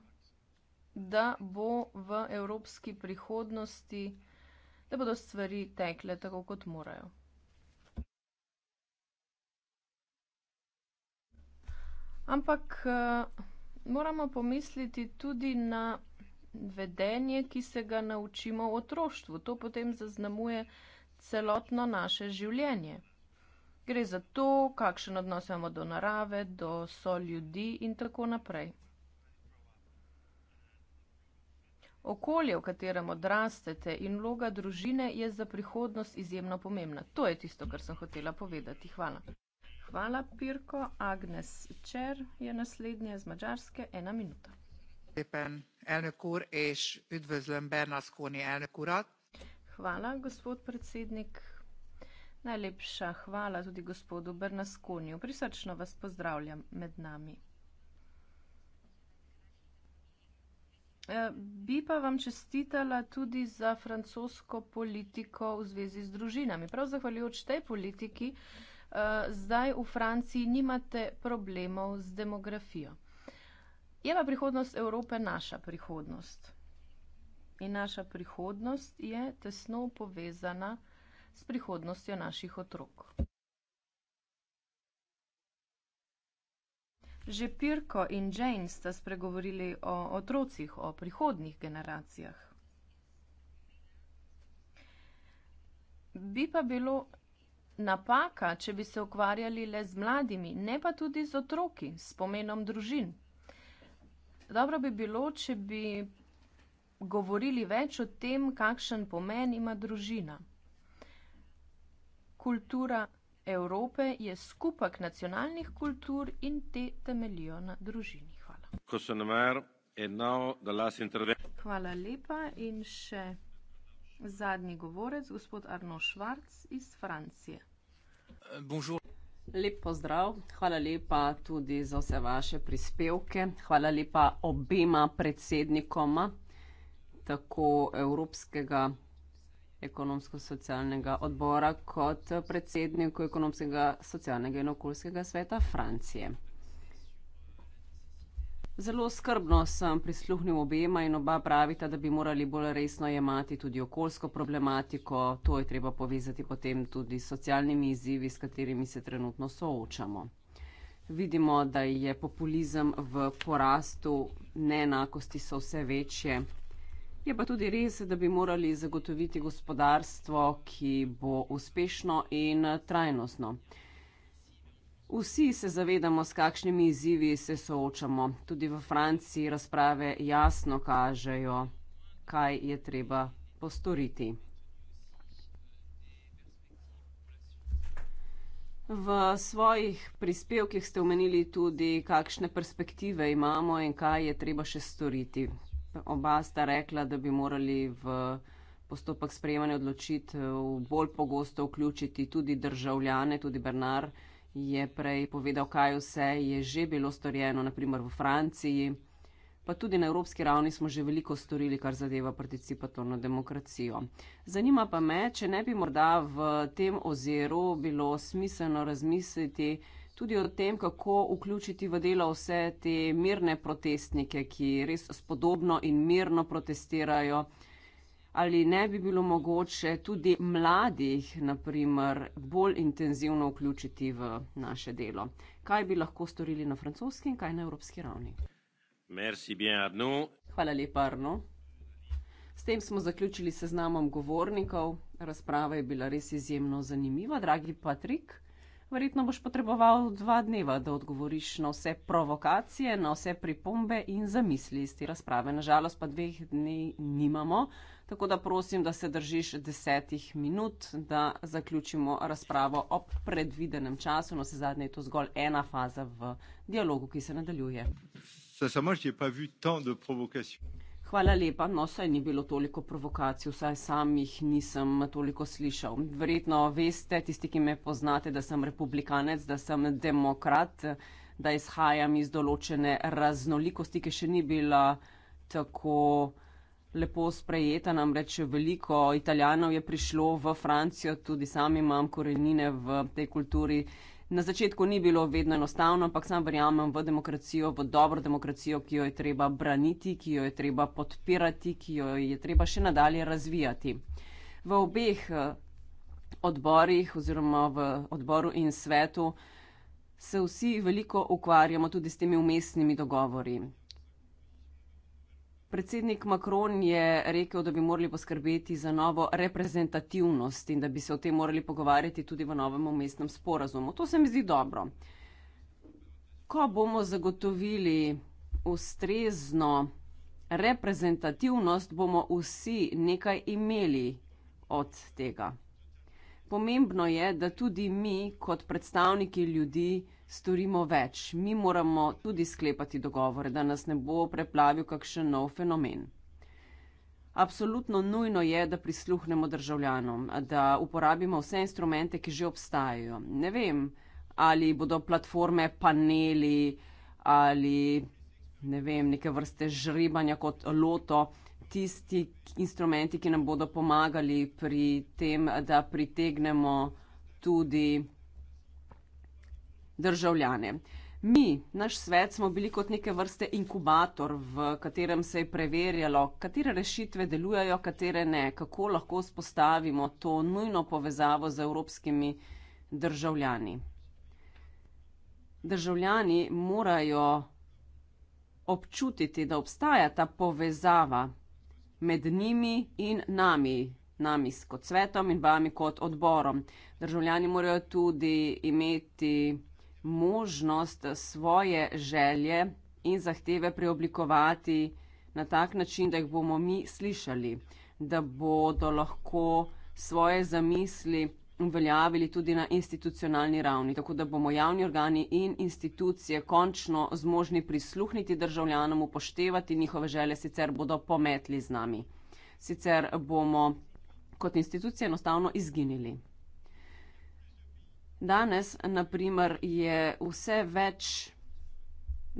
da bo v evropski prihodnosti, da bodo stvari tekle tako, kot morajo. Ampak eh, moramo pomisliti tudi na vedenje, ki se ga naučimo v otroštvu. To potem zaznamuje celotno naše življenje. Gre za to, kakšen odnos imamo do narave, do so ljudi in tako naprej. Okolje, v katerem odrastete in vloga družine je za prihodnost izjemno pomembna. To je tisto, kar sem hotela povedati. Hvala. Hvala, Pirko. Agnes Čer je naslednja iz Mačarske, ena minuta. Lepen elnök úr, és üdvözlöm Bernasconi elnök urat. Hvala, gospod predsednik. Najlepša hvala tudi gospodu Bernasconiju. Prisrčno vas pozdravljam med nami. Eh, bi pa vam čestitala tudi za francosko politiko v zvezi z družinami. Prav zahvaljujoč tej politiki uh, Eh, zdaj v Franciji nimate problemov z demografijo. Je pa prihodnost Evrope naša prihodnost. In naša prihodnost je tesno povezana s prihodnostjo naših otrok. Že Pirko in Jane sta spregovorili o otrocih, o prihodnih generacijah. Bi pa bilo Napaka, če bi se ukvarjali le z mladimi, ne pa tudi z otroki, s pomenom družin. Dobro bi bilo, če bi govorili več o tem, kakšen pomen ima družina. Kultura Evrope je skupek nacionalnih kultur in te temeljijo na družini. Hvala. Hvala lepa in še. Zadnji govorec, gospod Arno Švarc iz Francije. Bonjour. Lep pozdrav, hvala lepa tudi za vse vaše prispevke, hvala lepa obema predsednikoma, tako Evropskega ekonomsko-socialnega odbora kot predsedniku Ekonomskega, socialnega in okoljskega sveta Francije. Zelo skrbno sem prisluhnil obema in oba pravita, da bi morali bolj resno jemati tudi okoljsko problematiko. To je treba povezati potem tudi s socialnimi izzivi, s katerimi se trenutno soočamo. Vidimo, da je populizem v porastu, neenakosti so vse večje. Je pa tudi res, da bi morali zagotoviti gospodarstvo, ki bo uspešno in trajnostno. Vsi se zavedamo, s kakšnimi izzivi se soočamo. Tudi v Franciji razprave jasno kažejo, kaj je treba postoriti. V svojih prispevkih ste omenili tudi, kakšne perspektive imamo in kaj je treba še storiti. Oba sta rekla, da bi morali v postopek sprejemanja odločitev bolj pogosto vključiti tudi državljane, tudi Bernard je prej povedal, kaj vse je že bilo storjeno, naprimer v Franciji, pa tudi na evropski ravni smo že veliko storili, kar zadeva participatorno demokracijo. Zanima pa me, če ne bi morda v tem oziru bilo smiselno razmisliti tudi o tem, kako vključiti v delo vse te mirne protestnike, ki res spodobno in mirno protestirajo ali ne bi bilo mogoče tudi mladih, naprimer, bolj intenzivno vključiti v naše delo? Kaj bi lahko storili na francoski in kaj na evropski ravni? Merci bien, Arno. Hvala lepa, Arno. S tem smo zaključili seznamom govornikov. Razprava je bila res izjemno zanimiva. Dragi Patrik, verjetno boš potreboval dva dneva, da odgovoriš na vse provokacije, na vse pripombe in zamisli iz te razprave. Nažalost pa dveh dni nimamo. Tako da prosim, da se držiš desetih minut, da zaključimo razpravo ob predvidenem času. No, se zadnje je to zgolj ena faza v dialogu, ki se nadaljuje. Hvala lepa. No, saj ni bilo toliko provokacij, vsaj sam jih nisem toliko slišal. Verjetno veste, tisti, ki me poznate, da sem republikanec, da sem demokrat, da izhajam iz določene raznolikosti, ki še ni bila tako lepo sprejeta, namreč veliko Italijanov je prišlo v Francijo, tudi sam imam korenine v tej kulturi. Na začetku ni bilo vedno enostavno, ampak sam verjamem v demokracijo, v dobro demokracijo, ki jo je treba braniti, ki jo je treba podpirati, ki jo je treba še nadalje razvijati. V obeh eh, odborih oziroma v odboru in svetu se vsi veliko ukvarjamo tudi s temi umestnimi dogovori. Predsednik Macron je rekel, da bi morali poskrbeti za novo reprezentativnost in da bi se o tem morali pogovarjati tudi v novem mestnem sporazumu. To se mi zdi dobro. Ko bomo zagotovili ustrezno reprezentativnost, bomo vsi nekaj imeli od tega. Pomembno je, da tudi mi kot predstavniki ljudi storimo več. Mi moramo tudi sklepati dogovore, da nas ne bo preplavil kakšen nov fenomen. Absolutno nujno je, da prisluhnemo državljanom, da uporabimo vse instrumente, ki že obstajajo. Ne vem, ali bodo platforme, paneli ali ne vem, neke vrste žribanja kot loto, tisti instrumenti, ki nam bodo pomagali pri tem, da pritegnemo tudi državljane. Mi, naš svet, smo bili kot neke vrste inkubator, v katerem se je preverjalo, katere rešitve delujejo, katere ne, kako lahko spostavimo to nujno povezavo z evropskimi državljani. Državljani morajo občutiti, da obstaja ta povezava med njimi in nami, nami kot svetom in vami kot odborom. Državljani morajo tudi imeti možnost svoje želje in zahteve preoblikovati na tak način, da jih bomo mi slišali, da bodo lahko svoje zamisli uveljavili tudi na institucionalni ravni, tako da bomo javni organi in institucije končno zmožni prisluhniti državljanom, upoštevati njihove žele, sicer bodo pometli z nami. Sicer bomo kot institucije enostavno izginili. Danes, na primer, je vse več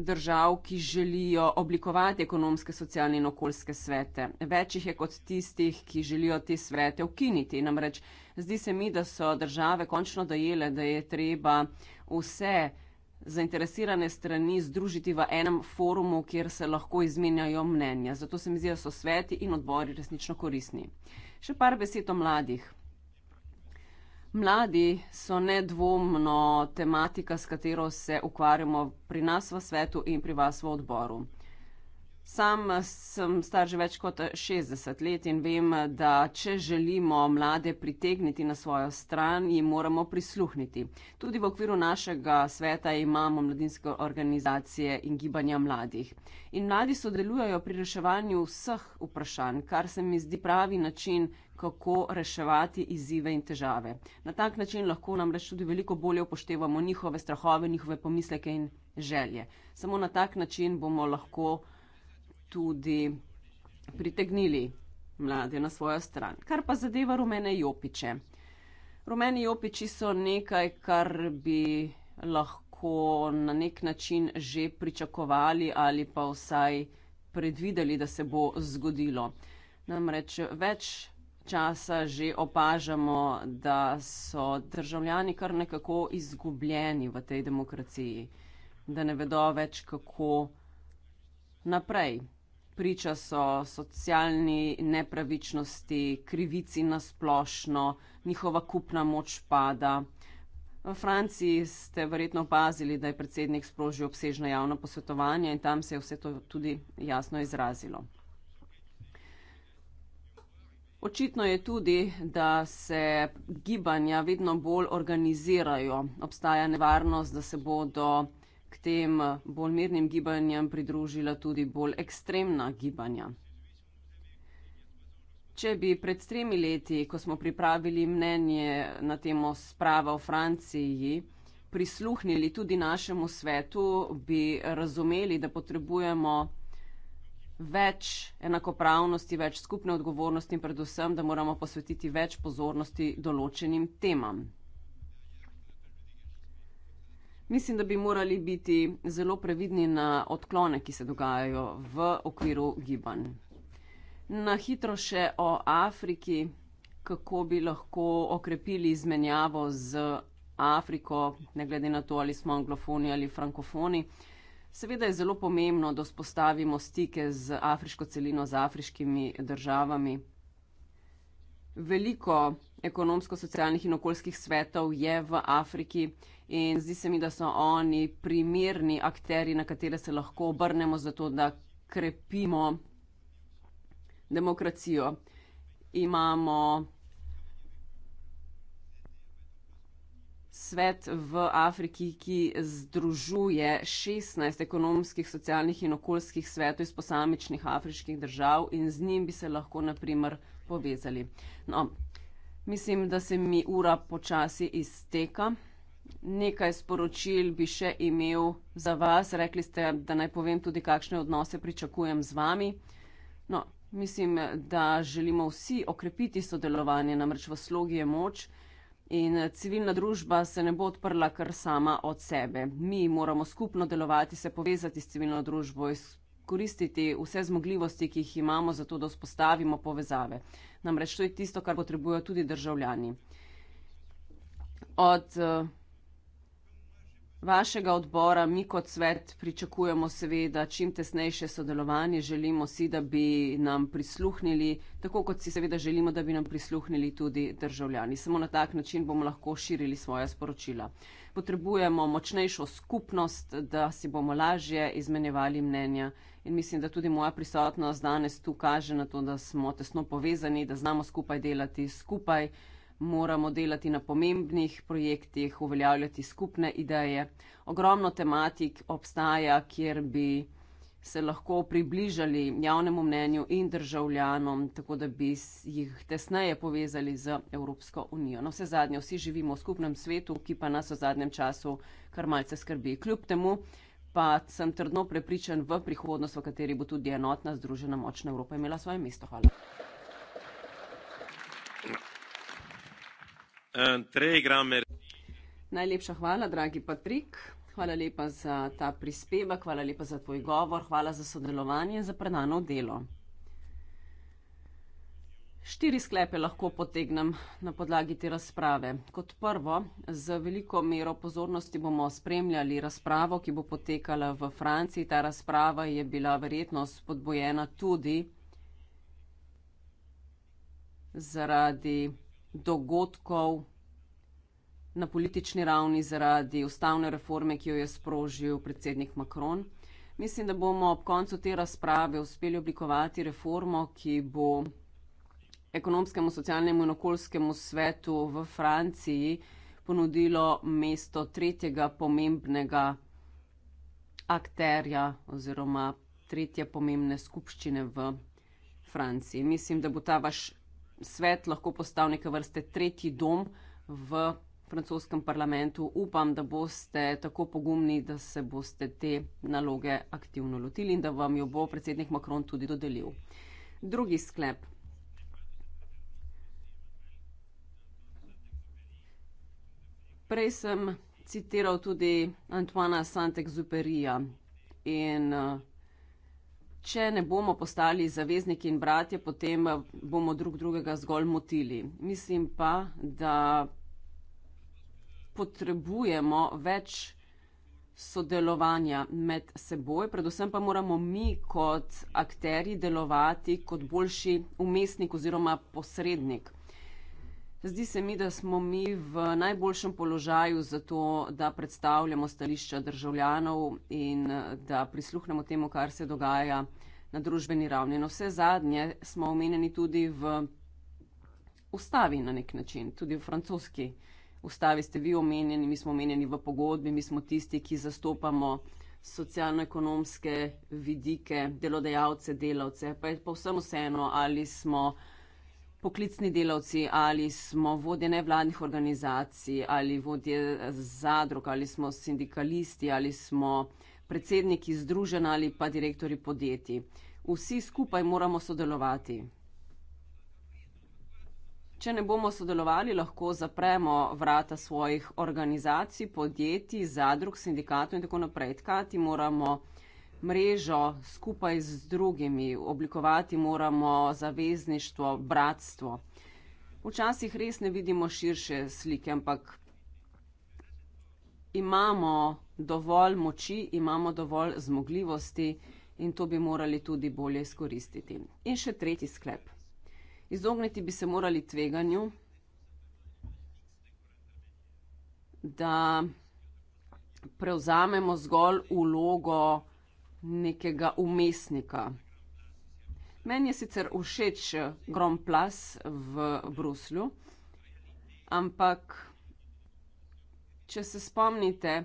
držav, ki želijo oblikovati ekonomske, socialne in okoljske svete. Več jih je kot tistih, ki želijo te svete ukiniti. Namreč zdi se mi, da so države končno dojele, da je treba vse zainteresirane strani združiti v enem forumu, kjer se lahko izmenjajo mnenja. Zato se mi zdi, da so sveti in odbori resnično korisni. Še par besed o mladih. Mladi so nedvomno tematika, s katero se ukvarjamo pri nas v svetu in pri vas v odboru. Sam eh, sem star že več kot 60 eh, let in vem, eh, da če želimo mlade pritegniti na svojo stran, jim moramo prisluhniti. Tudi v okviru našega sveta imamo mladinske organizacije in gibanja mladih. In mladi sodelujajo pri reševanju vseh vprašanj, kar se mi zdi pravi način, kako reševati izzive in težave. Na tak način lahko namreč tudi veliko bolje upoštevamo njihove strahove, njihove pomisleke in želje. Samo na tak način bomo lahko tudi pritegnili mlade na svojo stran. Kar pa zadeva rumene jopiče. Rumeni jopiči so nekaj, kar bi lahko na nek način že pričakovali ali pa vsaj predvideli, da se bo zgodilo. Namreč več časa že opažamo, da so državljani kar nekako izgubljeni v tej demokraciji, da ne vedo več, kako naprej priča so socialni nepravičnosti, krivici na splošno, njihova kupna moč pada. V Franciji ste verjetno opazili, da je predsednik sprožil obsežno javno posvetovanje in tam se je vse to tudi jasno izrazilo. Očitno je tudi, da se gibanja vedno bolj organizirajo. Obstaja nevarnost, da se bodo k tem eh, bolj mirnim gibanjem pridružila tudi bolj ekstremna gibanja. Če bi pred tremi leti, ko smo pripravili mnenje na temo sprava v Franciji, prisluhnili tudi našemu svetu, bi razumeli, da potrebujemo več enakopravnosti, več skupne odgovornosti in predvsem, da moramo posvetiti več pozornosti določenim temam. Mislim, da bi morali biti zelo previdni na odklone, ki se dogajajo v okviru gibanj. Na hitro še o Afriki, kako bi lahko okrepili izmenjavo z Afriko, ne glede na to, ali smo anglofoni ali frankofoni. Seveda je zelo pomembno, da spostavimo stike z afriško celino, z afriškimi državami. Veliko ekonomsko-socialnih in okoljskih svetov je v Afriki In zdi se mi, da so oni primerni akteri, na katere se lahko obrnemo, zato da krepimo demokracijo. Imamo svet v Afriki, ki združuje 16 ekonomskih, socialnih in okoljskih svetov iz posamičnih afriških držav in z njim bi se lahko, na primer, povezali. No, mislim, da se mi ura počasi izteka. Nekaj sporočil bi še imel za vas. Rekli ste, da naj povem tudi, kakšne odnose pričakujem z vami. No, mislim, da želimo vsi okrepiti sodelovanje, namreč v slogi je moč in civilna družba se ne bo odprla kar sama od sebe. Mi moramo skupno delovati, se povezati s civilno družbo, izkoristiti vse zmogljivosti, ki jih imamo, zato da vzpostavimo povezave. Namreč to je tisto, kar potrebujejo tudi državljani. Od uh, Vašega odbora mi kot svet pričakujemo seveda čim tesnejše sodelovanje, želimo si, da bi nam prisluhnili, tako kot si seveda želimo, da bi nam prisluhnili tudi državljani. Samo na tak način bomo lahko širili svoja sporočila. Potrebujemo močnejšo skupnost, da si bomo lažje izmenjevali mnenja in mislim, da tudi moja prisotnost danes tu kaže na to, da smo tesno povezani, da znamo skupaj delati skupaj moramo delati na pomembnih projektih, uveljavljati skupne ideje. Ogromno tematik obstaja, kjer bi se lahko približali javnemu mnenju in državljanom, tako da bi jih tesneje povezali z Evropsko unijo. Na no, vse zadnje, vsi živimo v skupnem svetu, ki pa nas v zadnjem času kar malce skrbi. Kljub temu pa sem trdno prepričan v prihodnost, v kateri bo tudi enotna, združena, močna Evropa imela svoje mesto. Hvala. Thank you. Eh, Najlepša hvala, dragi Patrik. Hvala lepa za ta prispevek, hvala lepa za tvoj govor, hvala za sodelovanje, za prenano delo. Štiri sklepe lahko potegnem na podlagi te razprave. Kot prvo, z veliko mero pozornosti bomo spremljali razpravo, ki bo potekala v Franciji. Ta razprava je bila verjetno spodbojena tudi zaradi dogodkov na politični ravni zaradi ustavne reforme, ki jo je sprožil predsednik Macron. Mislim, da bomo ob koncu te razprave uspeli oblikovati reformo, ki bo ekonomskemu, socialnemu in okoljskemu svetu v Franciji ponudilo mesto tretjega pomembnega akterja oziroma tretje pomembne skupščine v Franciji. Mislim, da bo ta vaš svet lahko postal neke vrste tretji dom v francoskem parlamentu. Upam, da boste tako pogumni, da se boste te naloge aktivno lotili in da vam jo bo predsednik Macron tudi dodelil. Drugi sklep. Prej sem citiral tudi Antoana Santek Zuperija in uh, če ne bomo postali zavezniki in bratje, potem eh, bomo drug drugega zgolj motili. Mislim pa, da potrebujemo več sodelovanja med seboj, predvsem pa moramo mi kot akteri delovati kot boljši umestnik oziroma posrednik. Zdi se mi, da smo mi v najboljšem položaju za to, da predstavljamo stališča državljanov in da prisluhnemo temu, kar se dogaja na družbeni ravni. No, vse zadnje smo omenjeni tudi v ustavi na nek način, tudi v francoski ustavi ste vi omenjeni, mi smo omenjeni v pogodbi, mi smo tisti, ki zastopamo socialno-ekonomske vidike, delodajalce, delavce, pa je povsem vseeno, ali smo poklicni delavci, ali smo vodje nevladnih organizacij, ali vodje zadrug, ali smo sindikalisti, ali smo predsedniki združen ali pa direktori podjetij. Vsi skupaj moramo sodelovati. Če ne bomo sodelovali, lahko zapremo vrata svojih organizacij, podjetij, zadrug, sindikatov in tako naprej. Tkati moramo mrežo skupaj z drugimi, oblikovati moramo zavezništvo, bratstvo. Včasih res ne vidimo širše slike, ampak imamo dovolj moči, imamo dovolj zmogljivosti in to bi morali tudi bolje izkoristiti. In še tretji sklep. Izogniti bi se morali tveganju, da prevzamemo zgolj ulogo, nekega umestnika. Meni je sicer všeč Grom Plus v Bruslju, ampak če se spomnite,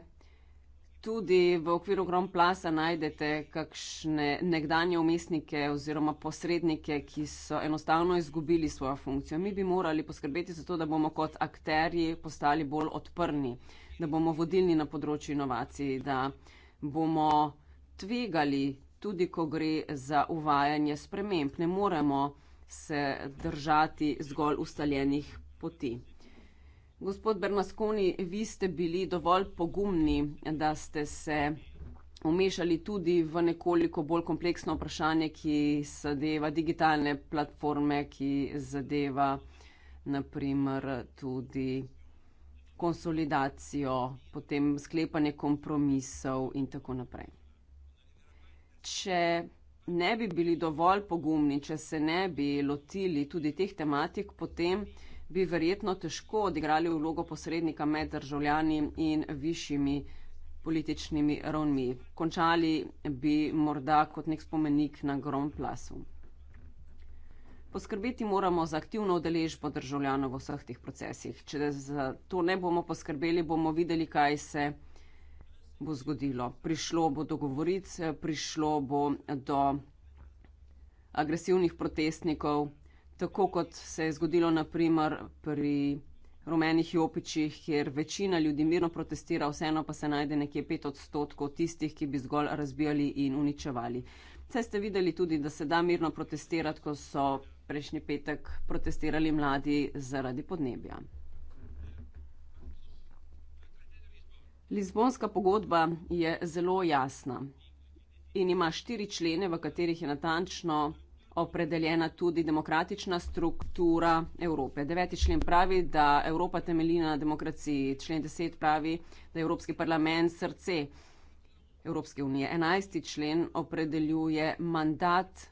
tudi v okviru Grom Plusa najdete kakšne nekdanje umestnike oziroma posrednike, ki so enostavno izgubili svojo funkcijo. Mi bi morali poskrbeti za to, da bomo kot akterji postali bolj odprni, da bomo vodilni na področju inovacij, da bomo tvegali, tudi ko gre za uvajanje sprememb. Ne moremo se držati zgolj ustaljenih poti. Gospod Bernasconi, vi ste bili dovolj pogumni, da ste se omešali tudi v nekoliko bolj kompleksno vprašanje, ki zadeva digitalne platforme, ki zadeva naprimer tudi konsolidacijo, potem sklepanje kompromisov in tako naprej če ne bi bili dovolj pogumni, če se ne bi lotili tudi teh tematik, potem bi verjetno težko odigrali vlogo posrednika med državljani in višjimi političnimi ravnmi. Končali bi morda kot nek spomenik na grom plasu. Poskrbeti moramo za aktivno udeležbo državljanov v vseh teh procesih. Če za to ne bomo poskrbeli, bomo videli, kaj se dogaja bo zgodilo. Prišlo bo do govoric, prišlo bo do agresivnih protestnikov, tako kot se je zgodilo naprimer pri rumenih jopičih, kjer večina ljudi mirno protestira, vseeno pa se najde nekje pet odstotkov tistih, ki bi zgolj razbijali in uničevali. Saj ste videli tudi, da se da mirno protestirati, ko so prejšnji petek protestirali mladi zaradi podnebja. Lizbonska pogodba je zelo jasna in ima štiri člene, v katerih je natančno opredeljena tudi demokratična struktura Evrope. Deveti člen pravi, da Evropa temelji na demokraciji. Člen deset pravi, da je Evropski parlament srce Evropske unije. Enajsti člen opredeljuje mandat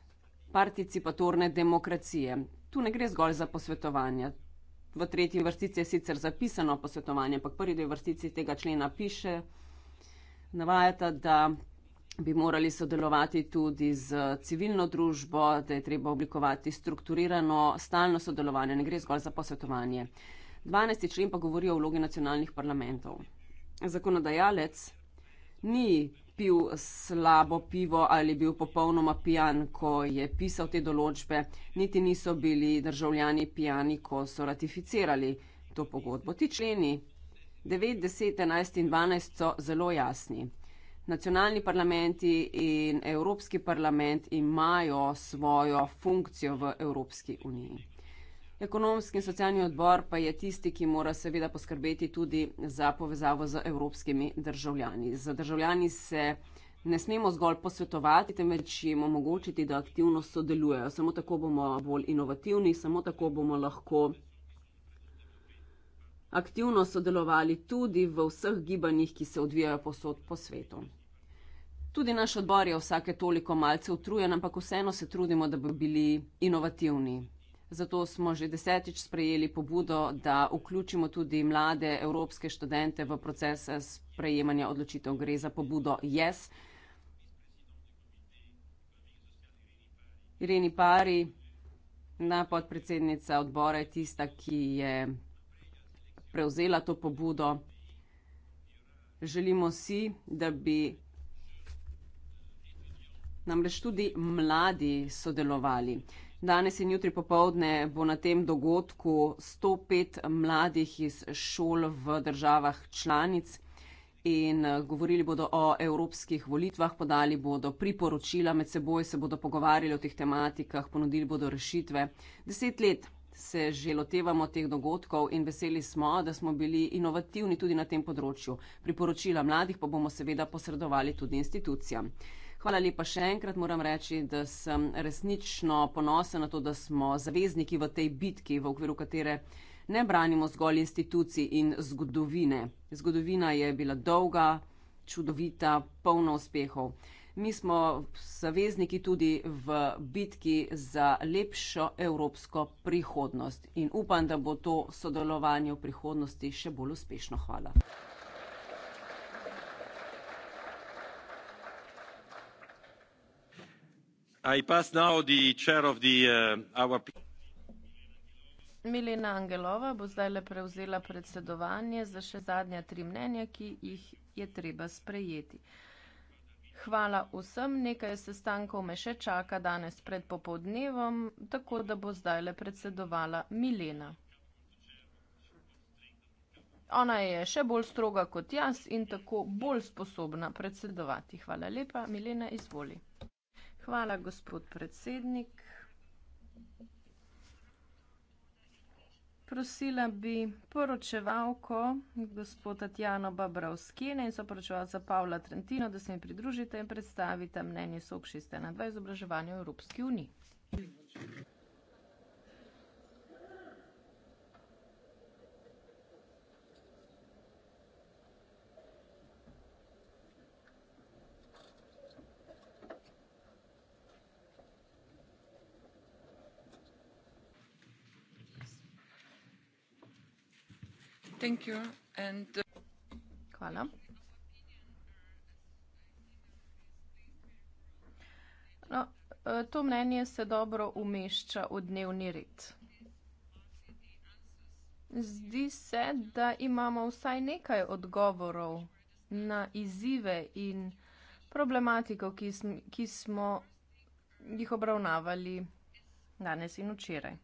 participatorne demokracije. Tu ne gre zgolj za posvetovanja, V tretji vrstici je sicer zapisano posvetovanje, ampak prvi dve vrstici tega člena piše, navajata, da bi morali sodelovati tudi z civilno družbo, da je treba oblikovati strukturirano stalno sodelovanje, ne gre zgolj za posvetovanje. 12. člen pa govori o vlogi nacionalnih parlamentov. Zakonodajalec ni pil slabo pivo ali bil popolnoma pijan, ko je pisal te določbe, niti niso bili državljani pijani, ko so ratificirali to pogodbo. Ti členi 9, 10, 11 in 12 so zelo jasni. Nacionalni parlamenti in Evropski parlament imajo svojo funkcijo v Evropski uniji. Ekonomski in socialni odbor pa je tisti, ki mora seveda poskrbeti tudi za povezavo z evropskimi državljani. Za državljani se ne smemo zgolj posvetovati, temveč jim omogočiti, da aktivno sodelujejo. Samo tako bomo bolj inovativni, samo tako bomo lahko aktivno sodelovali tudi v vseh gibanjih, ki se odvijajo posod po svetu. Tudi naš odbor je vsake toliko malce utrujen, ampak vseeno se trudimo, da bi bili inovativni. Zato smo že desetič sprejeli pobudo, da vključimo tudi mlade evropske študente v proces sprejemanja odločitev. Gre za pobudo Yes. Ireni Pari, na podpredsednica odbora je tista, ki je prevzela to pobudo. Želimo si, da bi namreč tudi mladi sodelovali. Danes in jutri popovdne bo na tem dogodku 105 mladih iz šol v državah članic in eh, govorili bodo o evropskih volitvah, podali bodo priporočila med seboj, se bodo pogovarjali o teh tematikah, ponudili bodo rešitve. Deset let se že lotevamo teh dogodkov in veseli smo, da smo bili inovativni tudi na tem področju. Priporočila mladih pa bomo seveda posredovali tudi institucijam. Hvala lepa še enkrat. Moram reči, da sem resnično ponosen na to, da smo zavezniki v tej bitki, v okviru katere ne branimo zgolj institucij in zgodovine. Zgodovina je bila dolga, čudovita, polna uspehov. Mi smo zavezniki tudi v bitki za lepšo evropsko prihodnost in upam, da bo to sodelovanje v prihodnosti še bolj uspešno. Hvala. i pass now the chair of the uh, our Milena Angelova bo zdaj le prevzela predsedovanje za še zadnja tri mnenja, ki jih je treba sprejeti. Hvala vsem, nekaj sestankov me še čaka danes pred popodnevom, tako da bo zdaj le predsedovala Milena. Ona je še bolj stroga kot jaz in tako bolj sposobna predsedovati. Hvala lepa, Milena, izvoli. Hvala, gospod predsednik. Prosila bi poročevalko, gospod Tatjano Babravskine in soporočevalca Pavla Trentino, da se mi pridružite in predstavite mnenje SOK 611 izobraževanja v Evropski uniji. Hvala. Uh, Hvala. No, eh, to mnenje se dobro umešča v dnevni red. Zdi se, da imamo vsaj nekaj odgovorov na izzive in problematiko, ki smo jih obravnavali danes in včeraj.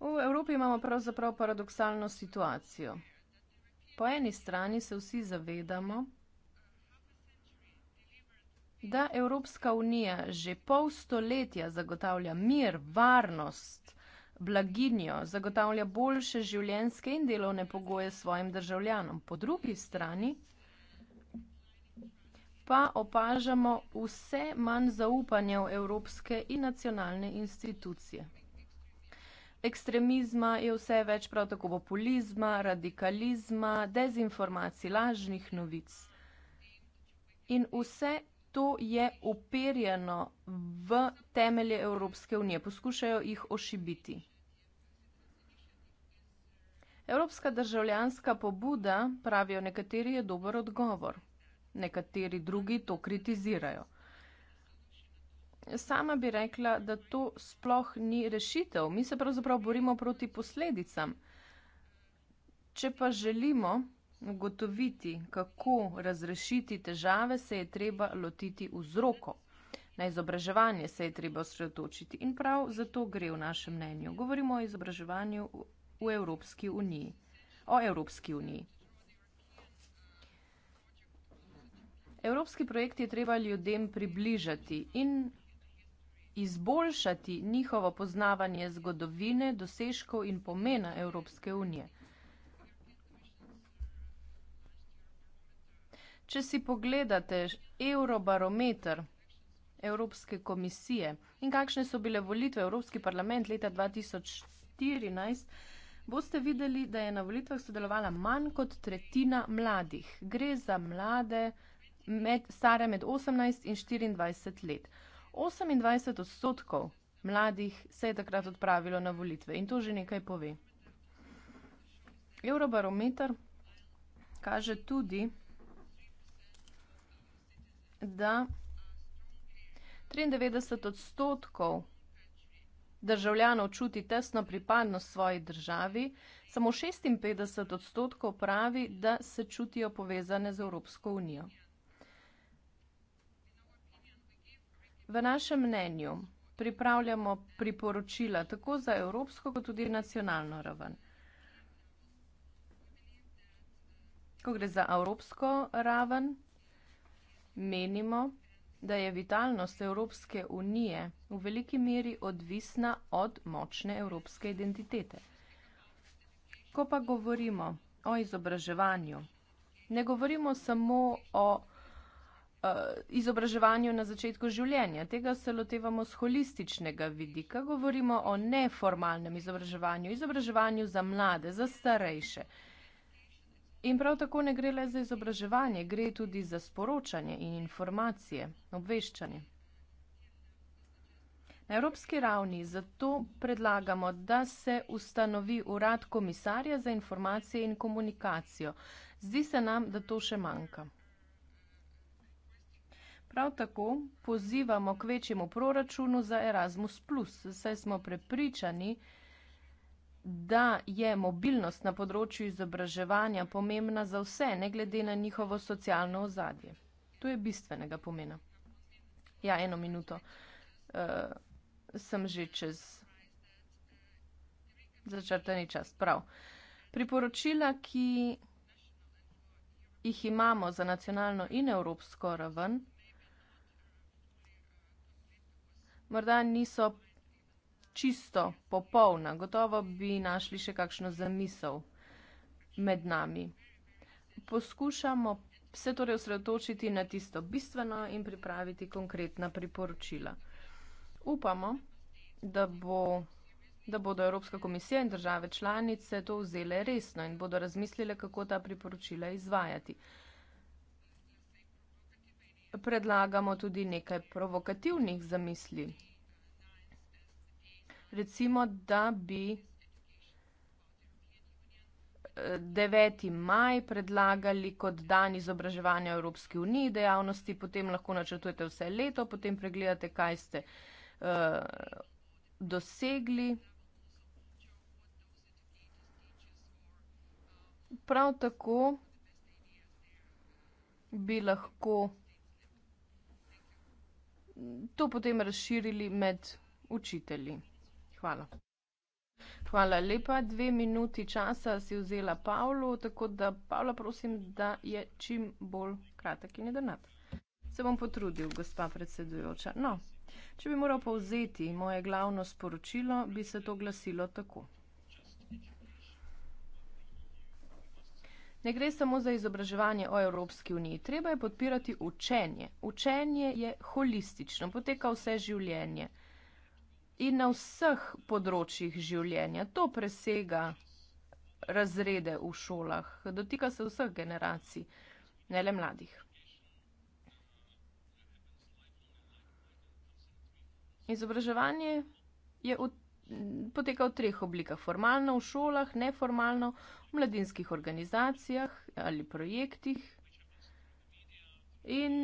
V Evropi imamo pravzaprav paradoksalno situacijo. Po eni strani se vsi zavedamo, da Evropska unija že pol stoletja zagotavlja mir, varnost, blaginjo, zagotavlja boljše življenjske in delovne pogoje svojim državljanom. Po drugi strani pa opažamo vse manj zaupanja v evropske in nacionalne institucije ekstremizma, je vse več prav tako populizma, radikalizma, dezinformacij, lažnih novic. In vse to je operjeno v temelje Evropske unije, poskušajo jih ošibiti. Evropska državljanska pobuda, pravijo nekateri, je dober odgovor. Nekateri drugi to kritizirajo sama bi rekla, da to sploh ni rešitev. Mi se pravzaprav borimo proti posledicam. Če pa želimo ugotoviti, kako razrešiti težave, se je treba lotiti vzrokov. Na izobraževanje se je treba osredotočiti in prav zato gre v našem mnenju. Govorimo o izobraževanju v Evropski uniji. O Evropski uniji. Evropski projekt je treba ljudem približati in izboljšati njihovo poznavanje zgodovine, dosežkov in pomena Evropske unije. Če si pogledate eurobarometer Evropske komisije in kakšne so bile volitve v Evropski parlament leta 2014, boste videli, da je na volitvah sodelovala manj kot tretjina mladih. Gre za mlade med, stare med 18 in 24 let. 28 odstotkov mladih se je takrat odpravilo na volitve in to že nekaj pove. Eurobarometer kaže tudi, da 93 odstotkov državljanov čuti tesno pripadnost svoji državi, samo 56 odstotkov pravi, da se čutijo povezane z Evropsko unijo. V našem mnenju pripravljamo priporočila tako za evropsko, kot tudi nacionalno raven. Ko gre za evropsko raven, menimo, da je vitalnost Evropske unije v veliki meri odvisna od močne evropske identitete. Ko pa govorimo o izobraževanju, ne govorimo samo o izobraževanju, Eh, izobraževanju na začetku življenja. Tega se lotevamo z holističnega vidika, govorimo o neformalnem izobraževanju, izobraževanju za mlade, za starejše. In prav tako ne gre le za izobraževanje, gre tudi za sporočanje in informacije, obveščanje. Na evropski ravni zato predlagamo, da se ustanovi urad komisarja za informacije in komunikacijo. Zdi se nam, da to še manjka. Prav tako pozivamo k večjemu proračunu za Erasmus, saj smo prepričani, da je mobilnost na področju izobraževanja pomembna za vse, ne glede na njihovo socialno ozadje. To je bistvenega pomena. Ja, eno minuto. Uh, sem že čez začrtani čas. Prav. Priporočila, ki jih imamo za nacionalno in evropsko raven, morda niso čisto popolna, gotovo bi našli še kakšno zamisel med nami. Poskušamo se torej osredotočiti na tisto bistveno in pripraviti konkretna priporočila. Upamo, da bo da bodo Evropska komisija in države članice to vzele resno in bodo razmislile, kako ta priporočila izvajati predlagamo tudi nekaj provokativnih zamisli. Recimo, da bi eh, deveti maj predlagali kot dan izobraževanja Evropske unije dejavnosti, potem lahko načrtujete vse leto, potem pregledate, kaj ste eh, dosegli. Prav tako bi lahko to potem razširili med učitelji. Hvala. Hvala lepa. Dve minuti časa si vzela Pavlu, tako da Pavla prosim, da je čim bolj kratek in jedrnat. Se bom potrudil, gospa predsedujoča. No, če bi moral povzeti moje glavno sporočilo, bi se to glasilo tako. Ne gre samo za izobraževanje o Evropski uniji, treba je podpirati učenje. Učenje je holistično, poteka vse življenje in na vseh področjih življenja. To presega razrede v šolah, dotika se vseh generacij, ne le mladih. Izobraževanje je v poteka v treh oblikah: formalno v šolah, neformalno v mladinskih organizacijah ali projektih in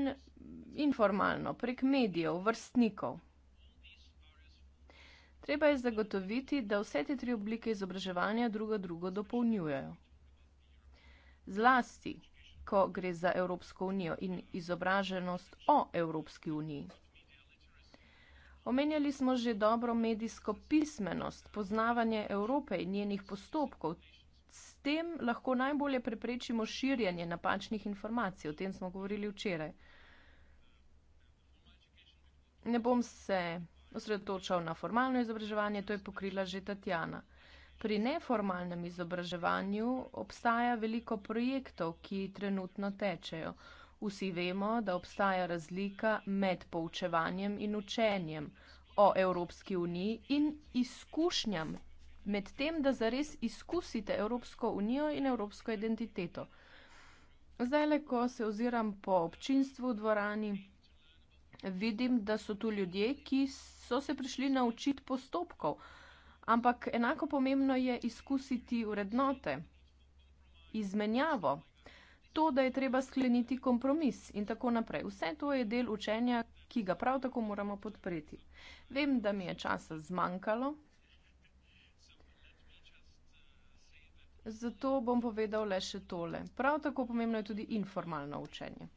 informalno prek medijev, vrstnikov. Treba je zagotoviti, da vse te tri oblike izobraževanja druga drugo dopolnjujejo. Zlasti, ko gre za Evropsko unijo in izobraženost o Evropski uniji. Omenjali smo že dobro medijsko pismenost, poznavanje Evrope in njenih postopkov. S tem lahko najbolje preprečimo širjanje napačnih informacij. O tem smo govorili včeraj. Ne bom se osredotočal na formalno izobraževanje, to je pokrila že Tatjana. Pri neformalnem izobraževanju obstaja veliko projektov, ki trenutno tečejo. Vsi vemo, da obstaja razlika med poučevanjem in učenjem o Evropski uniji in izkušnjam, med tem, da zares izkusite Evropsko unijo in evropsko identiteto. Zdaj, le ko se oziram po občinstvu v dvorani, vidim, da so tu ljudje, ki so se prišli naučiti postopkov. Ampak enako pomembno je izkusiti vrednote, izmenjavo to, da je treba skleniti kompromis in tako naprej. Vse to je del učenja, ki ga prav tako moramo podpreti. Vem, da mi je časa zmanjkalo, zato bom povedal le še tole. Prav tako pomembno je tudi informalno učenje.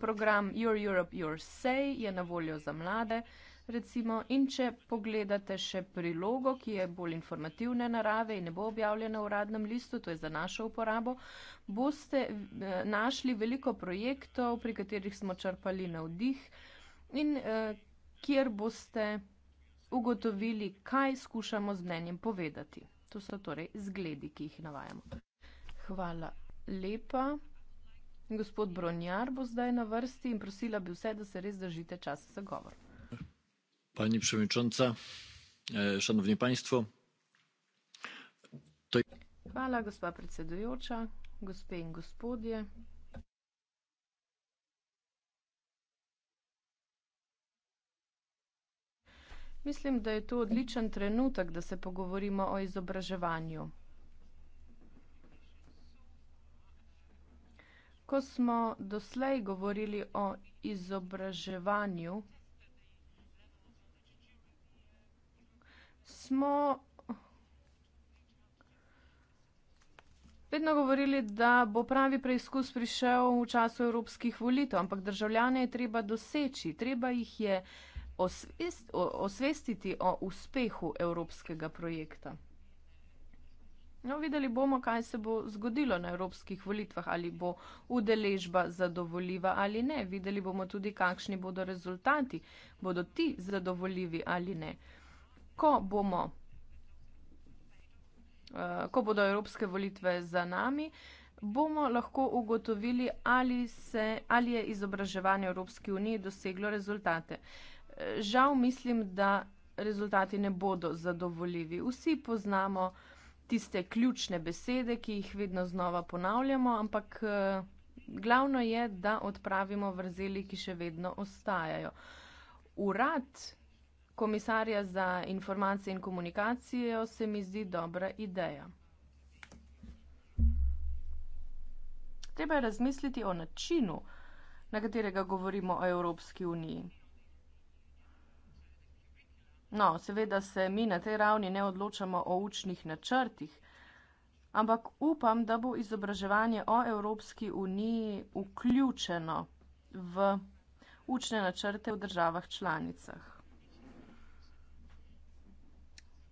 Program Your Europe, Your Say je na voljo za mlade recimo, in če pogledate še prilogo, ki je bolj informativne narave in ne bo objavljena v uradnem listu, to je za našo uporabo, boste eh, našli veliko projektov, pri katerih smo črpali navdih in eh, kjer boste ugotovili, kaj skušamo z mnenjem povedati. To so torej zgledi, ki jih navajamo. Hvala lepa. Gospod Bronjar bo zdaj na vrsti in prosila bi vse, da se res držite časa za govor. Pani przewodnicząca, e, szanowni państwo. To... Hvala, gospa predsedujoča, gospe in gospodje. Mislim, da je to odličen trenutek, da se pogovorimo o izobraževanju. Ko smo doslej govorili o izobraževanju, smo vedno govorili, da bo pravi preizkus prišel v času evropskih volitev, ampak državljane je treba doseči, treba jih je osvest, osvestiti o uspehu evropskega projekta. No, videli bomo, kaj se bo zgodilo na evropskih volitvah, ali bo udeležba zadovoljiva ali ne. Videli bomo tudi, kakšni bodo rezultati, bodo ti zadovoljivi ali ne ko bomo, eh, ko bodo evropske volitve za nami, bomo lahko ugotovili, ali, se, ali je izobraževanje Evropske unije doseglo rezultate. Eh, žal mislim, da rezultati ne bodo zadovoljivi. Vsi poznamo tiste ključne besede, ki jih vedno znova ponavljamo, ampak eh, glavno je, da odpravimo vrzeli, ki še vedno ostajajo. Urad komisarja za informacije in komunikacijo se mi zdi dobra ideja. Treba je razmisliti o načinu, na katerega govorimo o Evropski uniji. No, seveda se mi na tej ravni ne odločamo o učnih načrtih, ampak upam, da bo izobraževanje o Evropski uniji vključeno v učne načrte v državah članicah.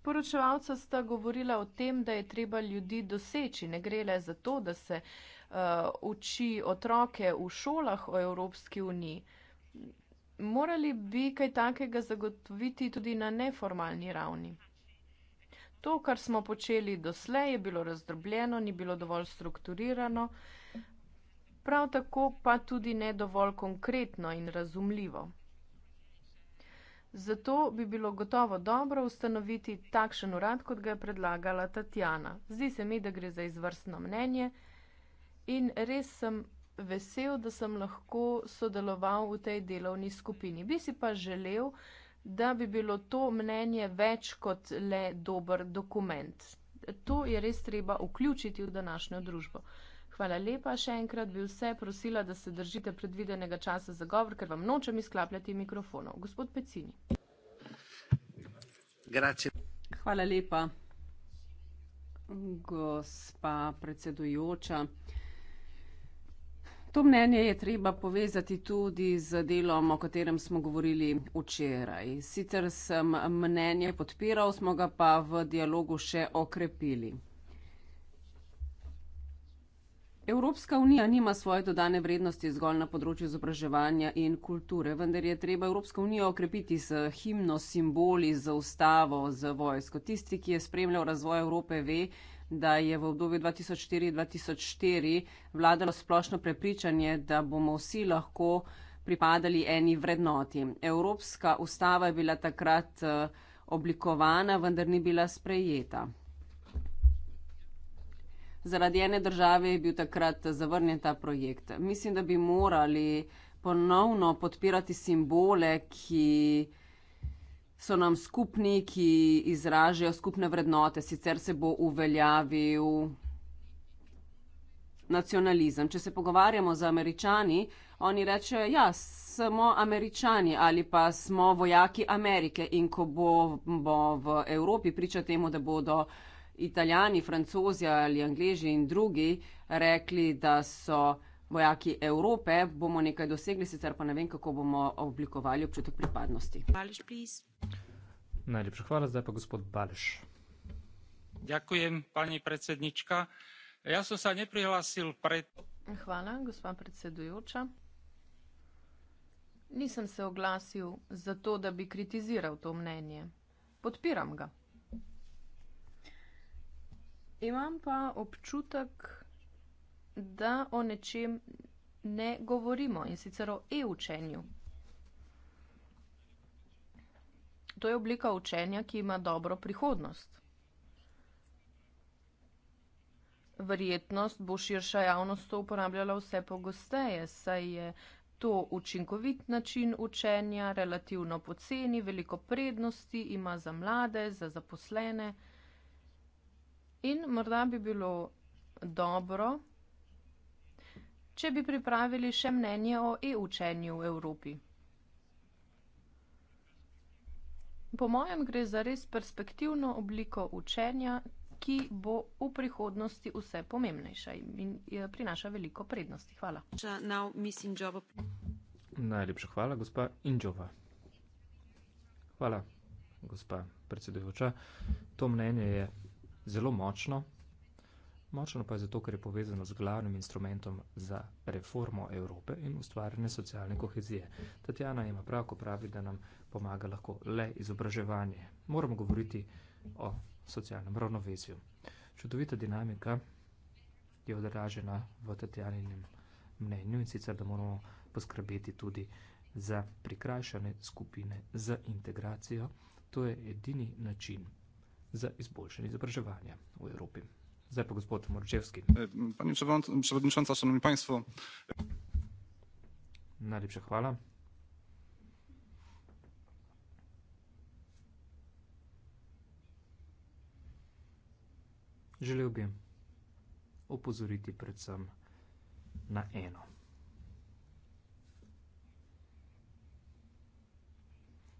Poročevalca sta govorila o tem, da je treba ljudi doseči. Ne gre le za to, da se uh, uči otroke v šolah o Evropski uniji. Morali bi kaj takega zagotoviti tudi na neformalni ravni. To, kar smo počeli doslej, je bilo razdrobljeno, ni bilo dovolj strukturirano, prav tako pa tudi ne dovolj konkretno in razumljivo. Zato bi bilo gotovo dobro ustanoviti takšen urad, kot ga je predlagala Tatjana. Zdi se mi, da gre za izvrstno mnenje in res sem vesel, da sem lahko sodeloval v tej delovni skupini. Bi si pa želel, da bi bilo to mnenje več kot le dober dokument. To je res treba vključiti v današnjo družbo. Hvala lepa, še enkrat bi vse prosila, da se držite predvidenega časa za govor, ker vam nočem izklapljati mikrofonov. Gospod Pecini. Hvala lepa, gospa predsedujoča. To mnenje je treba povezati tudi z delom, o katerem smo govorili včeraj. Sicer sem mnenje podpiral, smo ga pa v dialogu še okrepili. Evropska unija nima svoje dodane vrednosti zgolj na področju izobraževanja in kulture, vendar je treba Evropsko unijo okrepiti z himno, simboli, z ustavo, z vojsko. Tisti, ki je spremljal razvoj Evrope, ve, da je v obdobju 2004-2004 vladalo splošno prepričanje, da bomo vsi lahko pripadali eni vrednoti. Evropska ustava je bila takrat eh, oblikovana, vendar ni bila sprejeta zaradi ene države je bil takrat zavrnjen ta projekt. Mislim, da bi morali ponovno podpirati simbole, ki so nam skupni, ki izražajo skupne vrednote, sicer se bo uveljavil nacionalizem. Če se pogovarjamo z američani, oni rečejo, ja, smo američani ali pa smo vojaki Amerike in ko bo, bo v Evropi priča temu, da bodo uh, Italijani, Francozi ali Angleži in drugi rekli, da so vojaki Evrope, bomo nekaj dosegli, sicer pa ne vem, kako bomo oblikovali občutek pripadnosti. Baleš, Najlepša hvala, zdaj pa gospod Baleš. Ďakujem, pani predsednička. Ja som sa neprihlásil pred... Hvala, gospa predsedujoča. Nisem se oglasil zato, da bi kritiziral to mnenje. Podpiram ga. Imam pa občutek, da o nečem ne govorimo in sicer o e-učenju. To je oblika učenja, ki ima dobro prihodnost. Verjetnost bo širša javnost to uporabljala vse pogosteje, saj je to učinkovit način učenja, relativno poceni, veliko prednosti ima za mlade, za zaposlene. In morda bi bilo dobro, če bi pripravili še mnenje o e-učenju v Evropi. Po mojem gre za res perspektivno obliko učenja, ki bo v prihodnosti vse pomembnejša in eh, prinaša veliko prednosti. Hvala. Najlepša hvala, gospa Inžova. Hvala, gospa predsedujoča. To mnenje je zelo močno. Močno pa je zato, ker je povezano z glavnim instrumentom za reformo Evrope in ustvarjanje socialne kohezije. Tatjana ima prav, ko pravi, da nam pomaga lahko le izobraževanje. Moramo govoriti o socialnem ravnovesju. Čudovita dinamika je odražena v Tatjaninem mnenju in sicer, da moramo poskrbeti tudi za prikrajšane skupine za integracijo. To je edini način za izboljšanje izobraževanja v Evropi. Zdaj pa gospod Morčevski. E, Pani Przewodnicząca, Szanowni Państwo. Najlepša hvala. Želel bi opozoriti predvsem na eno.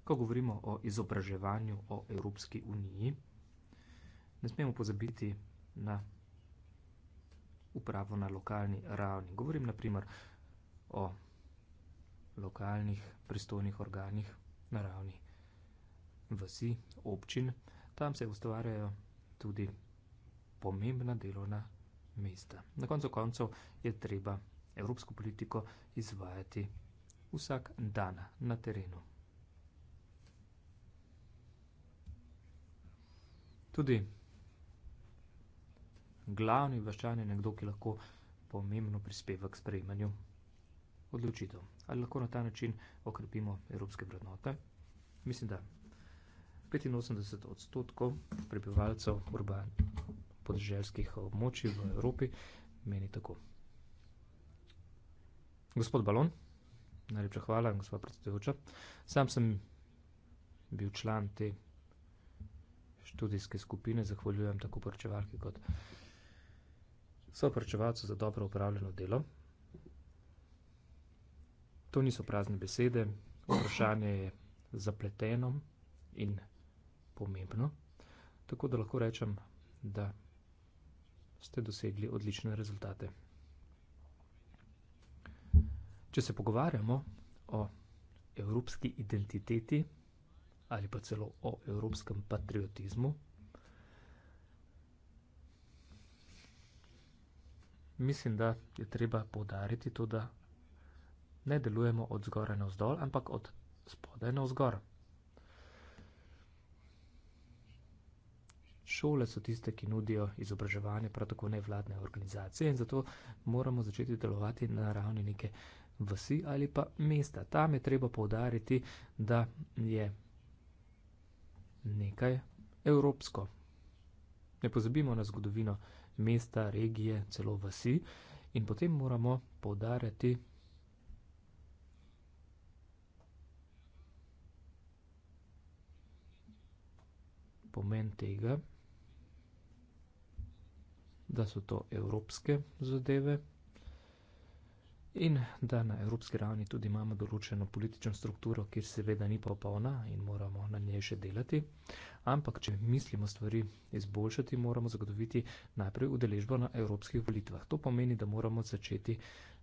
Ko govorimo o izobraževanju o Evropski uniji, ne smemo pozabiti na upravo na lokalni ravni. Govorim naprimer o lokalnih pristojnih organih na ravni vsi, občin. Tam se ustvarjajo tudi pomembna delovna mesta. Na koncu koncev je treba evropsko politiko izvajati vsak dan na terenu. Tudi glavni vaščan je nekdo, ki lahko pomembno prispeva k sprejmanju odločitev. Ali lahko na ta način okrepimo evropske vrednote? Mislim, da 85 odstotkov prebivalcev urbanih podeželskih območij v Evropi meni tako. Gospod Balon, najlepša hvala, gospod predsedujoča. Sam sem bil član te študijske skupine, zahvaljujem tako poročevalki kot soopračevalcu za dobro upravljeno delo. To niso prazne besede, vprašanje je zapleteno in pomembno, tako da lahko rečem, da ste dosegli odlične rezultate. Če se pogovarjamo o evropski identiteti ali pa celo o evropskem patriotizmu, mislim, da je treba podariti to, da ne delujemo od zgore na vzdolj, ampak od spode na vzgor. Šole so tiste, ki nudijo izobraževanje, prav tako ne vladne organizacije in zato moramo začeti delovati na ravni neke vsi ali pa mesta. Tam je treba povdariti, da je nekaj evropsko. Ne pozabimo na zgodovino evropsko mesta, regije, celo vasi. In potem moramo podarjati pomen tega, da so to evropske zadeve in da na evropski ravni tudi imamo določeno politično strukturo, ki seveda ni popolna in moramo na njej še delati. Ampak, če mislimo stvari izboljšati, moramo zagotoviti najprej udeležbo na evropskih volitvah. To pomeni, da moramo začeti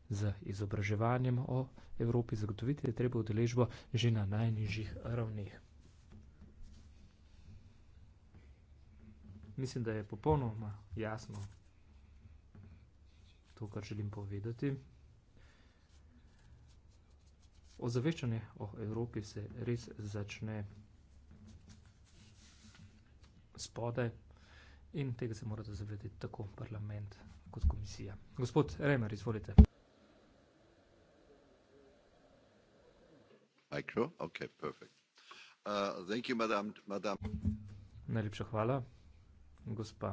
z izobraževanjem o Evropi, zagotoviti je treba udeležbo že na najnižjih ravnih. Mislim, da je popolnoma jasno to, kar želim povedati. Ozaveščanje o Evropi se res začne spodaj in tega se morate zavedeti tako parlament kot komisija. Gospod Remer, izvolite. Micro? Ok, perfect. Uh, thank you, madam, madam. Najlepša hvala, gospa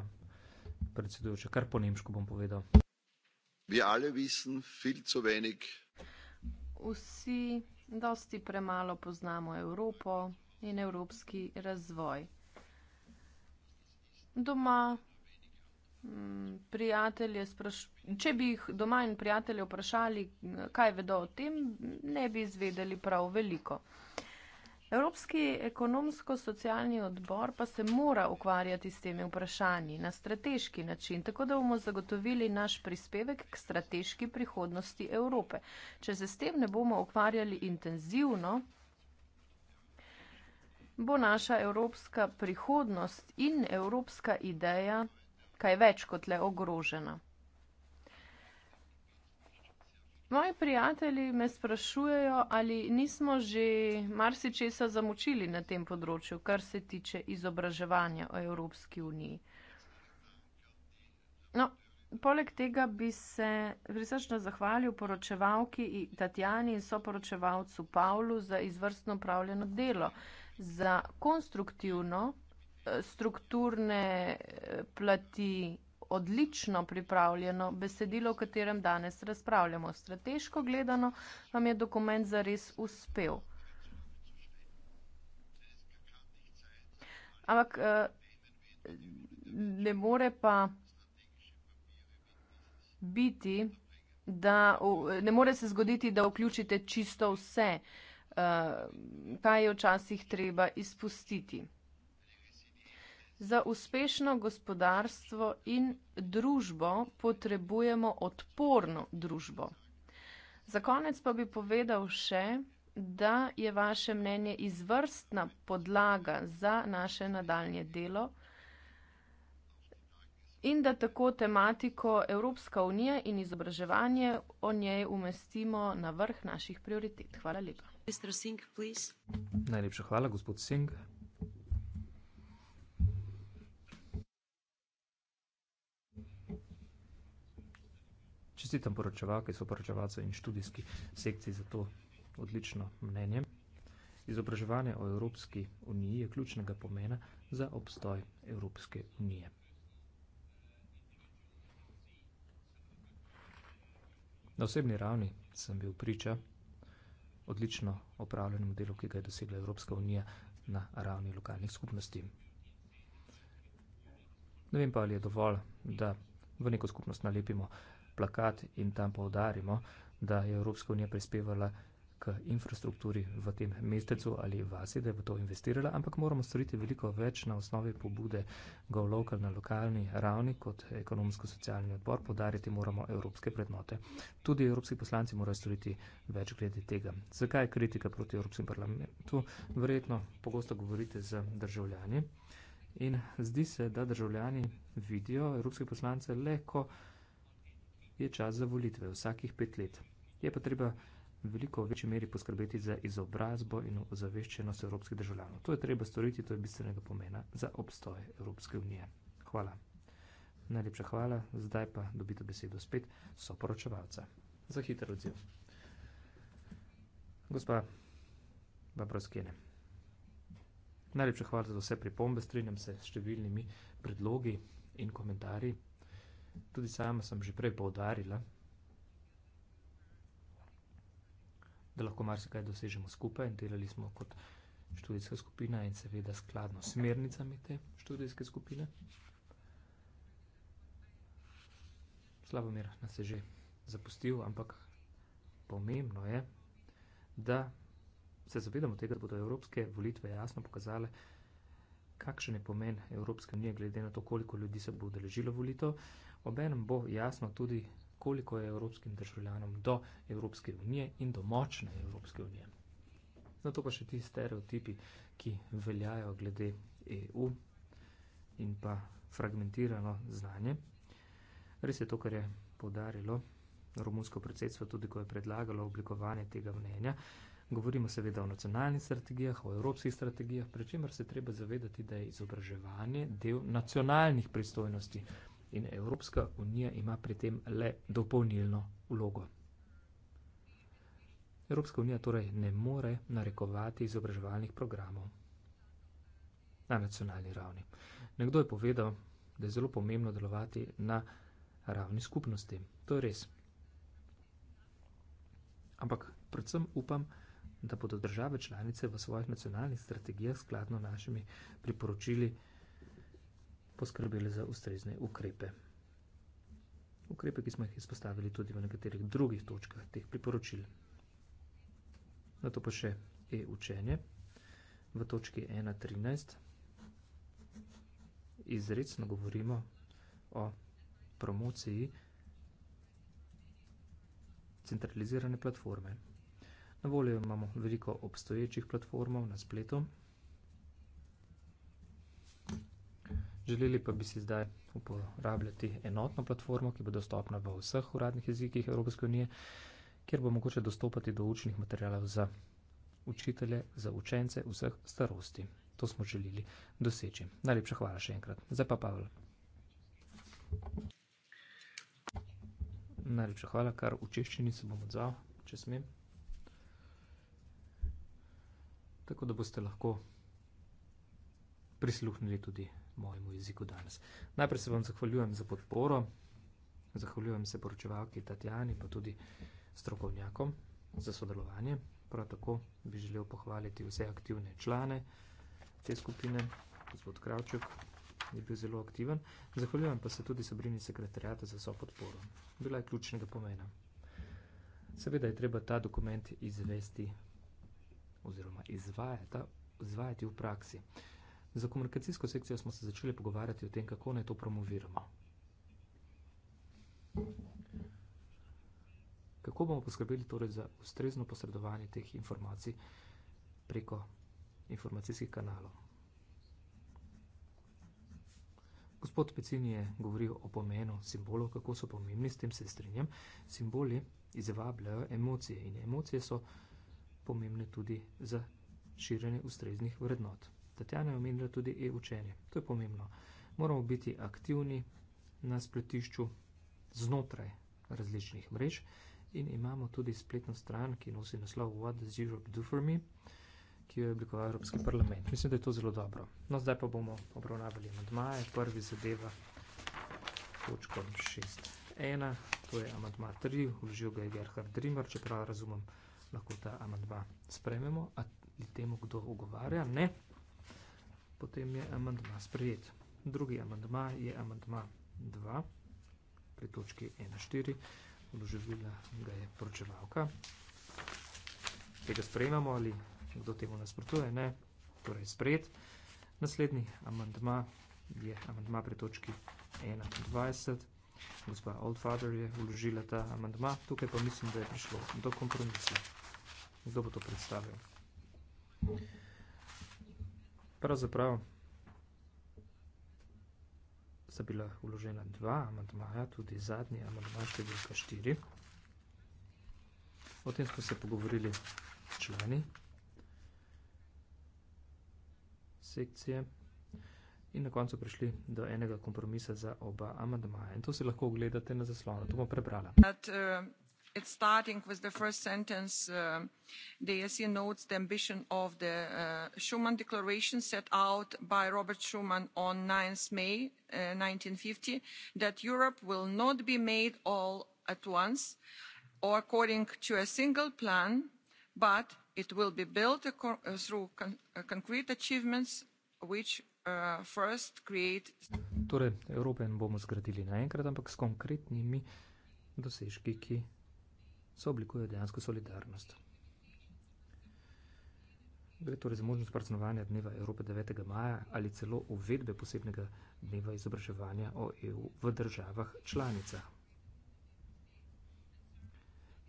predsedujoča. Kar po nemško bom povedal. Vi alle wissen viel zu wenig vsi dosti premalo poznamo Evropo in evropski razvoj. Doma mm, prijatelje sprašujem, če bi jih doma in prijatelje vprašali, kaj vedo o tem, ne bi izvedeli prav veliko. Evropski ekonomsko-socialni odbor pa se mora ukvarjati s temi vprašanji na strateški način, tako da bomo zagotovili naš prispevek k strateški prihodnosti Evrope. Če se s tem ne bomo ukvarjali intenzivno, bo naša evropska prihodnost in evropska ideja kaj več kot le ogrožena. Moji prijatelji me sprašujejo, ali nismo že marsičesa zamočili na tem področju, kar se tiče izobraževanja o Evropski uniji. No, poleg tega bi se prisrčno zahvalil poročevalki Tatjani in soporočevalcu Pavlu za izvrstno upravljeno delo, za konstruktivno eh, strukturne eh, plati odlično pripravljeno besedilo, o katerem danes razpravljamo. Strateško gledano vam je dokument zares uspel. Ampak eh, ne more pa biti, da ne more se zgoditi, da vključite čisto vse, eh, kaj je včasih treba izpustiti. Za uspešno gospodarstvo in družbo potrebujemo odporno družbo. Za konec pa bi povedal še, da je vaše mnenje izvrstna podlaga za naše nadaljnje delo in da tako tematiko Evropska unija in izobraževanje o njej umestimo na vrh naših prioritet. Hvala lepa. Mr. Singh, please. Najlepša hvala, gospod Singh. čestitam poročevalke, so poročevalce in študijski sekciji za to odlično mnenje. Izobraževanje o Evropski uniji je ključnega pomena za obstoj Evropske unije. Na osebni ravni sem bil priča odlično opravljenemu delu, ki ga je dosegla Evropska unija na ravni lokalnih skupnosti. Ne vem pa, ali je dovolj, da v neko skupnost nalepimo plakat in tam povdarimo, da je Evropska unija prispevala k infrastrukturi v tem mestecu ali vasi, da je v to investirala, ampak moramo storiti veliko več na osnovi pobude Go Local na lokalni ravni kot ekonomsko-socialni odbor. Podariti moramo evropske prednote. Tudi evropski poslanci morajo storiti več glede tega. Zakaj je kritika proti Evropskem parlamentu? Verjetno pogosto govorite z državljani in zdi se, da državljani vidijo evropske poslance le, ko je čas za volitve vsakih pet let. Je pa treba v veliko večji meri poskrbeti za izobrazbo in ozaveščenost evropskih državljanov. To je treba storiti, to je bistvenega pomena za obstoje Evropske unije. Hvala. Najlepša hvala, zdaj pa dobite besedo spet soporočevalca. Za hiter odziv. Gospa Babroskene. Najlepša hvala za vse pripombe, strinjam se s številnimi predlogi in komentarji tudi sama sem že prej povdarila, da lahko marsikaj dosežemo skupaj in delali smo kot študijska skupina in seveda skladno s smernicami te študijske skupine. Slavomir nas je že zapustil, ampak pomembno je, da se zavedamo tega, da bodo evropske volitve jasno pokazale, kakšen je pomen Evropske unije glede na to, koliko ljudi se bo udeležilo volitev. Obenem bo jasno tudi, koliko je evropskim državljanom do Evropske unije in do močne Evropske unije. Zato pa še ti stereotipi, ki veljajo glede EU in pa fragmentirano znanje. Res je to, kar je podarilo romunsko predsedstvo, tudi ko je predlagalo oblikovanje tega mnenja. Govorimo seveda o nacionalnih strategijah, o evropskih strategijah, pri čemer se treba zavedati, da je izobraževanje del nacionalnih pristojnosti in Evropska unija ima pri tem le dopolnilno vlogo. Evropska unija torej ne more narekovati izobraževalnih programov na nacionalni ravni. Nekdo je povedal, da je zelo pomembno delovati na ravni skupnosti. To je res. Ampak predvsem upam, da bodo države članice v svojih nacionalnih strategijah skladno našimi priporočili poskrbeli za ustrezne ukrepe. Ukrepe, ki smo jih izpostavili tudi v nekaterih drugih točkah teh priporočil. Na to pa še e-učenje. V točki 1.13 izredno govorimo o promociji centralizirane platforme. Na voljo imamo veliko obstoječih platformov na spletu. Želeli pa bi si zdaj uporabljati enotno platformo, ki bo dostopna v vseh uradnih jezikih Evropske unije, kjer bo mogoče dostopati do učnih materijalov za učitelje, za učence vseh starosti. To smo želeli doseči. Najlepša hvala še enkrat. Zdaj pa Pavel. Najlepša hvala, kar v češčini se bom odzval, če smem. Tako da boste lahko prisluhnili tudi mojemu jeziku danes. Najprej se vam zahvaljujem za podporo, zahvaljujem se poročevalki Tatjani, pa tudi strokovnjakom za sodelovanje. Prav tako bi želel pohvaliti vse aktivne člane te skupine, gospod Kravčuk je bil zelo aktiven. Zahvaljujem pa se tudi Sabrini sekretarjata za so podporo. Bila je ključnega pomena. Seveda je treba ta dokument izvesti oziroma izvajati, izvajati v praksi. Za komunikacijsko sekcijo smo se začeli pogovarjati o tem, kako naj to promoviramo. Kako bomo poskrbeli torej za ustrezno posredovanje teh informacij preko informacijskih kanalov? Gospod Pecini je govoril o pomenu simbolov, kako so pomembni, s tem se strinjam. Simboli izvabljajo emocije in emocije so pomembne tudi za širjenje ustreznih vrednot. Tatjana je omenila tudi e-učenje. To je pomembno. Moramo biti aktivni na spletišču znotraj različnih mrež in imamo tudi spletno stran, ki nosi naslov What does Europe do for me, ki jo je oblikoval Evropski parlament. Mislim, da je to zelo dobro. No, zdaj pa bomo obravnavali amadmaje. Prvi zadeva točko 6.1, to je amadma 3, vložil ga je Gerhard Rimmer, čeprav razumem, lahko ta amadma sprememo, a li temu kdo ugovarja? Ne potem je amandma sprejet. Drugi amandma je amandma 2 pri točki 1.4. Vloživila ga je poročevalka. Tega sprejemamo ali kdo temu nasprotuje? Ne. Torej sprejet. Naslednji amandma je amandma pri točki 1.20. Gospa Oldfather je vložila ta amandma. Tukaj pa mislim, da je prišlo do kompromisa. Kdo bo to predstavil? Okay. Pravzaprav sta bila uložena dva amantmaja, tudi zadnji amantma številka štiri. O tem smo se pogovorili člani sekcije in na koncu prišli do enega kompromisa za oba amantmaja. In to se lahko ogledate na zaslonu. To bom prebrala. Not, uh starting with the first sentence uh, the se notes the ambition of the uh, schuman declaration set out by robert schuman on nine may one thousand uh, nine hundred and fifty that europe will not be made all at once or according to a single plan but it will be built through concrete achievements which first create. torej evrope ne bomo zgradili naenkrat ampak s konkretnimi dosežki ki se oblikuje dejansko solidarnost. Gre torej za možnost praznovanja dneva Evrope 9. maja ali celo uvedbe posebnega dneva izobraževanja o EU v državah članica.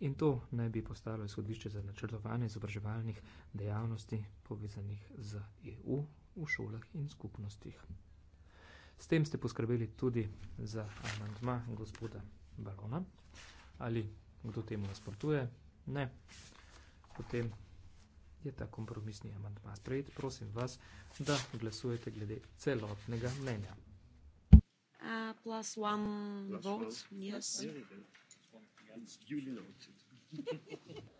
In to naj bi postalo izhodišče za načrtovanje izobraževalnih dejavnosti povezanih z EU v šolah in skupnostih. S tem ste poskrbeli tudi za amantma gospoda Balona ali kdo temu nasprotuje? Ne. Potem je ta kompromisni amantma sprejet. Prosim vas, da glasujete glede celotnega mnenja. Uh, plus one plus vote, one. yes. Really, it's duly noted.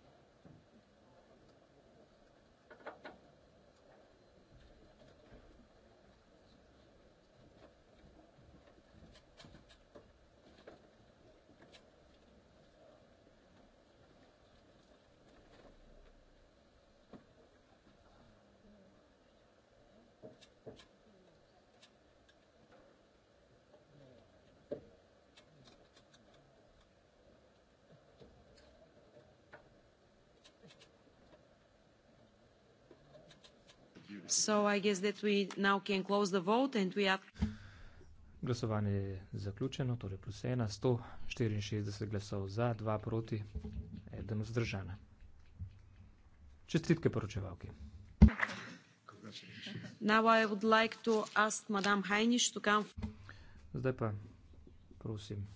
Glasovanje je zaključeno, torej plus ena, 164 glasov za, dva proti, eden vzdržana. Čestitke poročevalki. Like Zdaj pa prosim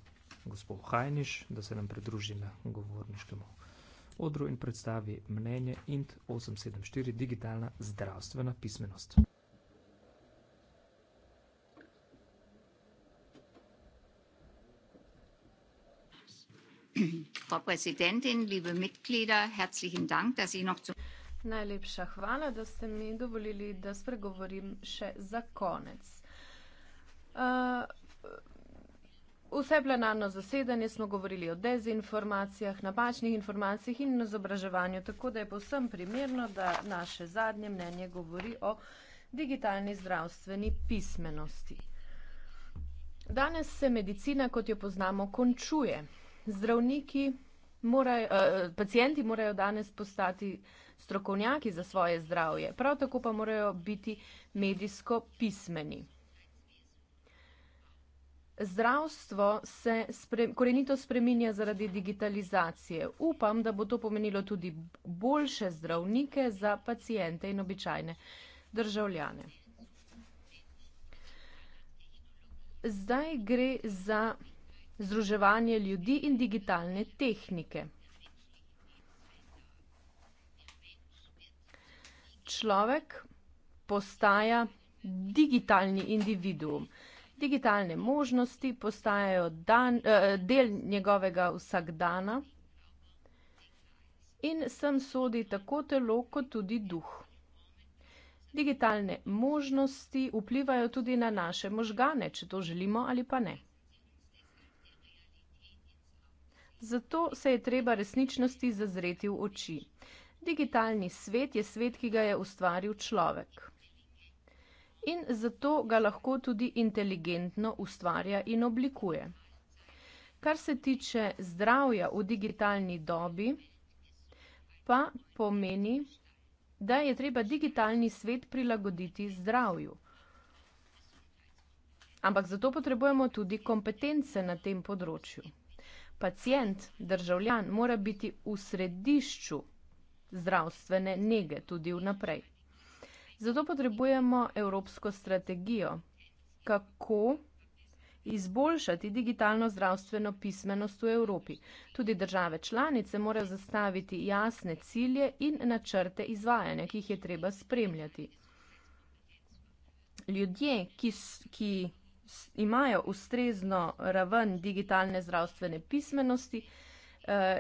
gospod Hajniš, da se nam pridruži na govorniškemu odru in predstavi mnenje INT 874 digitalna zdravstvena pismenost. Frau Präsidentin, liebe Mitglieder, herzlichen Dank, dass Sie noch zu. Najlepša hvala, da ste mi dovolili, da spregovorim še za konec. Uh, vse plenarno zasedanje smo govorili o dezinformacijah, napačnih informacijah in izobraževanju, tako da je povsem primerno, da naše zadnje mnenje govori o digitalni zdravstveni pismenosti. Danes se medicina, kot jo poznamo, končuje. Zdravniki morajo, eh, pacijenti morajo danes postati strokovnjaki za svoje zdravje, prav tako pa morajo biti medijsko pismeni zdravstvo se spre, korenito spreminja zaradi digitalizacije. Upam, da bo to pomenilo tudi boljše zdravnike za pacijente in običajne državljane. Zdaj gre za združevanje ljudi in digitalne tehnike. Človek postaja digitalni individuum. Digitalne možnosti postajajo dan, eh, del njegovega vsakdana in sem sodi tako telo kot tudi duh. Digitalne možnosti vplivajo tudi na naše možgane, če to želimo ali pa ne. Zato se je treba resničnosti zazreti v oči. Digitalni svet je svet, ki ga je ustvaril človek in zato ga lahko tudi inteligentno ustvarja in oblikuje. Kar se tiče zdravja v digitalni dobi, pa pomeni, da je treba digitalni svet prilagoditi zdravju. Ampak zato potrebujemo tudi kompetence na tem področju. Pacijent, državljan, mora biti v središču zdravstvene nege tudi vnaprej. Zato potrebujemo evropsko strategijo, kako izboljšati digitalno zdravstveno pismenost v Evropi. Tudi države članice morajo zastaviti jasne cilje in načrte izvajanja, ki jih je treba spremljati. Ljudje, ki, ki imajo ustrezno raven digitalne zdravstvene pismenosti, Eh,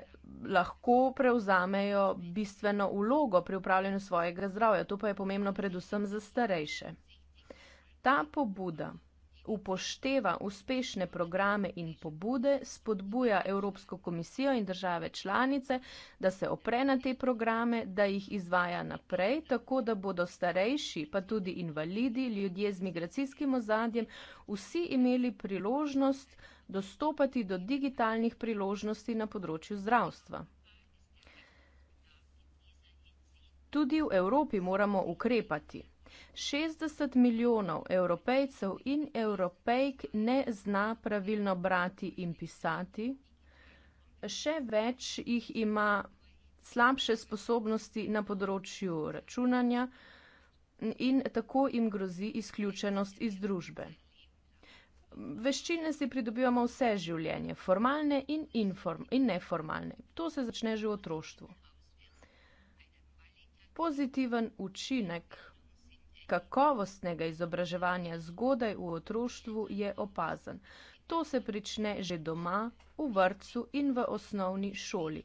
lahko prevzamejo bistveno vlogo pri upravljanju svojega zdravja. To pa je pomembno predvsem za starejše. Ta pobuda upošteva uspešne programe in pobude, spodbuja Evropsko komisijo in države članice, da se opre na te programe, da jih izvaja naprej, tako da bodo starejši, pa tudi invalidi, ljudje z migracijskim ozadjem, vsi imeli priložnost dostopati do digitalnih priložnosti na področju zdravstva. Tudi v Evropi moramo ukrepati. 60 milijonov evropejcev in evropejk ne zna pravilno brati in pisati, še več jih ima slabše sposobnosti na področju računanja in tako jim grozi izključenost iz družbe veščine si pridobivamo vse življenje, formalne in, inform, in neformalne. To se začne že v otroštvu. Pozitiven učinek kakovostnega izobraževanja zgodaj v otroštvu je opazen. To se prične že doma, v vrtcu in v osnovni šoli.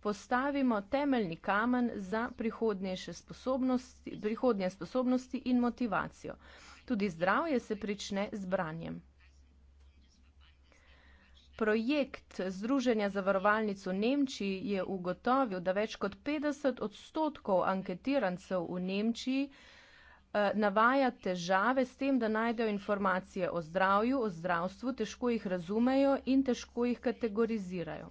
Postavimo temeljni kamen za sposobnosti, prihodnje sposobnosti in motivacijo. Tudi zdravje se prične z branjem. Projekt Združenja zavarovalnic v Nemčiji je ugotovil, da več kot 50 odstotkov anketirancev v Nemčiji eh, navaja težave s tem, da najdejo informacije o zdravju, o zdravstvu, težko jih razumejo in težko jih kategorizirajo.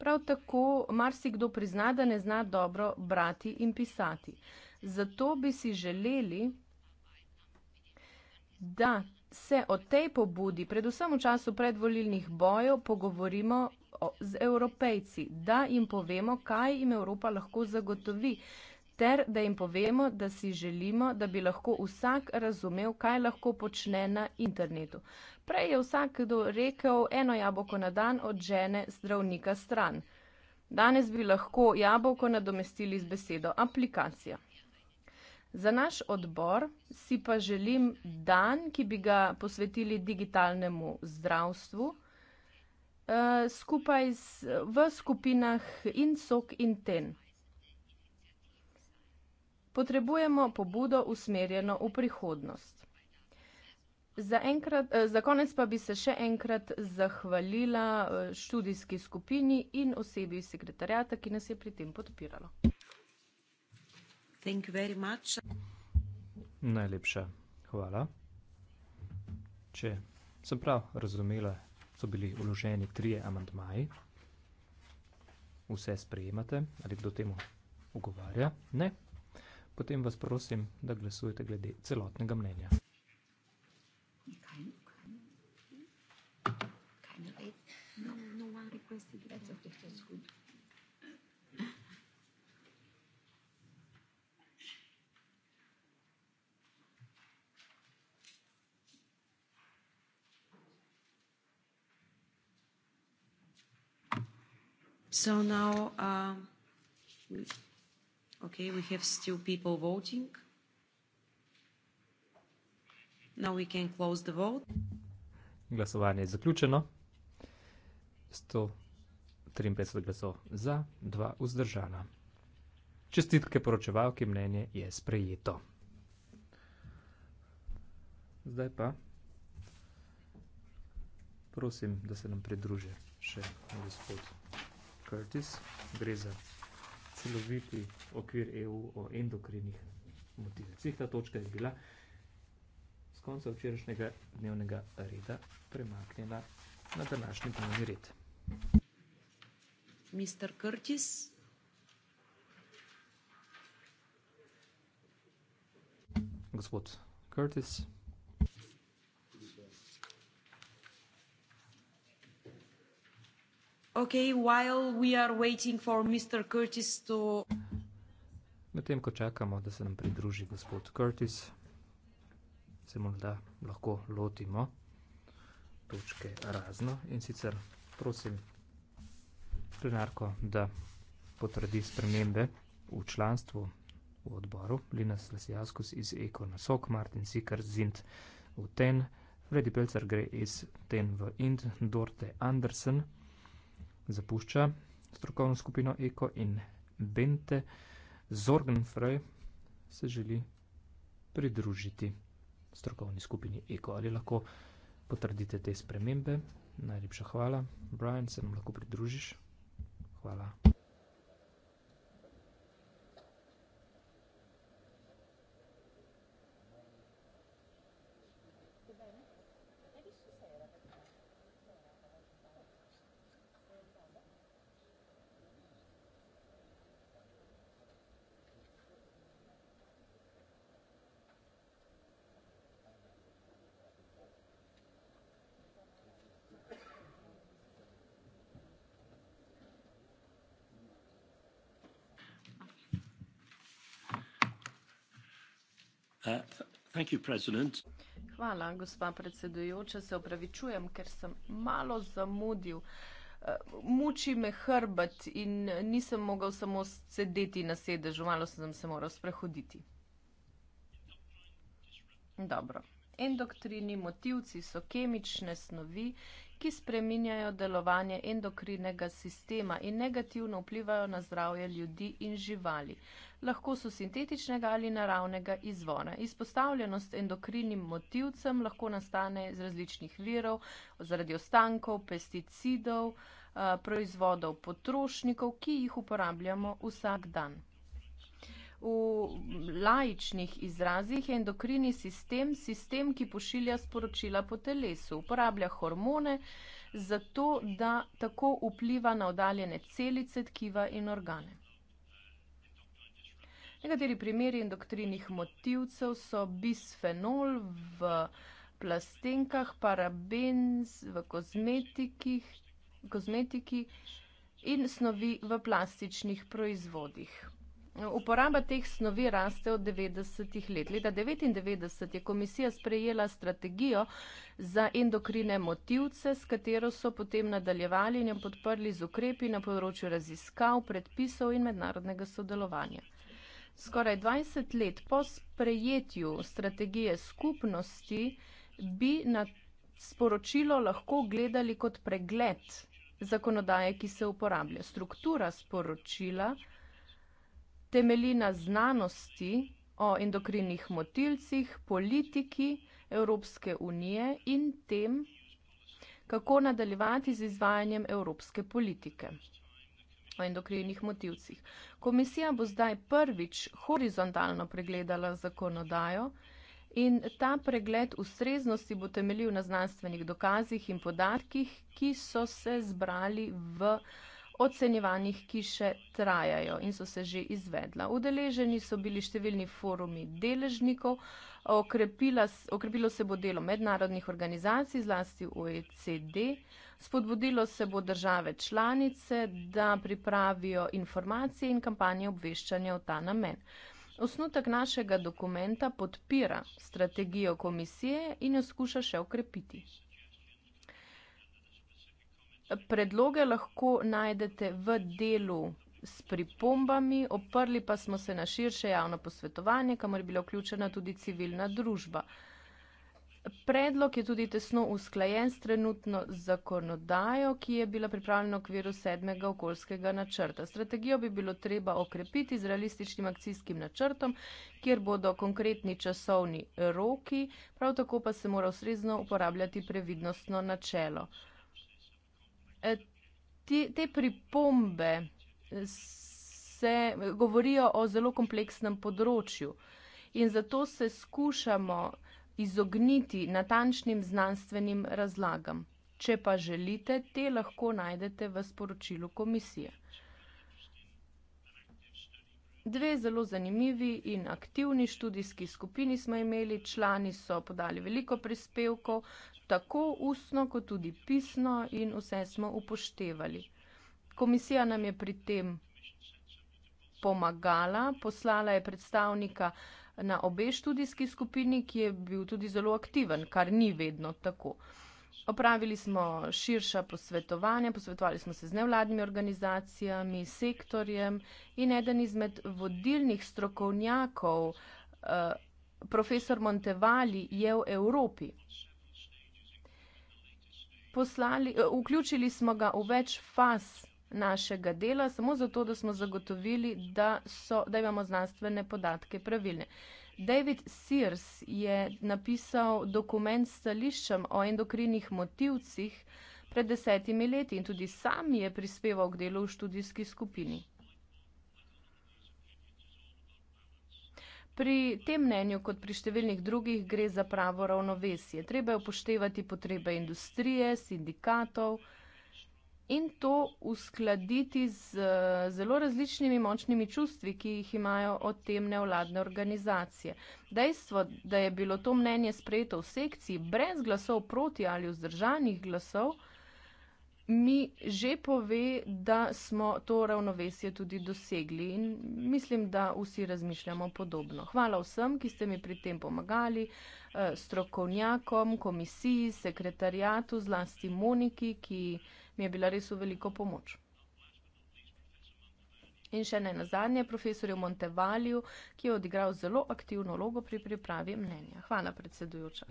Prav tako marsikdo prizna, da ne zna dobro brati in pisati. Zato bi si želeli, da se o tej pobudi, predvsem v času predvolilnih bojev, pogovorimo z evropejci, da jim povemo, kaj jim Evropa lahko zagotovi, ter da jim povemo, da si želimo, da bi lahko vsak razumel, kaj lahko počne na internetu. Prej je vsakdo rekel, eno jabolko na dan od žene zdravnika stran. Danes bi lahko jabolko nadomestili z besedo aplikacija. Za naš odbor si pa želim dan, ki bi ga posvetili digitalnemu zdravstvu, eh, skupaj s, v skupinah In Sok in Ten. Potrebujemo pobudo, usmerjeno v prihodnost. Zaenkrat, eh, za konec pa bi se še enkrat zahvalila, eh, študijski skupini in osebju iz sekretariata, ki nas je pri tem podpiralo. Thank you very much. Najlepša hvala. Če sem prav razumela, so bili vloženi trije amantmaji. Vse sprejemate, ali kdo temu ugovarja? Ne. Potem vas prosim, da glasujete glede celotnega mnenja. Kaj ni? Kaj ni? Kaj ni? No, no one requested, that's okay, that's good. So now, um, okay, we have still people voting. Now we can close the vote. Glasovanje je zaključeno. 153 glasov za, 2 vzdržana. Čestitke poročevalke, mnenje je sprejeto. Zdaj pa prosim, da se nam pridruži še gospod. Curtis, gre za celoviti okvir EU o endokrinih motilcih. Ta točka je bila z konca včerajšnjega dnevnega reda premaknjena na današnji dnevni red. Mr. Curtis. Gospod Curtis. Okay, while we are waiting for Mr. Curtis to. Medtem ko čakamo, da se nam pridruži gospod Curtis, se morda lahko lotimo točke razno in sicer prosim plenarko, da potrdi spremembe v članstvu v odboru. Lina Slasijaskus iz Eko na Sok, Martin Sikar Zint v Ten, Freddy Pelcer gre iz Ten v Ind, Dorte Andersen zapušča strokovno skupino Eko in Bente Zorgenfrey se želi pridružiti strokovni skupini Eko. Ali lahko potrdite te spremembe? Najlepša hvala. Brian, se nam lahko pridružiš? Hvala. Uh, Hvala, gospa predsedujoča. Se opravičujem, ker sem malo zamudil. Uh, muči me hrbet in nisem mogel samo sedeti na sedežu, malo sem se moral sprehoditi. Dobro endokrini. Motivci so kemične snovi, ki spreminjajo delovanje endokrinega sistema in negativno vplivajo na zdravje ljudi in živali. Lahko so sintetičnega ali naravnega izvora. Izpostavljenost endokrinim motivcem lahko nastane iz različnih virov, zaradi ostankov, pesticidov, eh, proizvodov potrošnikov, ki jih uporabljamo vsak dan v laičnih izrazih je endokrini sistem, sistem, ki pošilja sporočila po telesu. Uporablja hormone zato, da tako vpliva na oddaljene celice, tkiva in organe. Nekateri primeri endokrinih motilcev so bisfenol v plastenkah, paraben v kozmetikih, kozmetiki in snovi v plastičnih proizvodih. Uporaba teh snovi raste od 90-ih let. Leta 99 je komisija sprejela strategijo za endokrine motivce, s katero so potem nadaljevali in jo podprli z ukrepi na področju raziskav, predpisov in mednarodnega sodelovanja. Skoraj 20 let po sprejetju strategije skupnosti bi na sporočilo lahko gledali kot pregled zakonodaje, ki se uporablja. Struktura sporočila temelji na znanosti o endokrinih motilcih, politiki Evropske unije in tem, kako nadaljevati z izvajanjem evropske politike o endokrinih motilcih. Komisija bo zdaj prvič horizontalno pregledala zakonodajo in ta pregled ustreznosti bo temeljil na znanstvenih dokazih in podatkih, ki so se zbrali v ocenjevanjih, ki še trajajo in so se že izvedla. Udeleženi so bili številni forumi deležnikov, okrepilo se bo delo mednarodnih organizacij, zlasti OECD, spodbudilo se bo države članice, da pripravijo informacije in kampanje obveščanja v ta namen. Osnutek našega dokumenta podpira strategijo komisije in jo skuša še okrepiti predloge lahko najdete v delu s pripombami, oprli pa smo se na širše javno posvetovanje, kamor je bila vključena tudi civilna družba. Predlog je tudi tesno usklajen s trenutno zakonodajo, ki je bila pripravljena v okviru sedmega okoljskega načrta. Strategijo bi bilo treba okrepiti z realističnim akcijskim načrtom, kjer bodo konkretni časovni roki, prav tako pa se mora ustrezno uporabljati previdnostno načelo. Eh, ti, te pripombe se govorijo o zelo kompleksnem področju in zato se skušamo izogniti natančnim znanstvenim razlagam. Če pa želite, te lahko najdete v sporočilu komisije. Dve zelo zanimivi in aktivni študijski skupini smo imeli, člani so podali veliko prispevkov, tako ustno kot tudi pisno in vse smo upoštevali. Komisija nam je pri tem pomagala, poslala je predstavnika na obe študijski skupini, ki je bil tudi zelo aktiven, kar ni vedno tako. Opravili smo širša posvetovanja, posvetovali smo se z nevladnimi organizacijami, sektorjem in eden izmed vodilnih strokovnjakov, eh, profesor Montevali, je v Evropi poslali, eh, vključili smo ga v več faz našega dela, samo zato, da smo zagotovili, da, so, da imamo znanstvene podatke pravilne. David Sears je napisal dokument s stališčem o endokrinih motivcih pred desetimi leti in tudi sam je prispeval k delu v študijski skupini. Pri tem mnenju, kot pri številnih drugih, gre za pravo ravnovesje. Treba je upoštevati potrebe industrije, sindikatov in to uskladiti z zelo različnimi močnimi čustvi, ki jih imajo o tem nevladne organizacije. Dejstvo, da je bilo to mnenje sprejeto v sekciji brez glasov proti ali vzdržanih glasov, mi že pove, da smo to ravnovesje tudi dosegli in mislim, da vsi razmišljamo podobno. Hvala vsem, ki ste mi pri tem pomagali, eh, strokovnjakom, komisiji, sekretarijatu, zlasti Moniki, ki mi je bila res v veliko pomoč. In še ne nazadnje, profesorju Montevalju, ki je odigral zelo aktivno vlogo pri pripravi mnenja. Hvala, predsedujoča.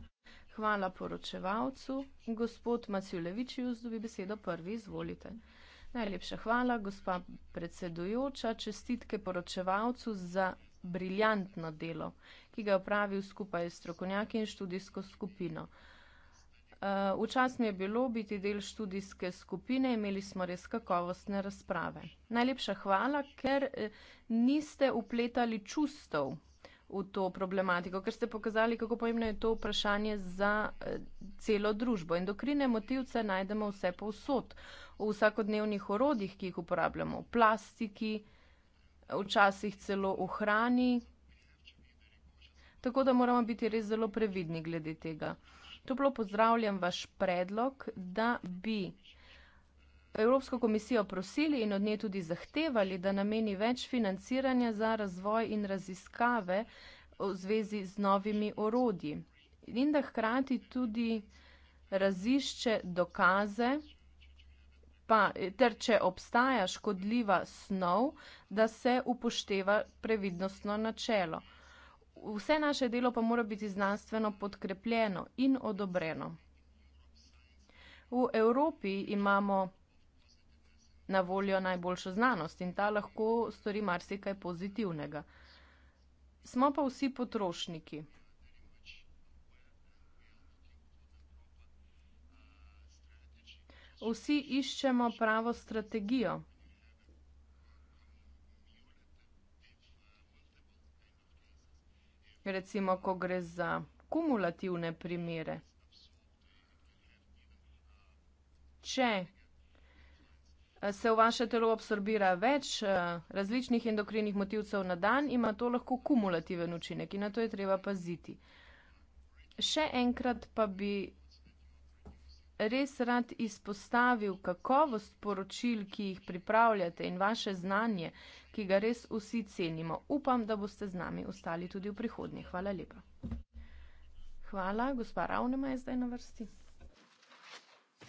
Hvala poročevalcu. Gospod Maciulevičius dobi besedo prvi, izvolite. Najlepša hvala, gospa predsedujoča. Čestitke poročevalcu za briljantno delo, ki ga je opravil skupaj s strokovnjaki in študijsko skupino. Uh, Včasno je bilo biti del študijske skupine, imeli smo res kakovostne razprave. Najlepša hvala, ker eh, niste upletali čustev v to problematiko, ker ste pokazali, kako pomembno je to vprašanje za eh, celo družbo. Endokrine motivce najdemo vse povsod, v vsakodnevnih orodjih, ki jih uporabljamo, v plastiki, včasih celo v hrani. Tako da moramo biti res zelo previdni glede tega. Toplo pozdravljam vaš predlog, da bi Evropsko komisijo prosili in od nje tudi zahtevali, da nameni več financiranja za razvoj in raziskave v zvezi z novimi orodji. In da hkrati tudi razišče dokaze, pa, ter če obstaja škodljiva snov, da se upošteva previdnostno načelo. Vse naše delo pa mora biti znanstveno podkrepljeno in odobreno. V Evropi imamo na voljo najboljšo znanost in ta lahko stori marsikaj pozitivnega. Smo pa vsi potrošniki. Vsi iščemo pravo strategijo. Recimo, ko gre za kumulativne primere. Če se v vaše telo absorbira več eh, različnih endokrinih motivcev na dan, ima to lahko kumulativen učinek in na to je treba paziti. Še enkrat pa bi res rad izpostavil kakovost poročil, ki jih pripravljate in vaše znanje, ki ga res vsi cenimo. Upam, da boste z nami ostali tudi v prihodnje. Hvala lepa. Hvala, gospa Ravnema je zdaj na vrsti.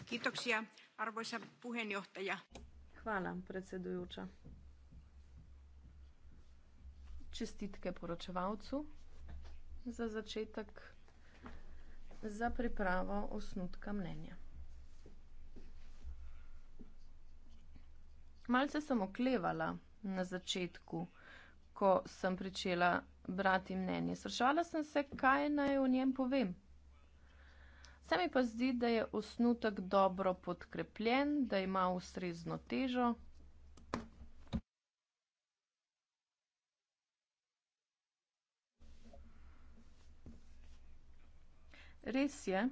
Kitoksia. Arvoisa puheenjohtaja. Hvala, predsedujoča. Čestitke poročevalcu za začetek, za pripravo osnutka mnenja. Malce sem oklevala na začetku, ko sem pričela brati mnenje. Srečala sem se, kaj naj o njem povem. Se mi pa zdi, da je osnutek dobro podkrepljen, da ima ustrezno težo. Res je,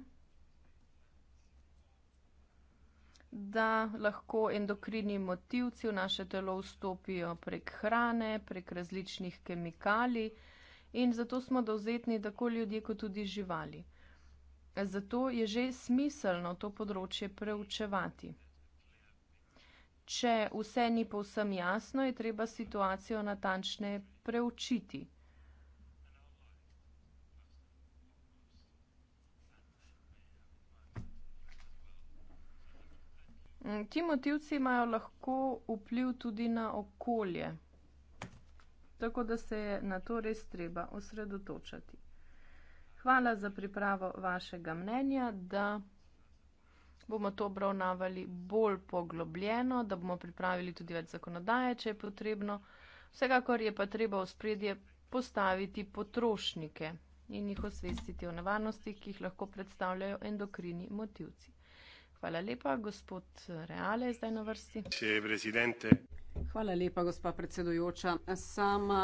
da lahko endokrini motivci v naše telo vstopijo prek hrane, prek različnih kemikalij in zato smo dovzetni tako ljudje kot tudi živali. Zato je že smiselno to področje preučevati. Če vse ni povsem jasno, je treba situacijo natančne preučiti. Mm, ti motivci imajo lahko vpliv tudi na okolje, tako da se je na to res treba osredotočati. Hvala za pripravo vašega mnenja, da bomo to obravnavali bolj poglobljeno, da bomo pripravili tudi več zakonodaje, če je potrebno. Vsekakor je pa treba v spredje postaviti potrošnike in jih osvestiti o nevarnosti, ki jih lahko predstavljajo endokrini motivci. Hvala lepa, gospod Reale, zdaj na vrsti. Hvala lepa, gospa predsedujoča. Sama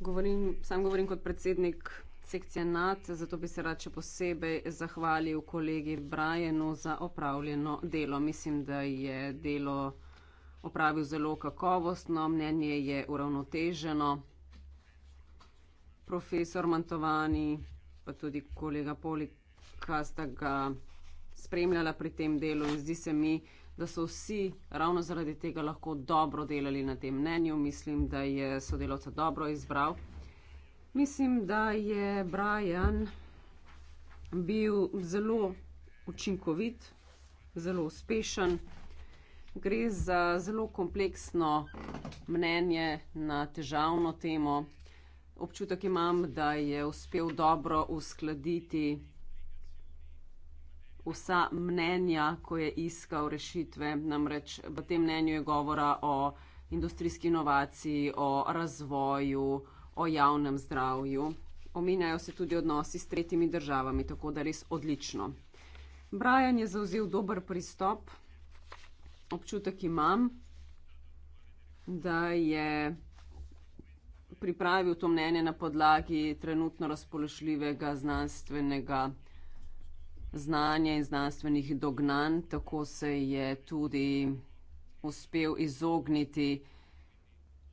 govorim, sam govorim kot predsednik sekcije NAT, zato bi se rad še posebej zahvalil kolegi Brajenu za opravljeno delo. Mislim, da je delo opravil zelo kakovostno, mnenje je uravnoteženo. Profesor Mantovani, pa tudi kolega Polika sta ga spremljala pri tem delu in zdi se mi, da so vsi ravno zaradi tega lahko dobro delali na tem mnenju. Mislim, da je sodelovca dobro izbral. Mislim, da je Brian bil zelo učinkovit, zelo uspešen. Gre za zelo kompleksno mnenje na težavno temo. Občutek imam, da je uspel dobro uskladiti vsa mnenja, ko je iskal rešitve. Namreč v tem mnenju je govora o industrijski inovaciji, o razvoju, o javnem zdravju. Omenjajo se tudi odnosi s tretjimi državami, tako da res odlično. Brian je zauzel dober pristop. Občutek imam, da je pripravil to mnenje na podlagi trenutno razpoložljivega znanstvenega znanja in znanstvenih dognanj, tako se je tudi uspel izogniti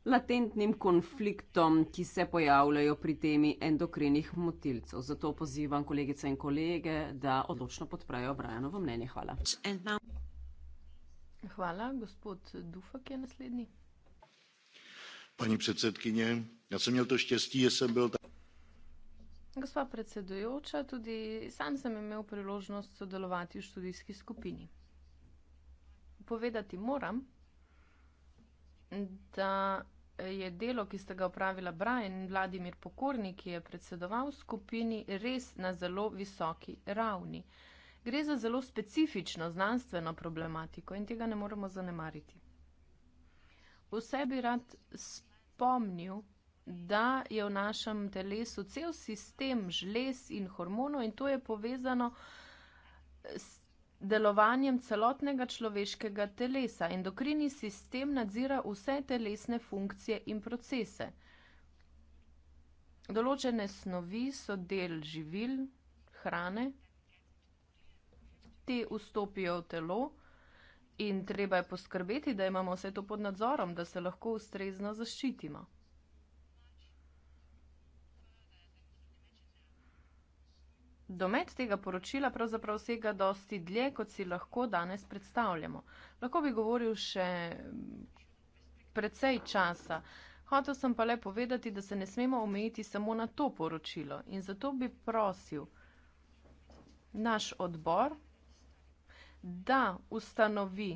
latentnim konfliktom, ki se pojavljajo pri temi endokrinih motilcev. Zato pozivam kolegice in kolege, da odločno podprejo Brajanovo mnenje. Hvala. Hvala. Gospod Dufak je naslednji. Pani predsedkinje, jaz sem imel to štesti, jaz sem bil tam. Gospa predsedujoča, tudi sam sem imel priložnost sodelovati v študijski skupini. Povedati moram, da je delo, ki ste ga upravila Brian Vladimir Pokornik, ki je predsedoval skupini, res na zelo visoki ravni. Gre za zelo specifično znanstveno problematiko in tega ne moremo zanemariti. Vse bi rad spomnil, da je v našem telesu cel sistem žlez in hormonov in to je povezano s delovanjem celotnega človeškega telesa. Endokrini sistem nadzira vse telesne funkcije in procese. Določene snovi so del živil, hrane, te vstopijo v telo in treba je poskrbeti, da imamo vse to pod nadzorom, da se lahko ustrezno zaščitimo. Domet tega poročila pravzaprav sega dosti dlje, kot si lahko danes predstavljamo. Lahko bi govoril še precej časa. Hotel sem pa le povedati, da se ne smemo omejiti samo na to poročilo in zato bi prosil naš odbor, da ustanovi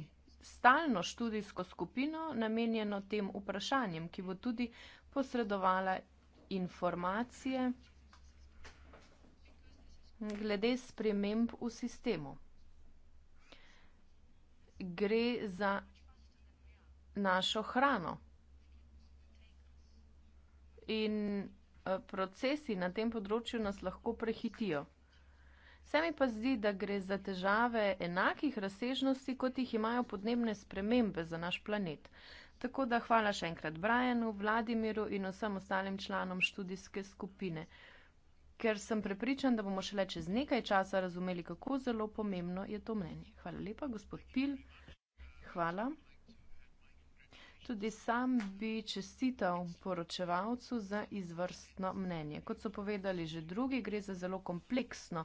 stalno študijsko skupino namenjeno tem vprašanjem, ki bo tudi posredovala informacije glede sprememb v sistemu. Gre za našo hrano. In eh, procesi na tem področju nas lahko prehitijo. Se mi pa zdi, da gre za težave enakih razsežnosti, kot jih imajo podnebne spremembe za naš planet. Tako da hvala še enkrat Brianu, Vladimiru in vsem ostalim članom študijske skupine ker sem prepričan, da bomo šele čez nekaj časa razumeli, kako zelo pomembno je to mnenje. Hvala lepa, gospod Pil. Hvala. Tudi sam bi čestital poročevalcu za izvrstno mnenje. Kot so povedali že drugi, gre za zelo kompleksno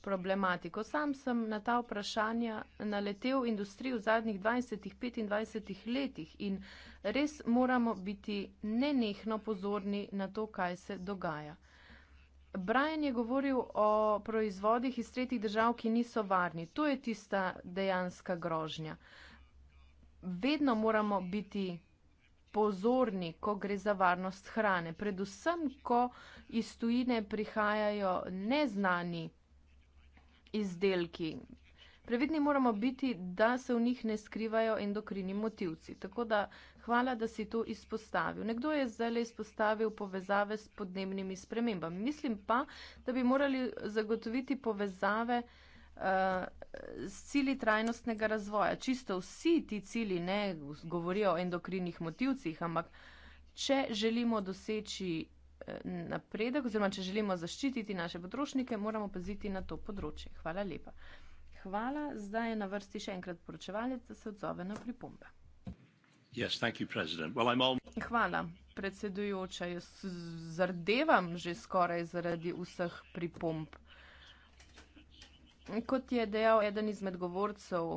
problematiko. Sam sem na ta vprašanja naletel v industriji v zadnjih 20-25 letih in res moramo biti nenehno pozorni na to, kaj se dogaja. Brian je govoril o proizvodih iz tretjih držav, ki niso varni. To je tista dejanska grožnja. Vedno moramo biti pozorni, ko gre za varnost hrane, predvsem, ko iz tujine prihajajo neznani izdelki, Previdni moramo biti, da se v njih ne skrivajo endokrini motivci. Tako da hvala, da si to izpostavil. Nekdo je zdaj izpostavil povezave s podnebnimi spremembami. Mislim pa, da bi morali zagotoviti povezave eh, s cili trajnostnega razvoja. Čisto vsi ti cili ne govorijo o endokrinih motivcih, ampak če želimo doseči eh, napredek oziroma če želimo zaščititi naše potrošnike, moramo paziti na to področje. Hvala lepa hvala. Zdaj je na vrsti še enkrat poročevalec, da se odzove na pripombe. Yes, you, well, all... Hvala, predsedujoča. Jaz zardevam že skoraj zaradi vseh pripomb. Kot je dejal eden izmed govorcev,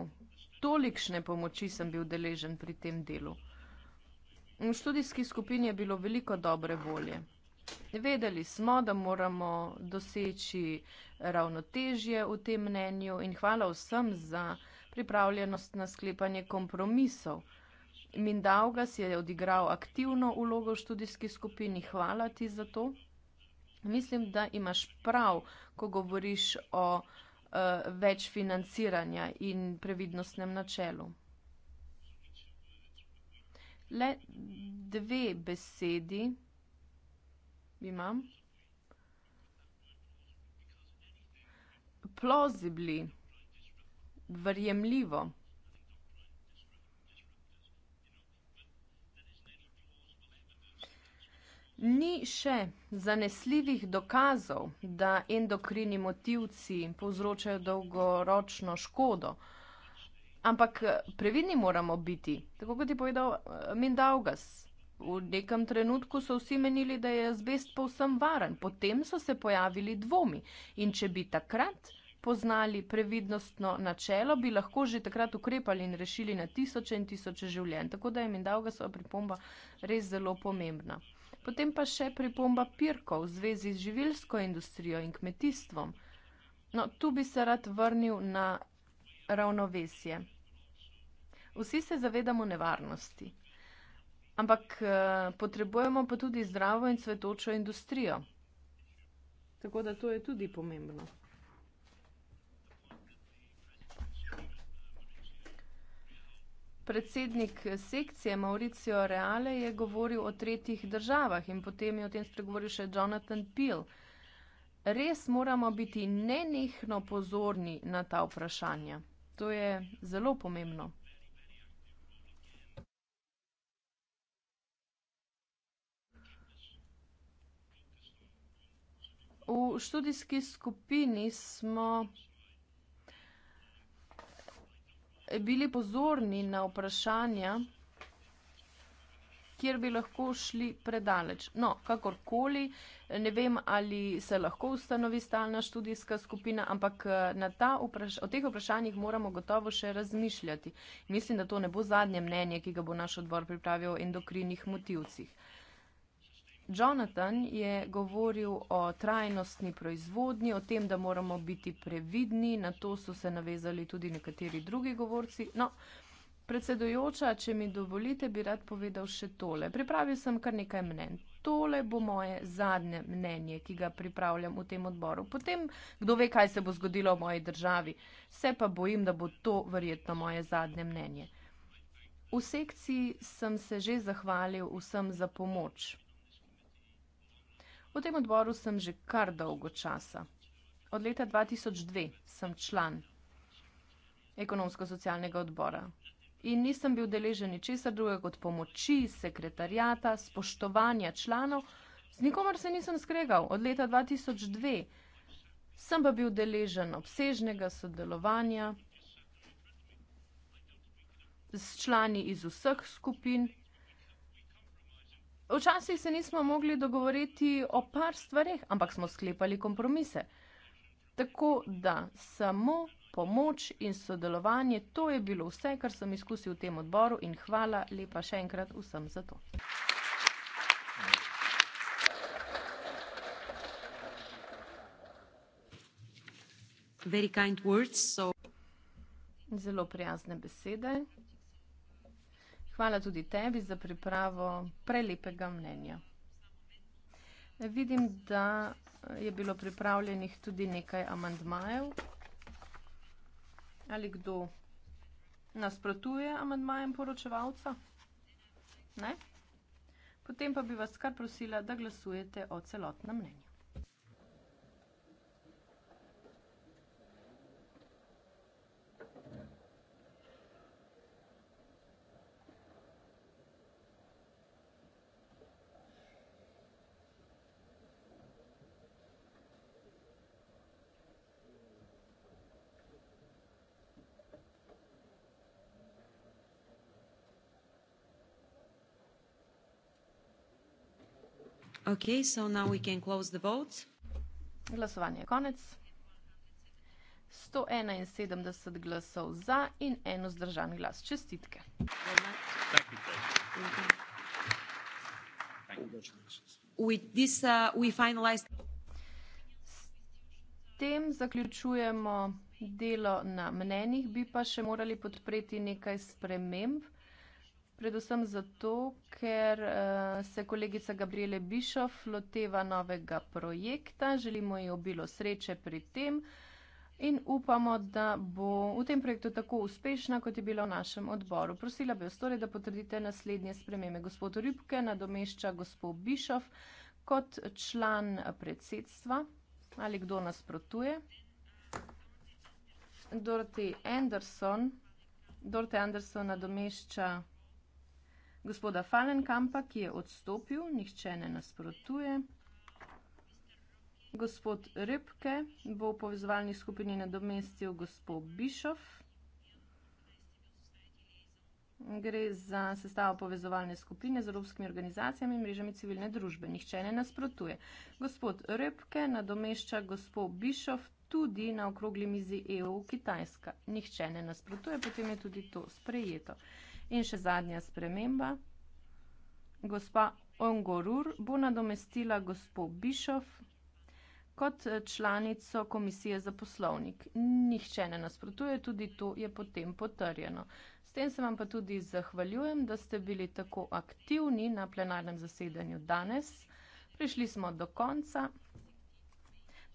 tolikšne pomoči sem bil deležen pri tem delu. V študijski skupini je bilo veliko dobre volje. Vedeli smo, da moramo doseči ravnotežje v tem mnenju in hvala vsem za pripravljenost na sklepanje kompromisov. Mindaugas je odigral aktivno vlogo v študijski skupini, hvala ti za to. Mislim, da imaš prav, ko govoriš o uh, več financiranja in previdnostnem načelu. Le dve besedi imam. Plausibly. Verjemljivo. Ni še zanesljivih dokazov, da endokrini motilci povzročajo dolgoročno škodo. Ampak previdni moramo biti, tako kot je povedal eh, Mindaugas. V nekem trenutku so vsi menili, da je azbest povsem varen, potem so se pojavili dvomi in če bi takrat poznali previdnostno načelo, bi lahko že takrat ukrepali in rešili na tisoče in tisoče življenj. Tako da je Mindalga sva pripomba res zelo pomembna. Potem pa še pripomba pirkov v zvezi z živilsko industrijo in kmetijstvom. No, tu bi se rad vrnil na ravnovesje. Vsi se zavedamo nevarnosti, Ampak uh, potrebujemo pa tudi zdravo in svetočo industrijo. Tako da to je tudi pomembno. Predsednik eh, sekcije Mauricio Reale je govoril o tretjih državah in potem je o tem spregovoril še Jonathan Peel. Res moramo biti nenehno pozorni na ta vprašanja. To je zelo pomembno. V študijski skupini smo eh, bili pozorni na vprašanja, kjer bi lahko šli predaleč. No, kakorkoli, ne vem, ali se lahko ustanovi stalna študijska skupina, ampak eh, na ta vpraš o teh vprašanjih moramo gotovo še razmišljati. Mislim, da to ne bo zadnje mnenje, ki ga bo naš odbor pripravil o endokrinih motivcih. Jonathan je govoril o trajnostni proizvodnji, o tem, da moramo biti previdni, na to so se navezali tudi nekateri drugi govorci. No, predsedujoča, če mi dovolite, bi rad povedal še tole. Pripravil sem kar nekaj mnenj. Tole bo moje zadnje mnenje, ki ga pripravljam v tem odboru. Potem, kdo ve, kaj se bo zgodilo v moji državi, se pa bojim, da bo to verjetno moje zadnje mnenje. V sekciji sem se že zahvalil vsem za pomoč, V tem odboru sem že kar dolgo časa. Od leta 2002 sem član ekonomsko-socialnega odbora. In nisem bil deležen ničesar drugega kot pomoči, sekretarjata, spoštovanja članov. Z nikomer se nisem skregal. Od leta 2002 sem pa bil deležen obsežnega sodelovanja s člani iz vseh skupin, Včasih se nismo mogli dogovoriti o par stvarih, ampak smo sklepali kompromise. Tako da samo pomoč in sodelovanje, to je bilo vse, kar sem izkusil v tem odboru in hvala lepa še enkrat vsem za to. Words, so... Zelo prijazne besede. Hvala tudi tebi za pripravo prelepega mnenja. Vidim, da je bilo pripravljenih tudi nekaj amandmajev. Ali kdo nasprotuje amandmajem poročevalca? Ne? Potem pa bi vas kar prosila, da glasujete o celotnem mnenju. Okay, so now we can close the vote. Glasovanje je konec. 171 glasov za in eno zdržan glas. Čestitke. Uh, S tem zaključujemo delo na mnenjih. Bi pa še morali podpreti nekaj sprememb. Predvsem zato, ker uh, se kolegica Gabriele Bišov loteva novega projekta. Želimo ji obilo sreče pri tem in upamo, da bo v tem projektu tako uspešna, kot je bila v našem odboru. Prosila bi vas torej, da potrdite naslednje spremembe. Gospod Rübke nadomešča gospod Bišov kot član predsedstva. Ali kdo nasprotuje? Dorothy Anderson. Dorothy Anderson nadomešča gospoda Fallenkampa, ki je odstopil, nihče ne nasprotuje. Gospod Rebke bo v povezovalni skupini nadomestil gospod Bišov. Gre za sestavo povezovalne skupine z evropskimi organizacijami in mrežami civilne družbe. Nihče ne nasprotuje. Gospod Rebke nadomešča gospod Bišov tudi na okrogli mizi EU Kitajska. Nihče ne nasprotuje, potem je tudi to sprejeto. In še zadnja sprememba. Gospa Ongorur bo nadomestila gospo Bišov kot eh, članico komisije za poslovnik. Nihče ne nasprotuje, tudi to je potem potrjeno. S tem se vam pa tudi zahvaljujem, da ste bili tako aktivni na plenarnem zasedanju danes. Prišli smo do konca.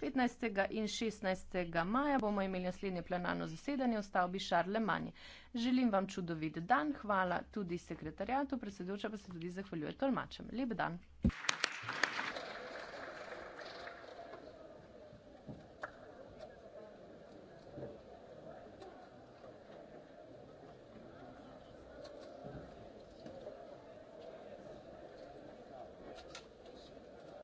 15. in 16. maja bomo imeli naslednje plenarno zasedanje v stavbi Šarlemanji. Želim vam čudovit dan, hvala tudi sekretarjatu, predsedujoča pa se tudi zahvaljuje tolmačem. Lep dan.